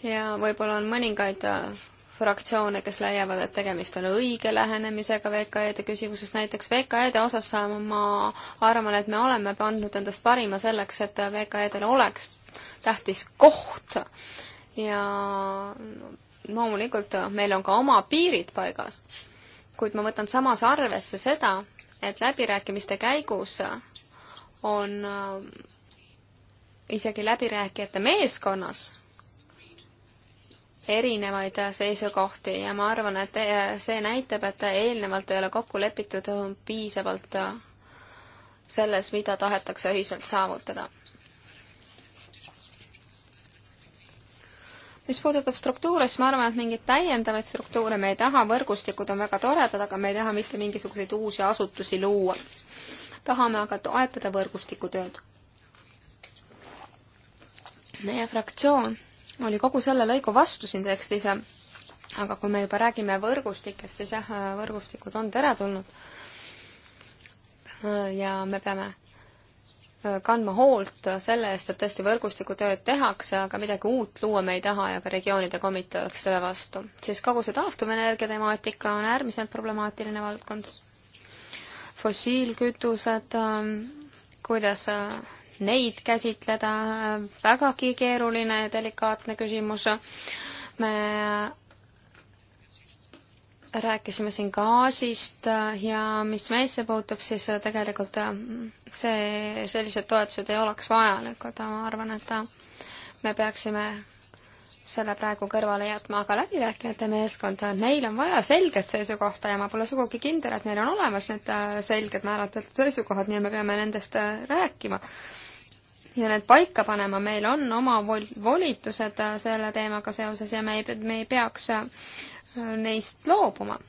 ja võib-olla on mõningaid äh, fraktsioone, kes leiavad, et tegemist on õige lähenemisega VKE-de küsimuses, näiteks VKE-de osas ma arvan, et me oleme andnud endast parima selleks, et VKE-del oleks tähtis koht ja loomulikult meil on ka oma piirid paigas kuid ma võtan samas arvesse seda, et läbirääkimiste käigus on äh, isegi läbirääkijate meeskonnas erinevaid seisukohti ja ma arvan, et äh, see näitab, et eelnevalt ei ole kokku lepitud piisavalt äh, selles, mida tahetakse ühiselt saavutada mis puudutab struktuure, siis ma arvan, et mingeid täiendavaid struktuure me ei taha, võrgustikud on väga toredad, aga me ei taha mitte mingisuguseid uusi asutusi luua. tahame aga toetada võrgustikutööd. meie fraktsioon oli kogu selle lõigu vastu siin tekstis, aga kui me juba räägime võrgustikest, siis jah, võrgustikud on teretulnud. ja me peame kandma hoolt selle eest, et tõesti võrgustikutööd tehakse, aga midagi uut luua me ei taha ja ka regioonide komitee oleks selle vastu. siis kogu see taastuvenergia temaatika on äärmiselt problemaatiline valdkond. fossiilkütused, ähm, kuidas äh, neid käsitleda, äh, vägagi keeruline ja delikaatne küsimus. me äh, rääkisime siin gaasist äh, ja mis meisse puutub, siis äh, tegelikult äh, see, sellised toetused ei oleks vajalikud, ma arvan, et me peaksime selle praegu kõrvale jätma, aga läbirääkijate meeskond, neil on vaja selget seisukohta ja ma pole sugugi kindel, et neil on olemas need selged määratletud seisukohad, nii et me peame nendest rääkima. ja need paika panema, meil on oma vol-, volitused selle teemaga seoses ja me ei, me ei peaks neist loobuma.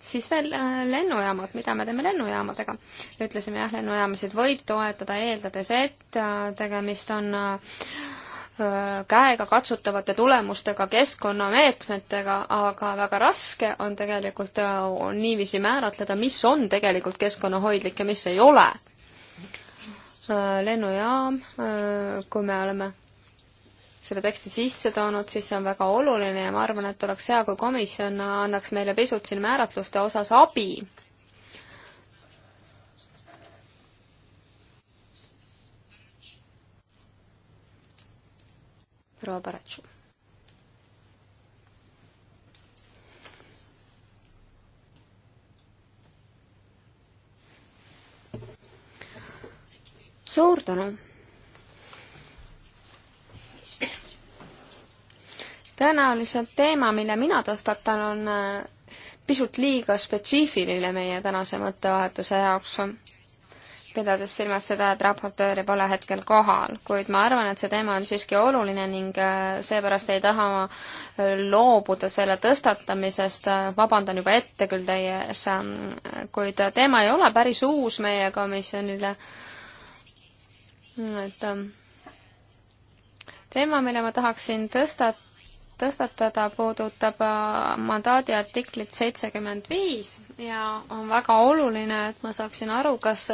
siis veel äh, lennujaamad, mida me teeme lennujaamadega? ütlesime jah, lennujaamasid võib toetada, eeldades, et äh, tegemist on äh, käega katsutavate tulemustega, keskkonnameetmetega, aga väga raske on tegelikult on niiviisi määratleda, mis on tegelikult keskkonnahoidlik ja mis ei ole. lennujaam, kui me oleme selle teksti sisse toonud, siis see on väga oluline ja ma arvan, et oleks hea, kui komisjon annaks meile pisut siin määratluste osas abi. proua Paratšu. suur tänu tõenäoliselt teema, mille mina tõstatan, on äh, pisut liiga spetsiifiline meie tänase mõttevahetuse jaoks, pidades silmas seda, et raportööri pole hetkel kohal, kuid ma arvan, et see teema on siiski oluline ning äh, seepärast ei taha ma äh, loobuda selle tõstatamisest, vabandan juba ette küll teie ees, ähm, kuid teema ei ole päris uus meie komisjonile, et ähm, teema, mille ma tahaksin tõstat-, tõstatada, puudutab äh, mandaadi artiklit seitsekümmend viis ja on väga oluline, et ma saaksin aru, kas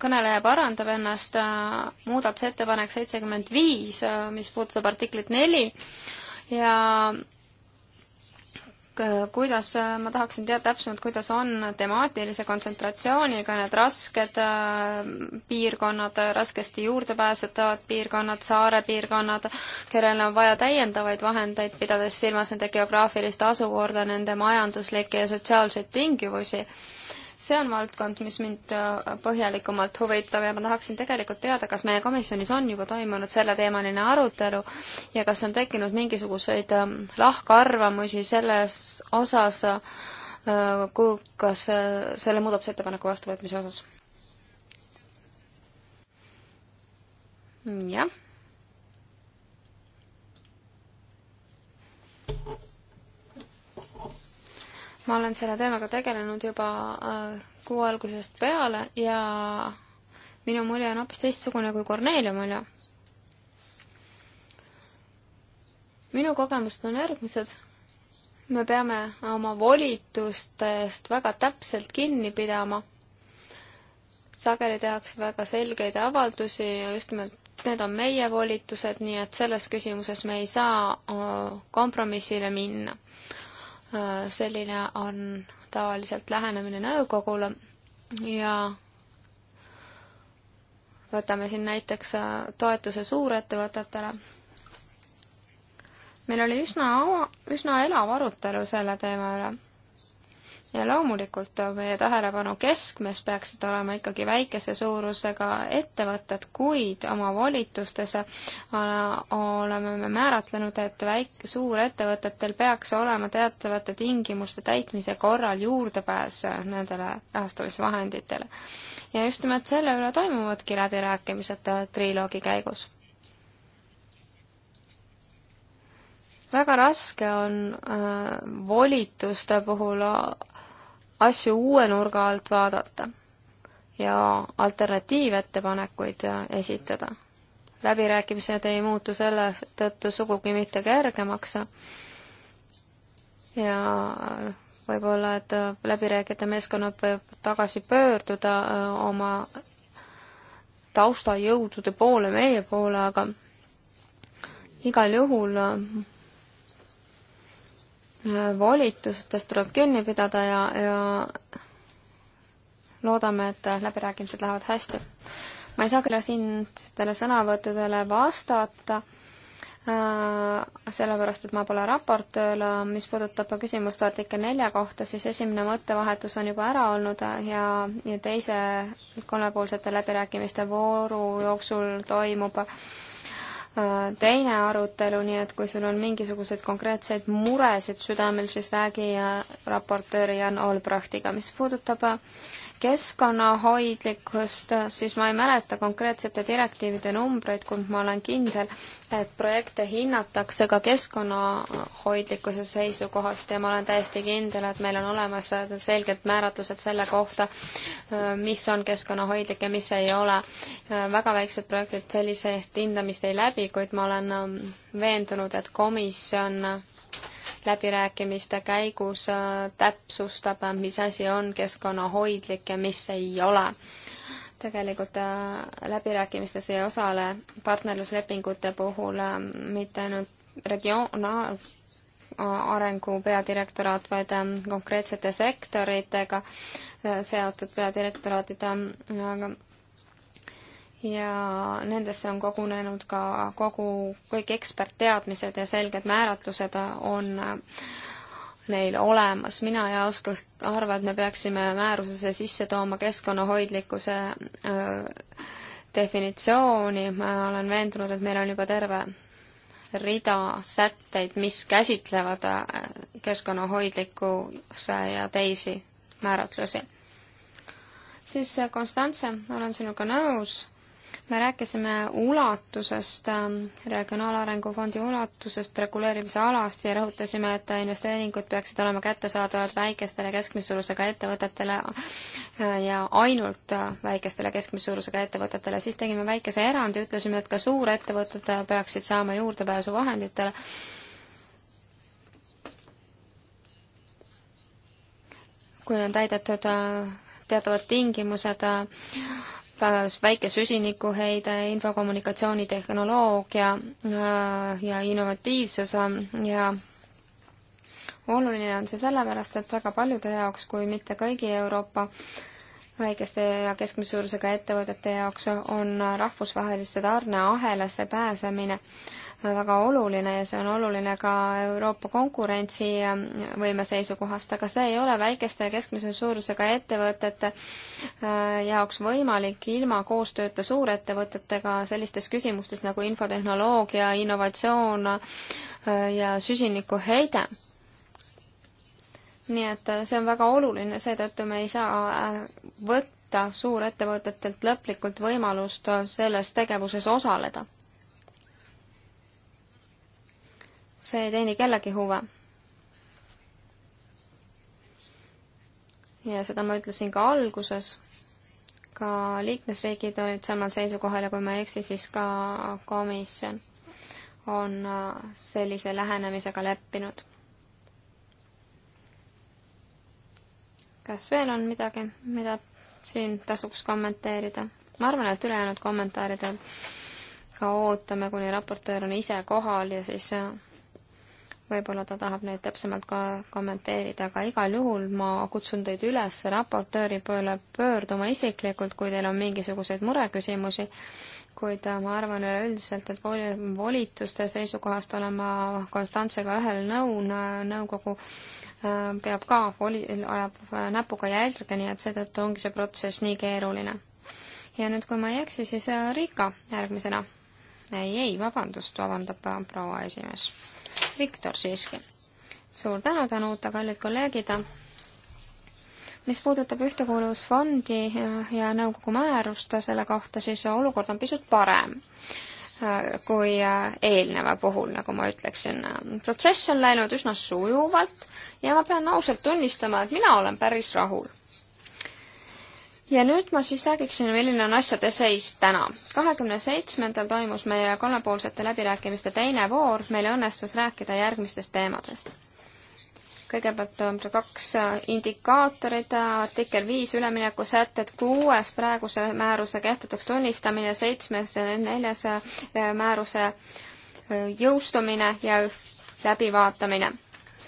kõneleja parandab ennast, äh, muudatusettepanek seitsekümmend viis, äh, mis puudutab artiklit neli ja kuidas, ma tahaksin teada täpsemalt, kuidas on temaatilise kontsentratsiooniga need rasked äh, piirkonnad, raskesti juurdepääsetavad piirkonnad, saare piirkonnad, kellel on vaja täiendavaid vahendeid, pidades silmas nende geograafilist asukorda, nende majanduslikke ja sotsiaalseid tingimusi see on valdkond, mis mind äh, põhjalikumalt huvitab ja ma tahaksin tegelikult teada, kas meie komisjonis on juba toimunud selleteemaline arutelu ja kas on tekkinud mingisuguseid ähm, lahkarvamusi selles osas, äh, kui, kas äh, selle muudatusettepaneku vastuvõtmise osas? jah ma olen selle teemaga tegelenud juba äh, kuu algusest peale ja minu mulje on hoopis teistsugune kui Kornelia mulje. minu kogemused on järgmised. me peame oma volitustest väga täpselt kinni pidama. sageli tehakse väga selgeid avaldusi ja just nimelt need on meie volitused, nii et selles küsimuses me ei saa äh, kompromissile minna Äh, selline on tavaliselt lähenemine nõukogule ja võtame siin näiteks äh, toetuse suurettevõtetele. meil oli üsna, üsna elav arutelu selle teema üle ja loomulikult meie tähelepanu keskmes peaksid olema ikkagi väikese suurusega ettevõtted, kuid oma volitustes äh, oleme me määratlenud, et väik-, suurettevõtetel peaks olema teatavate tingimuste täitmise korral juurdepääs nendele rahastamisvahenditele. ja just nimelt selle üle toimuvadki läbirääkimised äh, triloogi käigus. väga raske on äh, volituste puhul asju uue nurga alt vaadata ja alternatiivettepanekuid äh, esitada. läbirääkimised ei muutu selle tõttu sugugi mitte kergemaks ja äh, võib-olla, et äh, läbirääkijate meeskonnad võivad tagasi pöörduda oma taustajõudude poole, meie poole, aga igal juhul volitustest tuleb kinni pidada ja, ja loodame, et läbirääkimised lähevad hästi. ma ei saa küll siin teile sõnavõttudele vastata äh, sellepärast, et ma pole raportöör, äh, mis puudutab küsimust artikkel nelja kohta, siis esimene mõttevahetus on juba ära olnud äh, ja, ja teise kolmepoolsete läbirääkimiste vooru jooksul toimub Äh, teine arutelu, nii et kui sul on mingisuguseid konkreetseid muresid südamel, siis räägi raportööri Jan Olbrachtiga, mis puudutab äh, keskkonnahoidlikkust, siis ma ei mäleta konkreetsete direktiivide numbreid, kuid ma olen kindel, et projekte hinnatakse ka keskkonnahoidlikkuse seisukohast ja ma olen täiesti kindel, et meil on olemas selged määratlused selle kohta, mis on keskkonnahoidlik ja mis ei ole. väga väiksed projektid sellise hindamist ei läbi, kuid ma olen veendunud, et komisjon läbirääkimiste käigus äh, täpsustab, mis asi on keskkonnahoidlik ja mis ei ole tegelikult äh, läbirääkimistes ei osale partnerluslepingute puhul äh, mitte ainult regionaal arengu peadirektoraat, vaid ähm, konkreetsete sektoritega seotud peadirektoraadid, aga ja nendesse on kogunenud ka kogu, kõik ekspertteadmised ja selged määratlused on äh, neil olemas. mina ei oska arva, et me peaksime määrusesse sisse tooma keskkonnahoidlikkuse äh, definitsiooni, ma olen veendunud, et meil on juba terve rida sätteid, mis käsitlevad äh, keskkonnahoidlikkuse ja teisi määratlusi siis Konstantse, olen sinuga nõus, me rääkisime ulatusest, ähm, Regionaalarengu Fondi ulatusest, reguleerimise alast ja rõhutasime, et investeeringud peaksid olema kättesaadavad väikestele keskmise suurusega ettevõtetele äh, ja ainult äh, väikestele keskmise suurusega ettevõtetele. siis tegime väikese erandi, ütlesime, et ka suurettevõtted äh, peaksid saama juurdepääsu vahenditele kui on täidetud teatavad tingimused väike süsinikuheide, infokommunikatsioonitehnoloogia äh, ja innovatiivsus ja oluline on see sellepärast, et väga paljude jaoks, kui mitte kõigi Euroopa väikeste ja keskmise suurusega ettevõtete jaoks on rahvusvahelisse tarneahelasse pääsemine äh, väga oluline ja see on oluline ka Euroopa konkurentsivõime seisukohast, aga see ei ole väikeste ja keskmise suurusega ettevõtete äh, jaoks võimalik ilma koostööta suurettevõtetega sellistes küsimustes nagu infotehnoloogia, innovatsioon äh, ja süsinikuheide nii et äh, see on väga oluline, seetõttu me ei saa võtta suurettevõtetelt lõplikult võimalust selles tegevuses osaleda. see ei teeni kellegi huve. ja seda ma ütlesin ka alguses, ka liikmesriigid olid samal seisukohal ja kui ma ei eksi, siis ka komisjon on äh, sellise lähenemisega leppinud. kas veel on midagi, mida siin tasuks kommenteerida? ma arvan, et ülejäänud kommentaaridel ka ootame, kuni raportöör on ise kohal ja siis äh, võib-olla ta tahab neid täpsemalt ka kommenteerida, aga igal juhul ma kutsun teid üles raportööri poole pöörduma isiklikult, kui teil on mingisuguseid mureküsimusi, kuid ma arvan üleüldiselt, et volituste seisukohast olen ma Konstantsega ühel nõun, nõukogu äh, peab ka voli-, ajab näpuga jälge, nii et seetõttu ongi see protsess nii keeruline. ja nüüd, kui ma ei eksi, siis äh, Riika järgmisena. ei, ei, vabandust, vabandab äh, proua esimees Viktor siiski. suur tänu, Tanuta, kallid kolleegid. mis puudutab Ühtekuuluvusfondi ja nõukogu määrust selle kohta, siis olukord on pisut parem äh, kui äh, eelneva puhul, nagu ma ütleksin. protsess on läinud üsna sujuvalt ja ma pean ausalt tunnistama, et mina olen päris rahul ja nüüd ma siis räägiksin, milline on asjade seis täna. kahekümne seitsmendal toimus meie kolmepoolsete läbirääkimiste teine voor, meil õnnestus rääkida järgmistest teemadest. kõigepealt on kaks indikaatorit, artikkel viis üleminekusätted, kuues praeguse määruse kehtetuks tunnistamine, seitsmes ja neljas määruse jõustumine ja läbivaatamine.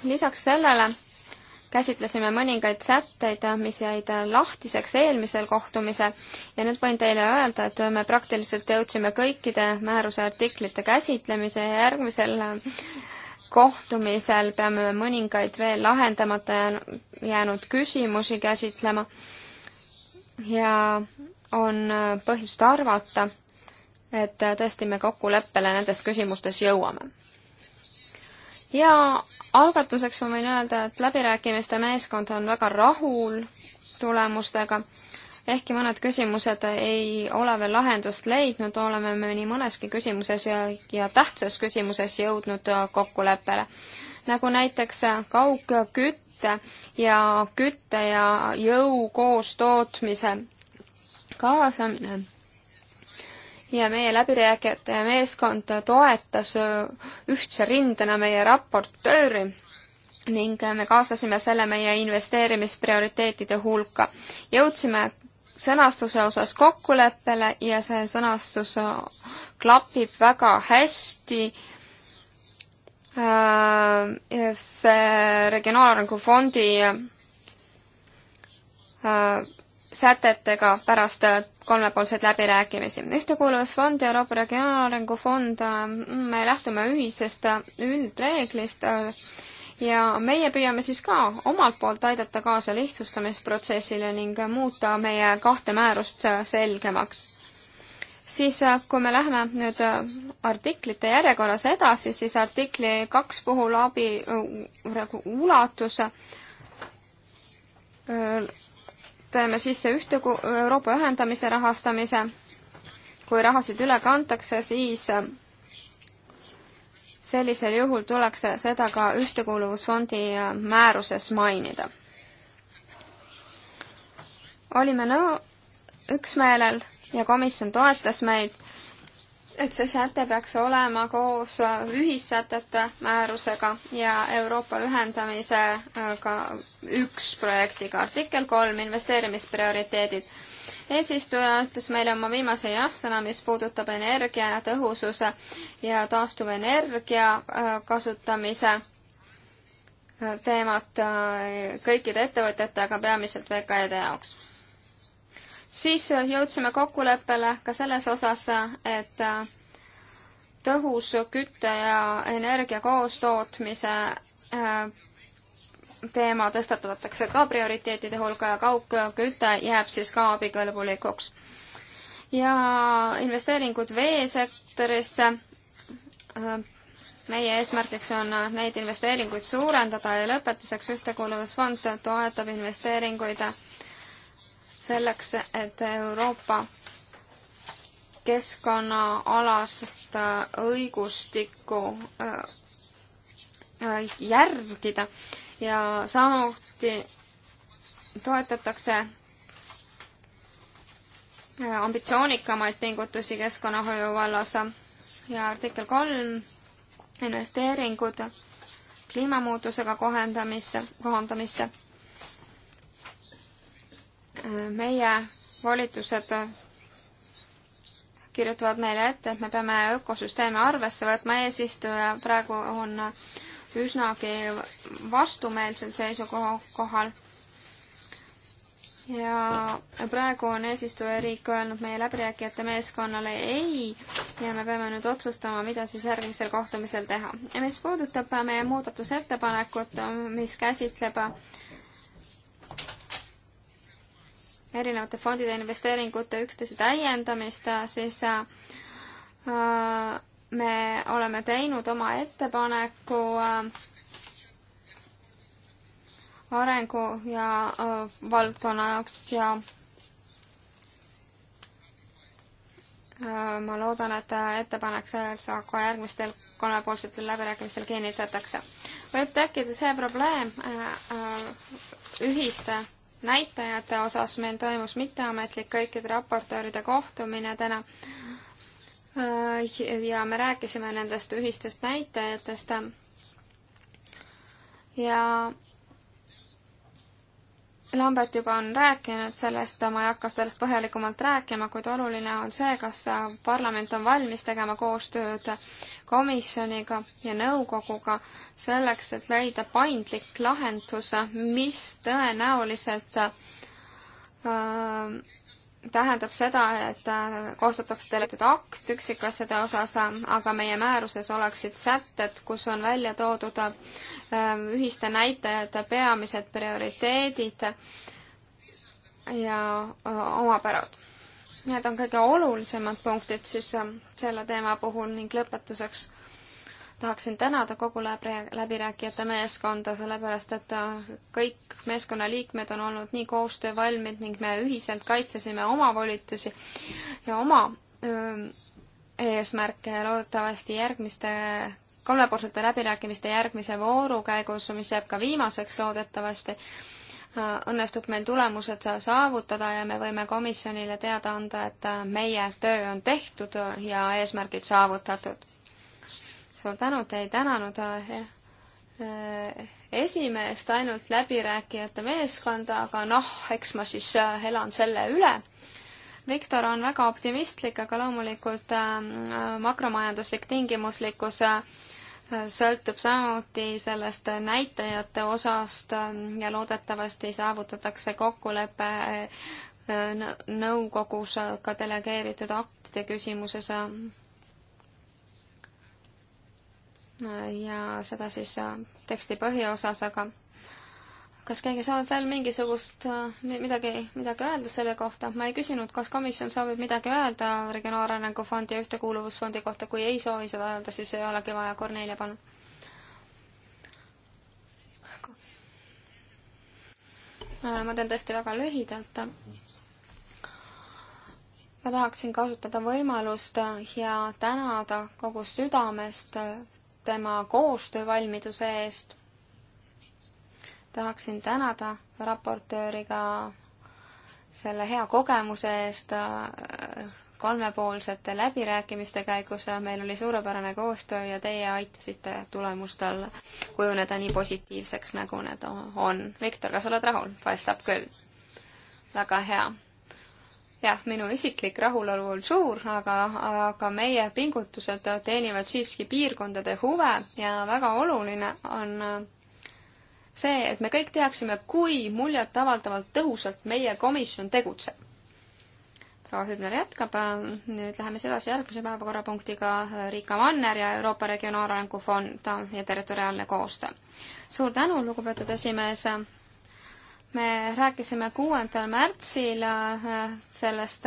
lisaks sellele käsitlesime mõningaid sätteid, mis jäid lahtiseks eelmisel kohtumisel ja nüüd võin teile öelda, et me praktiliselt jõudsime kõikide määruse artiklite käsitlemise ja järgmisel kohtumisel peame me mõningaid veel lahendamata jäänud küsimusi käsitlema ja on põhjust arvata, et tõesti me kokkuleppele nendes küsimustes jõuame. ja algatuseks ma võin öelda, et läbirääkimiste meeskond on väga rahul tulemustega, ehkki mõned küsimused ei ole veel lahendust leidnud, oleme me nii mõneski küsimuses ja, ja tähtsas küsimuses jõudnud kokkuleppele. nagu näiteks kaugkütte ja kütte ja jõu koostootmise kaasamine ja meie läbirääkijate meeskond toetas ühtse rindena meie raportööri ning me kaasasime selle meie investeerimisprioriteetide hulka. jõudsime sõnastuse osas kokkuleppele ja see sõnastus klapib väga hästi see Regionaalarengu Fondi sätetega pärast kolmepoolseid läbirääkimisi. ühtekuuluvusfond ja Euroopa Regionaalarengu Fond, me lähtume ühisest üldreeglist äh, ja meie püüame siis ka omalt poolt aidata kaasa lihtsustamisprotsessile ning muuta meie kahte määrust selgemaks. siis, äh, kui me läheme nüüd äh, artiklite järjekorras edasi, siis artikli kaks puhul abi nagu ulatuse teeme sisse ühte Euroopa ühendamise rahastamise. kui rahasid üle kantakse, siis sellisel juhul tuleks seda ka Ühtekuuluvusfondi määruses mainida. olime nõu-, üksmeelel ja komisjon toetas meid et see säte peaks olema koos ühissätete määrusega ja Euroopa ühendamisega üks projektiga. artikkel kolm, investeerimisprioriteedid. eesistuja ütles meile oma viimase jah-sõna, mis puudutab energiatõhususe ja taastuvenergia äh, kasutamise äh, teemat äh, kõikide ettevõtjate, aga peamiselt VKE-de jaoks siis jõudsime kokkuleppele ka selles osas, et tõhus kütte ja energia koostootmise äh, teema tõstatatakse ka prioriteetide hulka ja kaugküte jääb siis ka abikõlbulikuks. ja investeeringud veesektorisse, äh, meie eesmärgiks on neid investeeringuid suurendada ja lõpetuseks Ühtekuuluvusfond toetab investeeringuid selleks, et Euroopa keskkonnaalast äh, õigustikku äh, järgida ja samuti toetatakse äh, ambitsioonikamaid pingutusi keskkonnahoiu vallas ja artikkel kolm, investeeringud kliimamuutusega kohendamisse, kohandamisse meie volitused kirjutavad meile ette, et me peame ökosüsteeme arvesse võtma, eesistuja praegu on üsnagi vastumeelsel seisukohal. ja praegu on eesistujariik öelnud meie läbirääkijate meeskonnale ei ja me peame nüüd otsustama, mida siis järgmisel kohtumisel teha. ja mis puudutab meie muudatusettepanekut, mis käsitleb äh, erinevate fondide investeeringute üksteise täiendamist, siis äh, me oleme teinud oma ettepaneku äh, arengu ja äh, valdkonna jaoks ja ma loodan, et ettepanek saa ka järgmistel kolmepoolsetel läbirääkimistel kinnitatakse. võib tekkida see probleem ühiste näitajate osas meil toimus mitteametlik kõikide raportööride kohtumine täna äh, ja me rääkisime nendest ühistest näitajatest ja Lambert juba on rääkinud sellest, ma ei hakka sellest põhjalikumalt rääkima, kuid oluline on see, kas parlament on valmis tegema koostööd komisjoniga ja nõukoguga selleks, et leida paindlik lahendus, mis tõenäoliselt äh, tähendab seda, et äh, koostatakse tellitud akt üksikasjade osas, aga meie määruses oleksid sätted, kus on välja toodud äh, ühiste näitajate peamised prioriteedid ja äh, omapärad. Need on kõige olulisemad punktid siis ähm, selle teema puhul ning lõpetuseks tahaksin tänada kogu läbirääkijate meeskonda, sellepärast et äh, kõik meeskonnaliikmed on olnud nii koostöövalmid ning me ühiselt kaitsesime oma volitusi ja oma öö, ähm, eesmärke ja loodetavasti järgmiste kolmepoolsete läbirääkimiste järgmise vooru käigus, mis jääb ka viimaseks loodetavasti, Äh, õnnestub meil tulemused saavutada ja me võime komisjonile teada anda, et äh, meie töö on tehtud äh, ja eesmärgid saavutatud. suur tänu, te ei tänanud e-, esimeest, ainult läbirääkijate meeskonda, aga noh, eks ma siis elan selle üle Viktor on väga optimistlik, aga loomulikult äh, makromajanduslik tingimuslikkus äh, sõltub samuti sellest näitajate osast ähm, ja loodetavasti saavutatakse kokkulepe äh, nõukogus ka delegeeritud aktide küsimuses. Äh, ja seda siis äh, teksti põhiosas, aga kas keegi soovib veel mingisugust, äh, midagi, midagi öelda selle kohta? ma ei küsinud, kas komisjon soovib midagi öelda Regionaalarengu Fondi ja Ühtekuuluvusfondi kohta, kui ei soovi seda öelda, siis ei olegi vaja, Kornelia, palun. Äh, ma teen tõesti väga lühidalt. ma tahaksin kasutada võimalust ja tänada kogu südamest tema koostöövalmiduse eest tahaksin tänada raportööri ka selle hea kogemuse eest äh, kolmepoolsete läbirääkimiste käigus. meil oli suurepärane koostöö ja teie aitasite tulemustel kujuneda nii positiivseks, nagu need on. Viktor, kas oled rahul? paistab küll. väga hea. jah, minu isiklik rahulolu on suur, aga, aga meie pingutused teenivad siiski piirkondade huve ja väga oluline on see, et me kõik teaksime, kui muljetavaldavalt tõhusalt meie komisjon tegutseb. proua Hübner jätkab, nüüd läheme siis edasi järgmise päevakorrapunktiga, Riika Manner ja Euroopa Regionaalarengu Fond ja territoriaalne koostöö. suur tänu, lugupeetud esimees! me rääkisime kuuendal märtsil sellest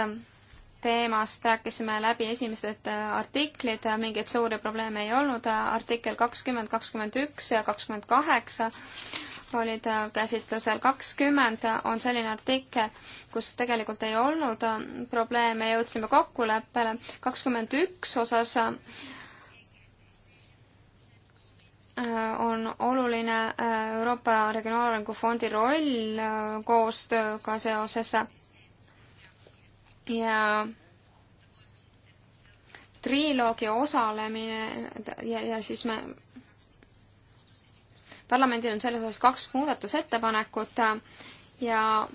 teemast rääkisime läbi esimesed äh, artiklid, mingeid suuri probleeme ei olnud, artikkel kakskümmend, kakskümmend üks ja kakskümmend kaheksa olid äh, käsitlusel, kakskümmend on selline artikkel, kus tegelikult ei olnud äh, probleeme, jõudsime kokkuleppele, kakskümmend üks osas on oluline Euroopa Regionaalarengu Fondi roll koostööga seoses ja triloogi osalemine ja, ja siis me parlamendil on selles osas kaks muudatusettepanekut ja,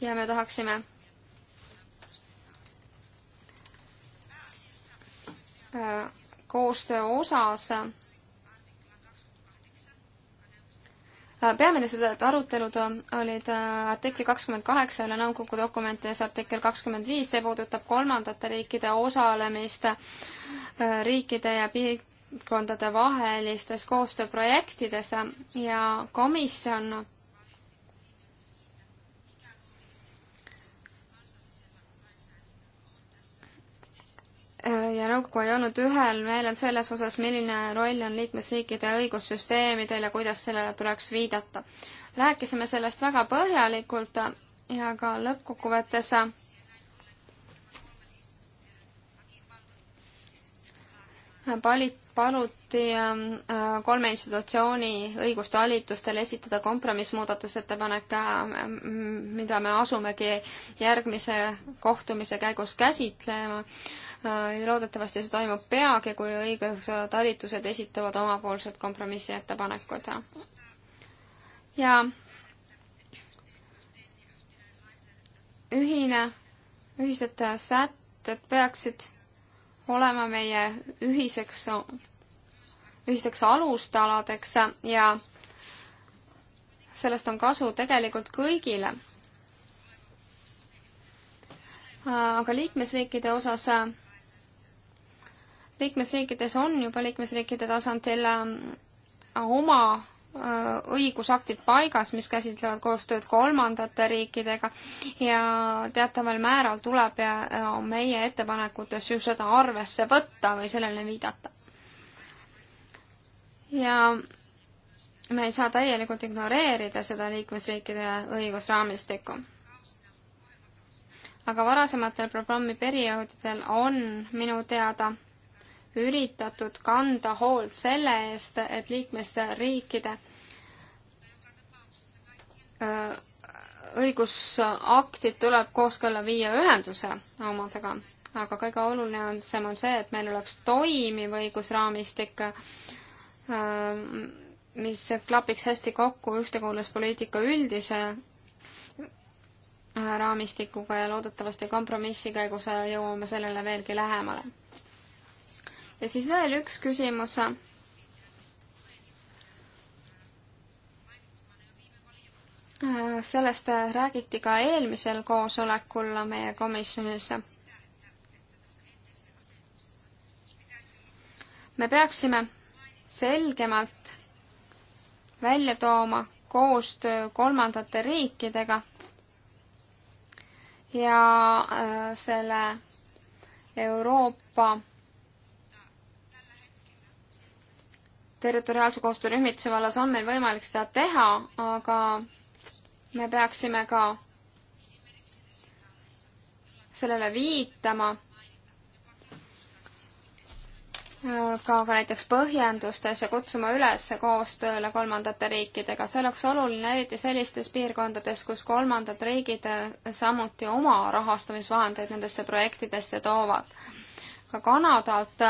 ja me tahaksime koostöö osas Äh, peamilised arutelud äh, olid äh, artikli kakskümmend kaheksa üle nõukogu dokumentides artikkel kakskümmend viis, see puudutab kolmandate riikide osalemist riikide ja piirkondade vahelistes koostööprojektides ja komisjon ja nõukogu ei olnud ühel meelel selles osas, milline roll on liikmesriikide õigussüsteemidel ja kuidas sellele tuleks viidata. rääkisime sellest väga põhjalikult ja ka lõppkokkuvõttes palit-, paluti ähm, äh, kolme institutsiooni õigustalitlustel esitada kompromissmuudatusettepanek, äh, mida me asumegi järgmise kohtumise käigus käsitlema Äh, loodetavasti see toimub peagi, kui õigustalitused esitavad omapoolsed kompromissettepanekud. ja ühine, ühised sätted peaksid olema meie ühiseks, ühisteks alustaladeks ja sellest on kasu tegelikult kõigile. aga liikmesriikide osas liikmesriikides on juba liikmesriikide tasandil ähm, oma äh, õigusaktid paigas, mis käsitlevad koostööd kolmandate riikidega ja teataval määral tuleb ja äh, meie ettepanekutes ju seda arvesse võtta või sellele viidata. ja me ei saa täielikult ignoreerida seda liikmesriikide õigusraamistikku. aga varasematel programmi perioodidel on minu teada üritatud kanda hoolt selle eest, et liikmesriikide äh, õigusaktid tuleb kooskõlla viia ühenduse omadega, aga kõige olulisem on see, et meil oleks toimiv õigusraamistik, äh, mis klapiks hästi kokku ühtekuuluvuspoliitika üldise äh, raamistikuga ja loodetavasti kompromissi käigus jõuame sellele veelgi lähemale ja siis veel üks küsimus. sellest räägiti ka eelmisel koosolekul meie komisjonis. me peaksime selgemalt välja tooma koostöö kolmandate riikidega ja äh, selle Euroopa territoriaalse koostöö rühmituse vallas on meil võimalik seda teha, aga me peaksime ka sellele viitama ka, ka näiteks põhjendustes ja kutsuma üles koostööle kolmandate riikidega. see oleks oluline eriti sellistes piirkondades, kus kolmandad riigid samuti oma rahastamisvahendeid nendesse projektidesse toovad. ka Kanadalt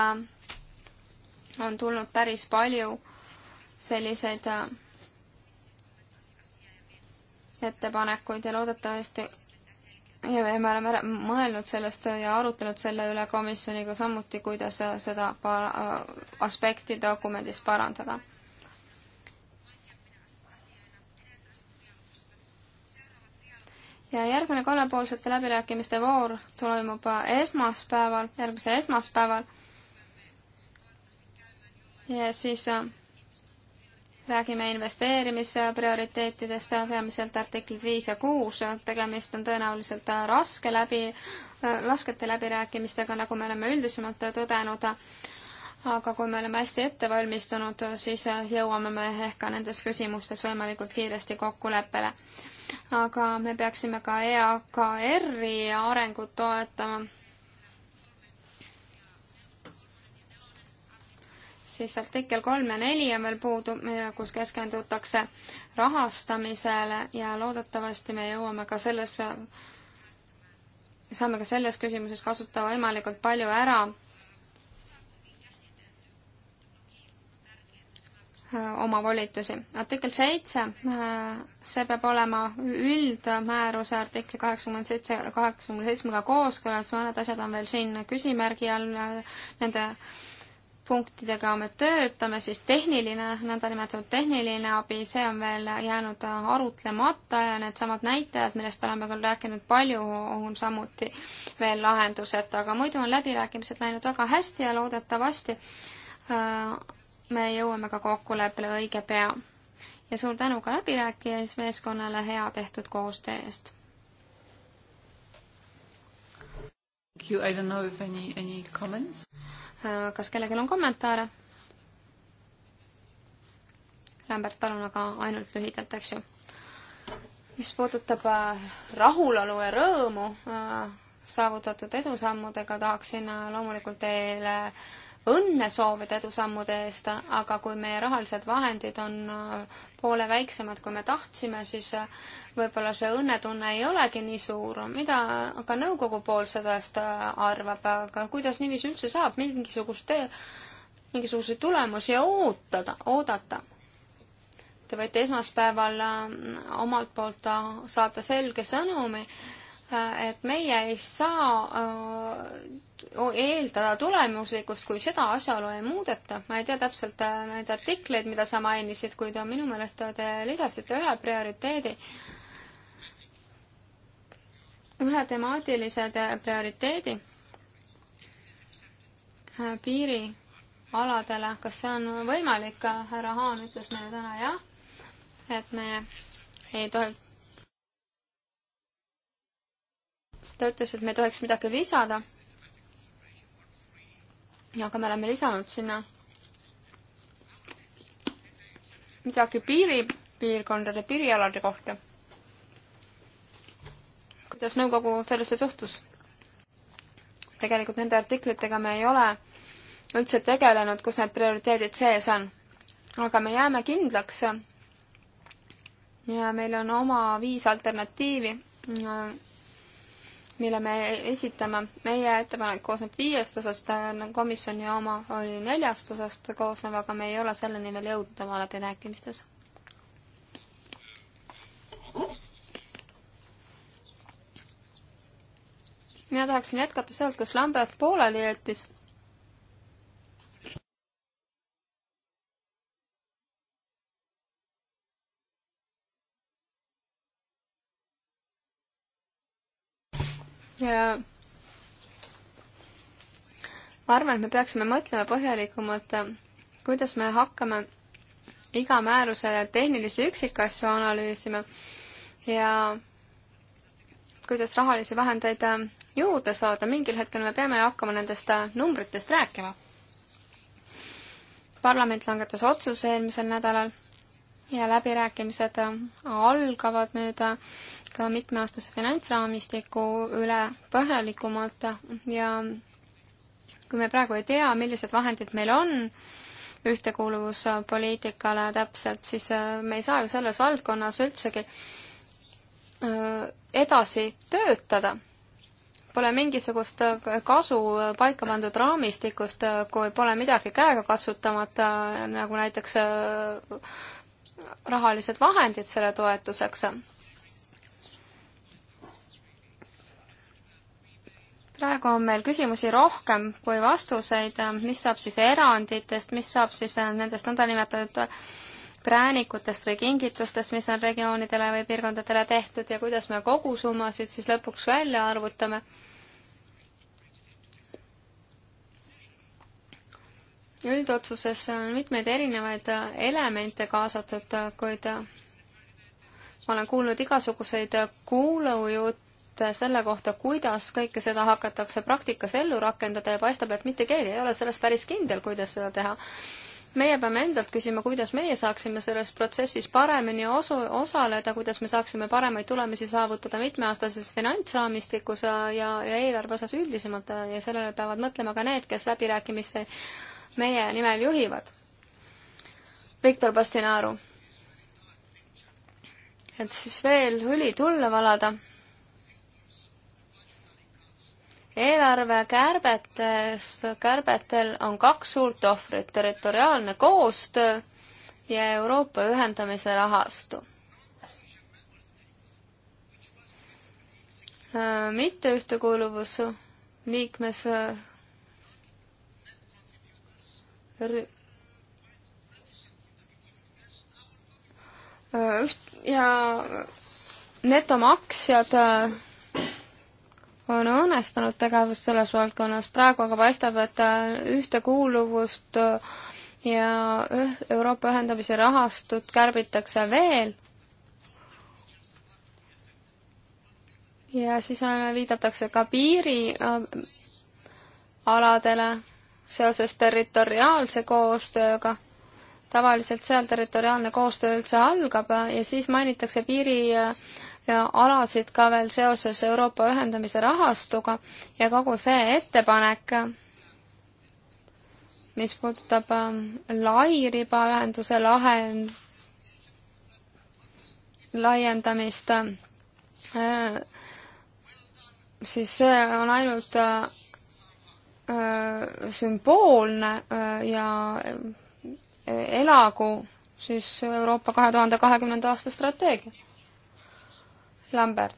on tulnud päris palju selliseid äh, ettepanekuid ja loodetavasti ja me oleme mõelnud sellest ja arutanud selle üle komisjoniga samuti, kuidas äh, seda äh, aspekti dokumendis parandada. ja järgmine kolmepoolsete läbirääkimiste voor toimub esmaspäeval, järgmisel esmaspäeval ja siis äh, räägime investeerimise prioriteetidest, äh, peamiselt artiklid viis ja kuus, tegemist on tõenäoliselt äh, raske läbi, raskete läbirääkimistega, nagu me oleme üldisemalt tõdenud, aga kui me oleme hästi ette valmistunud, siis jõuame me ehk ka nendes küsimustes võimalikult kiiresti kokkuleppele. aga me peaksime ka EAKR-i arengut toetama siis artikkel kolm ja neli on veel puudu, kus keskendutakse rahastamisele ja loodetavasti me jõuame ka selles, saame ka selles küsimuses kasutada võimalikult palju ära oma volitusi. artikkel seitse, see peab olema üldmääruse artikli kaheksakümmend seitse, kaheksakümne seitsmega kooskõlas, mõned asjad on veel siin küsimärgi all, nende punktidega me töötame, siis tehniline, nõndanimetatud tehniline abi, see on veel jäänud arutlemata ja needsamad näitajad, millest oleme küll rääkinud palju, on samuti veel lahenduseta, aga muidu on läbirääkimised läinud väga hästi ja loodetavasti äh, me jõuame ka kokkuleppele õige pea. ja suur tänu ka läbirääkijasmeeskonnale hea tehtud koostöö eest! Äh, kas kellelgi on kommentaare? Lambert, palun, aga ainult lühidalt, eks ju. mis puudutab äh, rahulolu ja rõõmu äh, saavutatud edusammudega, tahaksin loomulikult teile õnne soovida edusammude eest, aga kui meie rahalised vahendid on äh, poole väiksemad, kui me tahtsime, siis äh, võib-olla see õnnetunne ei olegi nii suur. mida ka nõukogu pool sellest äh, arvab, aga kuidas niiviisi üldse saab mingisugust, mingisuguseid tulemusi ootada, oodata? Te võite esmaspäeval omalt poolt saata selge sõnumi Äh, et meie ei saa äh, eeldada tulemuslikkust, kui seda asjaolu ei muudeta. ma ei tea täpselt äh, neid artikleid, mida sa mainisid, kuid minu meelest te lisasite ühe prioriteedi, ühe temaatilise prioriteedi piirialadele. kas see on võimalik? härra Haan ütles meile täna jah, et me ei tohi ta ütles, et me ei tohiks midagi lisada. aga me oleme lisanud sinna midagi piiripiirkondade, piirialade kohta. kuidas nõukogu sellesse suhtus? tegelikult nende artiklitega me ei ole üldse tegelenud, kus need prioriteedid sees on. aga me jääme kindlaks. ja meil on oma viis alternatiivi mille me esitame. meie ettepanek koosneb viiest osast, äh, komisjoni oma oli neljast osast koosnev, aga me ei ole selleni veel jõudnud oma läbirääkimistes. mina tahaksin jätkata sealt, kus Lambert pooleli jättis ma arvan, et me peaksime mõtlema põhjalikumalt, kuidas me hakkame iga määruse tehnilisi üksikasju analüüsima ja kuidas rahalisi vahendeid juurde saada, mingil hetkel me peame hakkama nendest numbritest rääkima. parlament langetas otsuse eelmisel nädalal ja läbirääkimised algavad nüüd ka mitmeaastase finantsraamistiku üle põhjalikumalt ja kui me praegu ei tea, millised vahendid meil on ühtekuuluvuspoliitikale täpselt, siis äh, me ei saa ju selles valdkonnas üldsegi äh, edasi töötada. Pole mingisugust kasu paika pandud raamistikust, kui pole midagi käega katsutamat, äh, nagu näiteks rahalised vahendid selle toetuseks. praegu on meil küsimusi rohkem kui vastuseid, mis saab siis eranditest, mis saab siis nendest nõndanimetatud präänikutest või kingitustest, mis on regioonidele või piirkondadele tehtud ja kuidas me kogusummasid siis lõpuks välja arvutame üldotsusesse on mitmeid erinevaid elemente kaasatud, kuid ma olen kuulnud igasuguseid kuulujutte selle kohta, kuidas kõike seda hakatakse praktikas ellu rakendada ja paistab, et mitte keegi ei ole selles päris kindel, kuidas seda teha. meie peame endalt küsima, kuidas meie saaksime selles protsessis paremini osu-, osaleda, kuidas me saaksime paremaid tulemusi saavutada mitmeaastases finantsraamistikus ja, ja eelarve osas üldisemalt ja sellele peavad mõtlema ka need, kes läbirääkimiste meie nimel juhivad. Viktor Postinaru. et siis veel õli tulle valada. eelarvekärbetes, kärbetel on kaks suurt ohvrit, territoriaalne koostöö ja Euroopa ühendamise rahastu äh, mitteühtekuuluvus liikmes äh, Äh, ja netomaksjad äh, on õõnestanud tegevust selles valdkonnas, praegu aga paistab, et äh, ühtekuuluvust ja Euroopa ühendamise rahastut kärbitakse veel. ja siis on, viidatakse ka piirialadele seoses territoriaalse koostööga. tavaliselt seal territoriaalne koostöö üldse algab ja siis mainitakse piirialasid äh, ka veel seoses Euroopa ühendamise rahastuga ja kogu see ettepanek, mis puudutab äh, lairibaühenduse lahend-, laiendamist, äh, siis see on ainult Äh, sümboolne äh, ja äh, elagu siis Euroopa kahe tuhande kahekümnenda aasta strateegia. Lambert.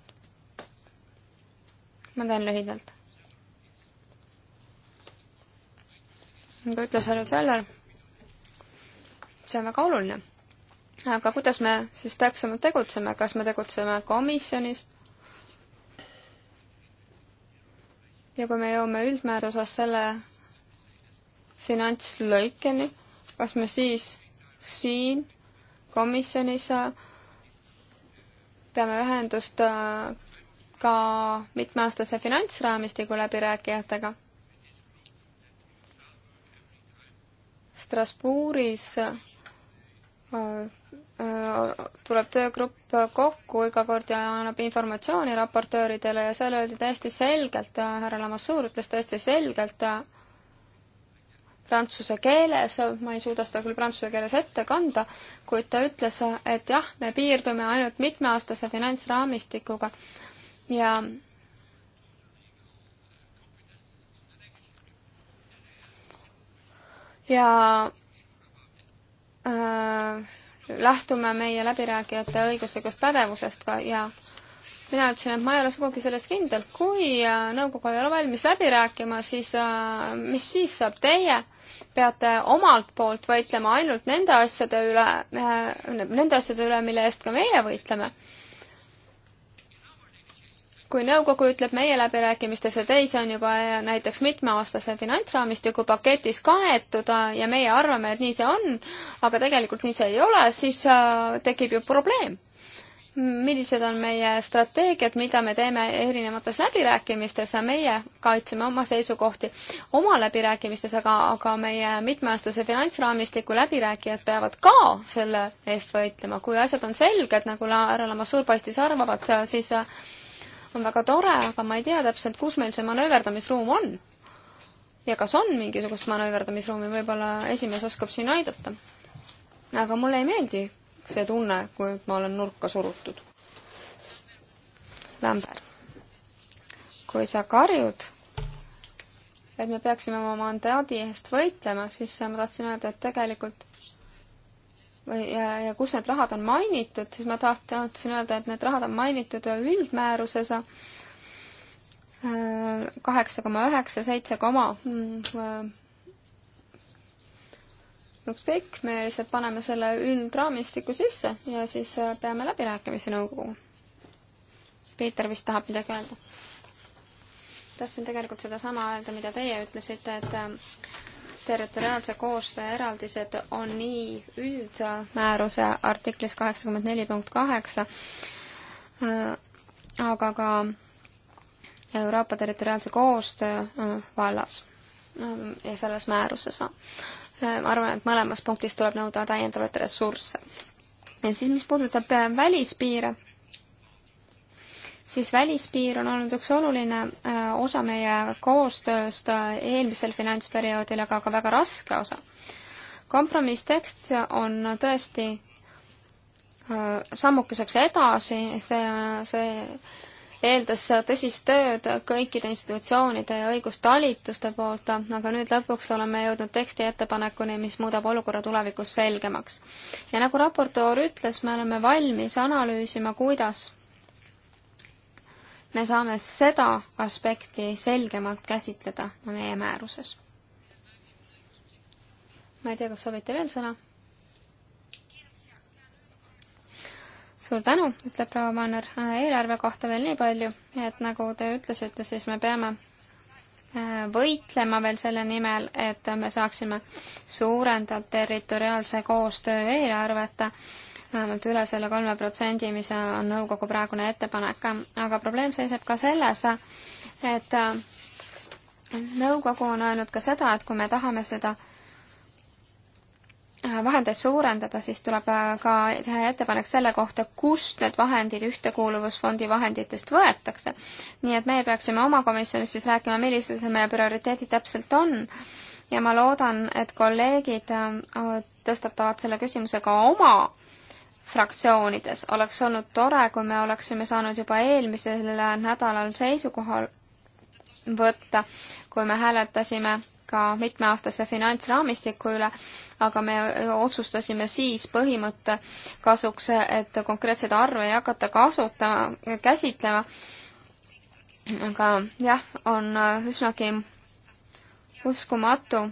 ma teen lühidalt. nagu ütles härra Seller, see on väga oluline. aga kuidas me siis täpsemalt tegutseme, kas me tegutseme komisjonist ja kui me jõuame üldmääruse osas selle finantslõikeni, kas me siis siin komisjonis äh, peame ühendust äh, ka mitmeaastase finantsraamistiku läbirääkijatega? Strasbourgis äh, Äh, tuleb töögrupp kokku iga kord ja annab informatsiooni raportööridele ja seal öeldi täiesti selgelt, äh, härra Lamassuur ütles täiesti selgelt äh, prantsuse keeles, ma ei suuda seda küll prantsuse keeles ette kanda, kuid ta ütles, et jah, me piirdume ainult mitmeaastase finantsraamistikuga ja ja äh, lähtume meie läbirääkijate õiguslikust pädevusest ka ja mina ütlesin, et ma ei ole sugugi selles kindel, kui äh, nõukogu ei ole valmis läbi rääkima, siis äh, mis siis saab, teie peate omalt poolt võitlema ainult nende asjade üle, äh, nende asjade üle, mille eest ka meie võitleme kui nõukogu ütleb meie läbirääkimistes, et ei, see on juba näiteks mitmeaastase finantsraamistiku paketis kaetud äh, ja meie arvame, et nii see on, aga tegelikult nii see ei ole, siis äh, tekib ju probleem. millised on meie strateegiad, mida me teeme erinevates läbirääkimistes, meie kaitseme oma seisukohti oma läbirääkimistes, aga, aga meie mitmeaastase finantsraamistiku läbirääkijad peavad ka selle eest võitlema. kui asjad on selged, nagu härra Lamassuur paistis arvavat, siis äh, on väga tore, aga ma ei tea täpselt, kus meil see manööverdamisruum on. ja kas on mingisugust manööverdamisruumi, võib-olla esimees oskab siin aidata. aga mulle ei meeldi see tunne, kui ma olen nurka surutud. Lämber, kui sa karjud, et me peaksime oma mandaadi eest võitlema, siis ma tahtsin öelda, et tegelikult või, ja, ja kus need rahad on mainitud, siis ma taht-, tahtsin öelda, et need rahad on mainitud üldmääruses äh, kaheksa koma üheksa, seitse koma äh, ükskõik, me lihtsalt paneme selle üldraamistiku sisse ja siis äh, peame läbirääkimisi nõukoguga. Peeter vist tahab midagi öelda? tahtsin tegelikult sedasama öelda, mida teie ütlesite, et territoriaalse koostöö eraldised on nii üldmääruse artiklis kaheksakümmend neli punkt kaheksa, äh, aga ka Euroopa territoriaalse koostöö äh, vallas äh, ja selles määruses. ma arvan, et mõlemas punktis tuleb nõuda täiendavaid ressursse. ja siis, mis puudutab välispiire, siis välispiir on olnud üks oluline äh, osa meie koostööst äh, eelmisel finantsperioodil, aga ka väga raske osa. kompromisstekst on tõesti äh, sammukeseks edasi, see, see eeldas tõsist tööd kõikide institutsioonide ja õigustalituste poolt, aga nüüd lõpuks oleme jõudnud teksti ettepanekuni, mis muudab olukorra tulevikus selgemaks. ja nagu raportöör ütles, me oleme valmis analüüsima, kuidas me saame seda aspekti selgemalt käsitleda meie määruses. ma ei tea, kas soovite veel sõna? suur tänu, ütleb proua Manner. eelarve kohta veel nii palju, et nagu te ütlesite, siis me peame äh, võitlema veel selle nimel, et me saaksime suurendada territoriaalse koostöö eelarvet vähemalt üle selle kolme protsendi, mis on nõukogu praegune ettepanek. aga probleem seisneb ka selles, et äh, nõukogu on öelnud ka seda, et kui me tahame seda äh, vahendeid suurendada, siis tuleb äh, ka teha ettepanek selle kohta, kust need vahendid Ühtekuuluvusfondi vahenditest võetakse. nii et meie peaksime oma komisjonis siis rääkima, millised meie prioriteedid täpselt on ja ma loodan, et kolleegid tõstatavad selle küsimuse ka oma fraktsioonides. oleks olnud tore, kui me oleksime saanud juba eelmisel nädalal seisukohal võtta, kui me hääletasime ka mitmeaastase finantsraamistiku üle, aga me otsustasime siis põhimõtte kasuks, et konkreetseid arve ei hakata kasutama, käsitlema. aga jah, on üsnagi uskumatu,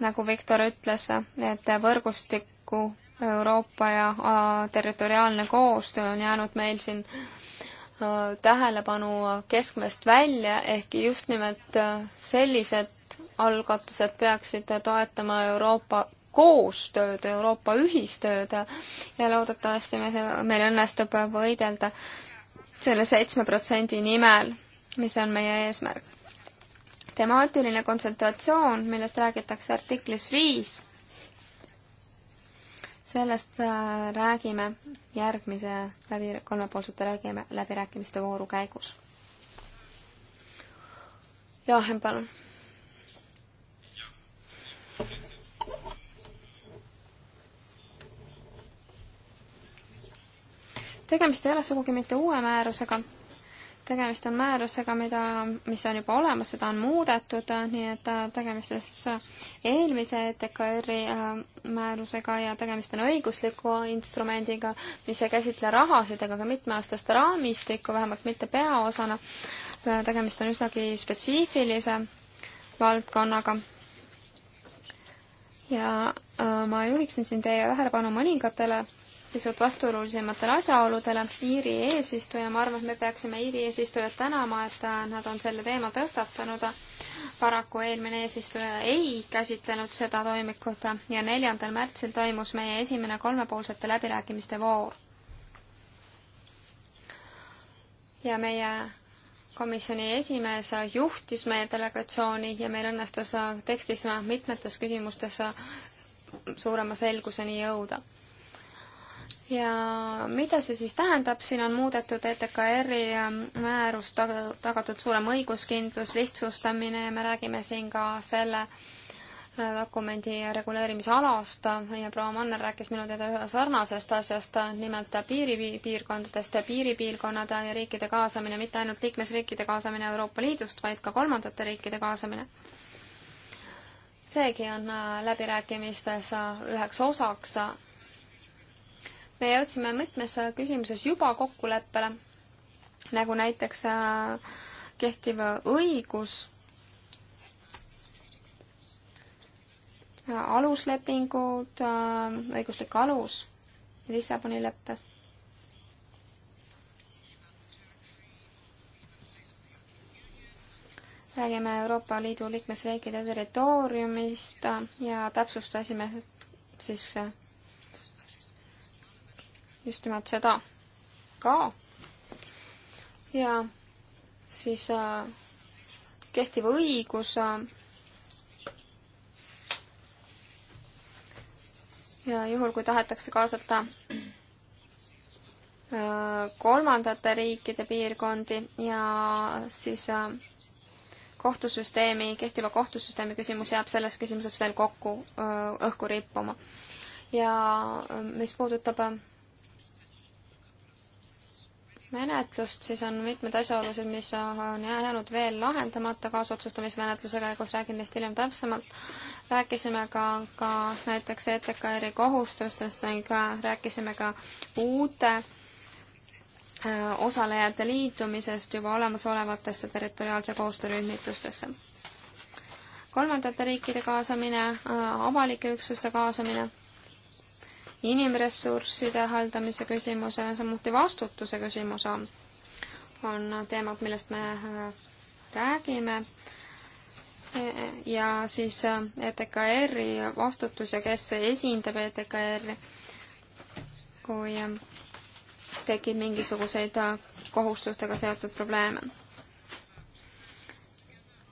nagu Viktor ütles, et võrgustiku Euroopa ja äh, territoriaalne koostöö on jäänud meil siin äh, tähelepanu keskmest välja, ehkki just nimelt äh, sellised algatused peaksid toetama Euroopa koostööd, Euroopa ühistööd ja loodetavasti me, meil õnnestub võidelda selle seitsme protsendi nimel, mis on meie eesmärk. temaatiline kontsentratsioon, millest räägitakse artiklis viis sellest äh, räägime järgmise läbi, kolmepoolsete räägime läbirääkimiste vooru käigus. Jaahem, palun. tegemist ei ole sugugi mitte uue määrusega tegemist on määrusega, mida, mis on juba olemas, seda on muudetud, nii et äh, tegemist on siis äh, eelmise ETKR-i äh, määrusega ja tegemist on õigusliku instrumendiga, mis ei käsitle rahasid ega ka mitmeaastast raamistikku, vähemalt mitte peaosana. tegemist on üsnagi spetsiifilise valdkonnaga ja äh, ma juhiksin siin teie tähelepanu mõningatele pisut vastuolulisematele asjaoludele. Iiri eesistuja, ma arvan, et me peaksime Iiri eesistujat tänama, et äh, nad on selle teema tõstatanud. paraku eelmine eesistuja ei käsitlenud seda toimikut ja neljandal märtsil toimus meie esimene kolmepoolsete läbirääkimiste voor. ja meie komisjoni esimees juhtis meie delegatsiooni ja meil õnnestus tekstis mitmetes küsimustes suurema selguseni jõuda ja mida see siis tähendab, siin on muudetud ETKR-i äh, määrust, tagatud suurem õiguskindlus, lihtsustamine ja me räägime siin ka selle äh, dokumendi reguleerimisalast ja proua Manner rääkis minu teada ühe sarnasest asjast, nimelt piiripiirkondadest ja piiripiirkonnad ja riikide kaasamine, mitte ainult liikmesriikide kaasamine Euroopa Liidust, vaid ka kolmandate riikide kaasamine. seegi on äh, läbirääkimistes üheks osaks me jõudsime mitmes äh, küsimuses juba kokkuleppele, nagu näiteks äh, kehtiv äh, õigus aluslepingud, õiguslik alus Lissaboni leppes. räägime Euroopa Liidu liikmesriikide territooriumist ja täpsustasime siis just nimelt seda ka. ja siis äh, kehtiv õigus äh, ja juhul, kui tahetakse kaasata äh, kolmandate riikide piirkondi ja siis äh, kohtusüsteemi, kehtiva kohtusüsteemi küsimus jääb selles küsimuses veel kokku, äh, õhku rippuma. ja mis puudutab menetlust, siis on mitmed asjaolusid, mis on jäänud veel lahendamata kaasotsustamismenetlusega ja kus räägin neist hiljem täpsemalt. rääkisime ka, ka näiteks ETKR-i kohustustest ning rääkisime ka uute äh, osalejate liitumisest juba olemasolevatesse territoriaalse koostöörühmitustesse. kolmandate riikide kaasamine, äh, avalike üksuste kaasamine inimressursside haldamise küsimuse, samuti vastutuse küsimuse on, on teemad, millest me äh, räägime. ja siis äh, ETKR-i vastutus ja kes esindab ETKR-i, kui äh, tekib mingisuguseid kohustustega seotud probleeme.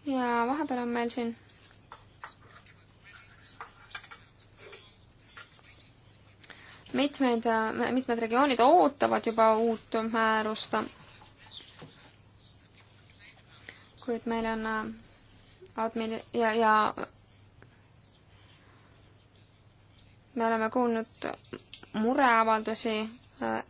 ja vahepeal on meil siin mitmed, mitmed regioonid ootavad juba uut määrust. kuid meil on äh, admin- ja, ja me oleme kuulnud mureavaldusi äh,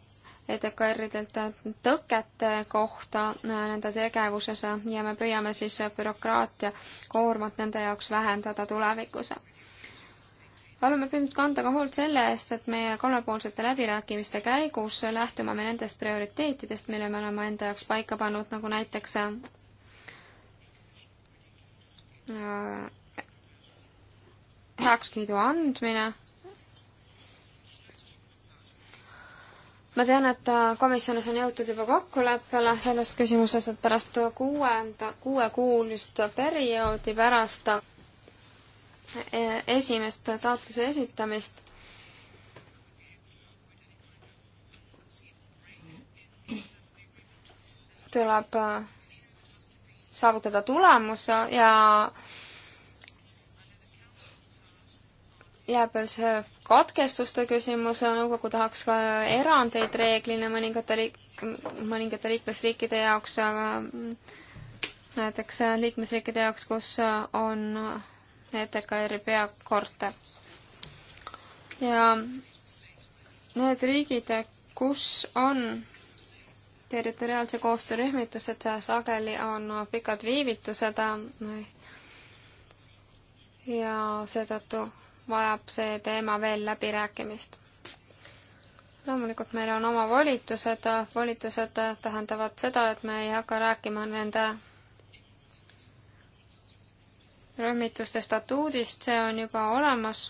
EDKR-idelt tõkete kohta äh, nende tegevuses ja me püüame siis bürokraatia koormat nende jaoks vähendada tulevikus oleme püüdnud kanda ka hoolt selle eest, et meie kolmepoolsete läbirääkimiste käigus lähtume me nendest prioriteetidest, mille me oleme enda jaoks paika pannud, nagu näiteks äh, heakskiidu andmine. ma tean, et äh, komisjonis on jõutud juba kokkuleppele selles küsimuses, et pärast kuuenda, kuuekuulist perioodi pärast E, esimest taotluse esitamist. tuleb äh, saavutada tulemus ja jääb veel see katkestuste küsimus, nõukogu tahaks ka erandeid reeglina mõningate liik-, mõningate liikmesriikide jaoks, aga äh, näiteks äh, liikmesriikide jaoks, kus on ETKR-i peakorter. ja need riigid, kus on territoriaalse koostöö rühmitused, sageli on pikad viivitused noh, ja seetõttu vajab see teema veel läbirääkimist. loomulikult meil on oma volitused, volitused tähendavad seda, et me ei hakka rääkima nende rühmituste statuudist, see on juba olemas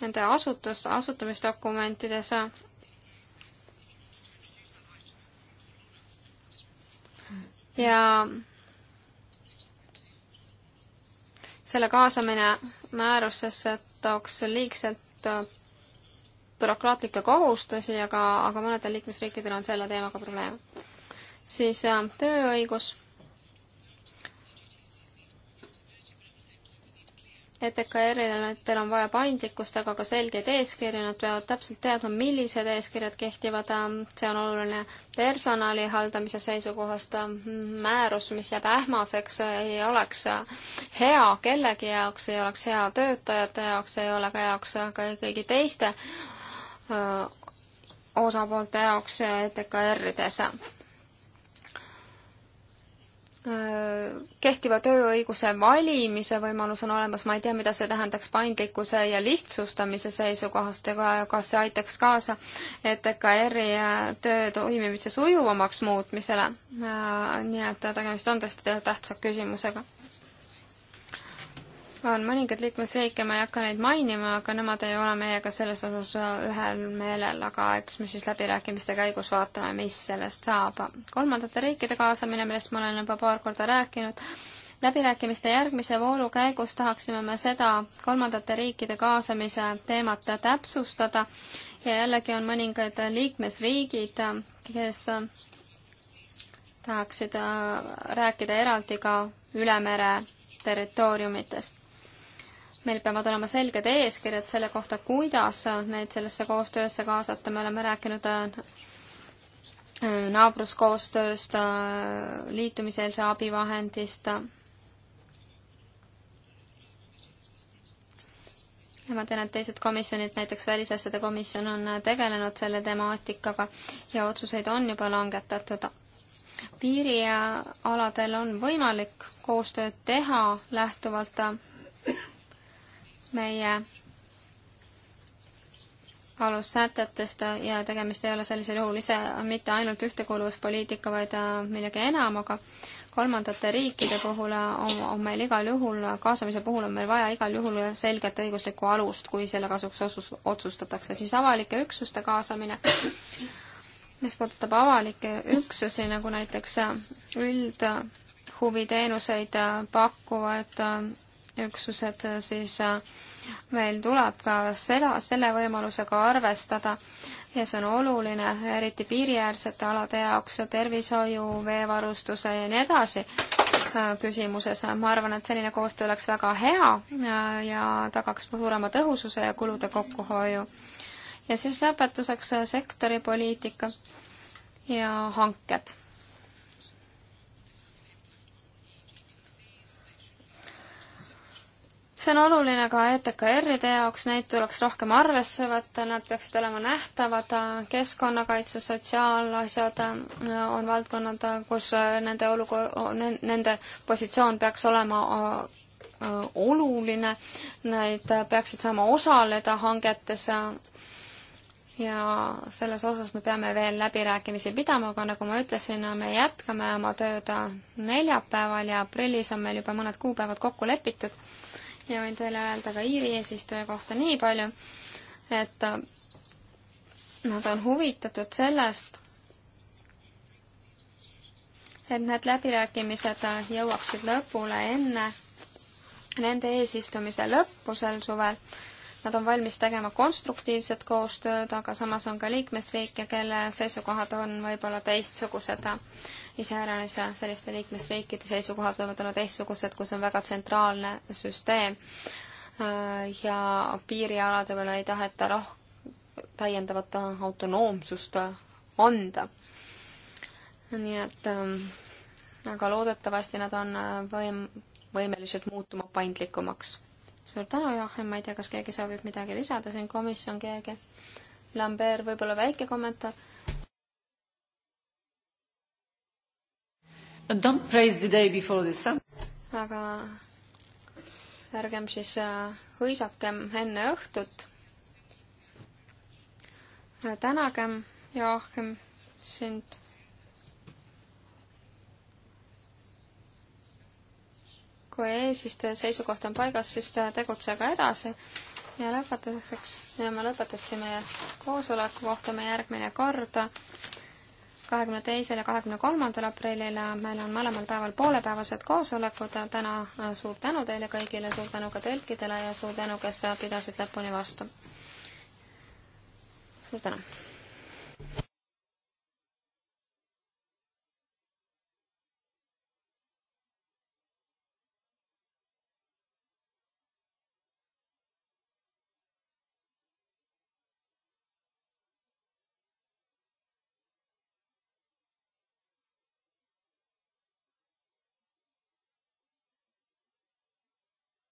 nende asutus, asutamisdokumentides. ja selle kaasamine määrusesse tooks liigselt äh, bürokraatlikke kohustusi, aga, aga mõnedel liikmesriikidel on selle teemaga probleeme. siis äh, tööõigus ETKR-idel on vaja paindlikkust, aga ka selgeid eeskirju, nad peavad täpselt teadma, millised eeskirjad kehtivad, see on oluline personali haldamise seisukohast, määrus, mis jääb ähmaseks, ei oleks hea kellegi jaoks, ei oleks hea töötajate jaoks, ei ole ka jaoks ka kõigi teiste osapoolte jaoks ETKR-ides Äh, kehtiva tööõiguse valimise võimalus on olemas, ma ei tea, mida see tähendaks paindlikkuse ja lihtsustamise seisukohast, ega kas see aitaks kaasa ETKR-i äh, töö toimimise sujuvamaks muutmisele. Äh, nii et tegemist on tõesti tähtsa küsimusega on mõningaid liikmesriike, ma ei hakka neid mainima, aga nemad ei ole meiega selles osas äh, ühel meelel, aga eks me siis läbirääkimiste käigus vaatame, mis sellest saab. kolmandate riikide kaasamine, millest ma olen juba paar korda rääkinud, läbirääkimiste järgmise vooru käigus tahaksime me seda kolmandate riikide kaasamise teemat täpsustada ja jällegi on mõningad liikmesriigid, kes tahaksid äh, rääkida eraldi ka ülemere territooriumitest meil peavad olema selged eeskirjad selle kohta, kuidas neid sellesse koostöösse kaasata, me oleme rääkinud äh, naabruskoostööst, äh, liitumiseelse abivahendist. ja ma tean, et teised komisjonid, näiteks Välisasjade komisjon on äh, tegelenud selle temaatikaga ja otsuseid on juba langetatud piirialadel on võimalik koostööd teha lähtuvalt meie alussätetest ja tegemist ei ole sellisel juhul ise mitte ainult ühtekuuluvuspoliitika, vaid äh, millegi enamaga. kolmandate riikide puhul äh, on, on meil igal juhul, äh, kaasamise puhul on meil vaja igal juhul selget õiguslikku alust, kui selle kasuks otsus, otsustatakse, siis avalike üksuste kaasamine, mis puudutab avalikke üksusi, nagu näiteks üldhuviteenuseid pakkuvad üksused, äh, siis äh, meil tuleb ka seda, selle võimalusega arvestada ja see on oluline, eriti piiriäärsete alade jaoks, tervishoiu, veevarustuse ja nii edasi äh, küsimuses. ma arvan, et selline koostöö oleks väga hea ja, ja tagaks suurema tõhususe ja kulude kokkuhoiu. ja siis lõpetuseks sektoripoliitika ja hanked see on oluline ka ETKR-ide jaoks, neid tuleks rohkem arvesse võtta, nad peaksid olema nähtavad, keskkonnakaitse, sotsiaalasjad äh, on valdkonnad, äh, kus äh, nende olukor-, nende positsioon peaks olema oluline, need peaksid saama osaleda hangetes ja selles osas me peame veel läbirääkimisi pidama, aga nagu ma ütlesin, me jätkame oma tööd neljapäeval ja aprillis on meil juba mõned kuupäevad kokku lepitud ja võin teile öelda ka Iiri eesistuja kohta nii palju, et äh, nad on huvitatud sellest, et need läbirääkimised äh, jõuaksid lõpule enne nende eesistumise lõppu sel suvel Nad on valmis tegema konstruktiivset koostööd, aga samas on ka liikmesriike, kelle seisukohad on võib-olla teistsugused. iseäranis selliste liikmesriikide seisukohad võivad olla teistsugused, kus on väga tsentraalne süsteem ja piirialadele ei taheta roh-, täiendavat autonoomsust anda. nii et ähm, aga loodetavasti nad on äh, võim-, võimelised muutuma paindlikumaks suur tänu, Joachim, ma ei tea, kas keegi soovib midagi lisada siin, komisjon keegi? Lambert, võib-olla väike kommentaar? Don't praise the day before the sun. aga ärgem siis äh, hõisakem enne õhtut. Äh, tänagem Joachim sind kui eesistuja seisukoht on paigas, siis tegutsege edasi ja lõpetuseks, ja me lõpetaksime koosoleku kohtume järgmine kord kahekümne teisel ja kahekümne kolmandal aprillil. meil on mõlemal päeval poolepäevased koosolekud. täna äh, suur tänu teile kõigile, suur tänu ka tõlkidele ja suur tänu, kes pidasid lõpuni vastu. suur tänu!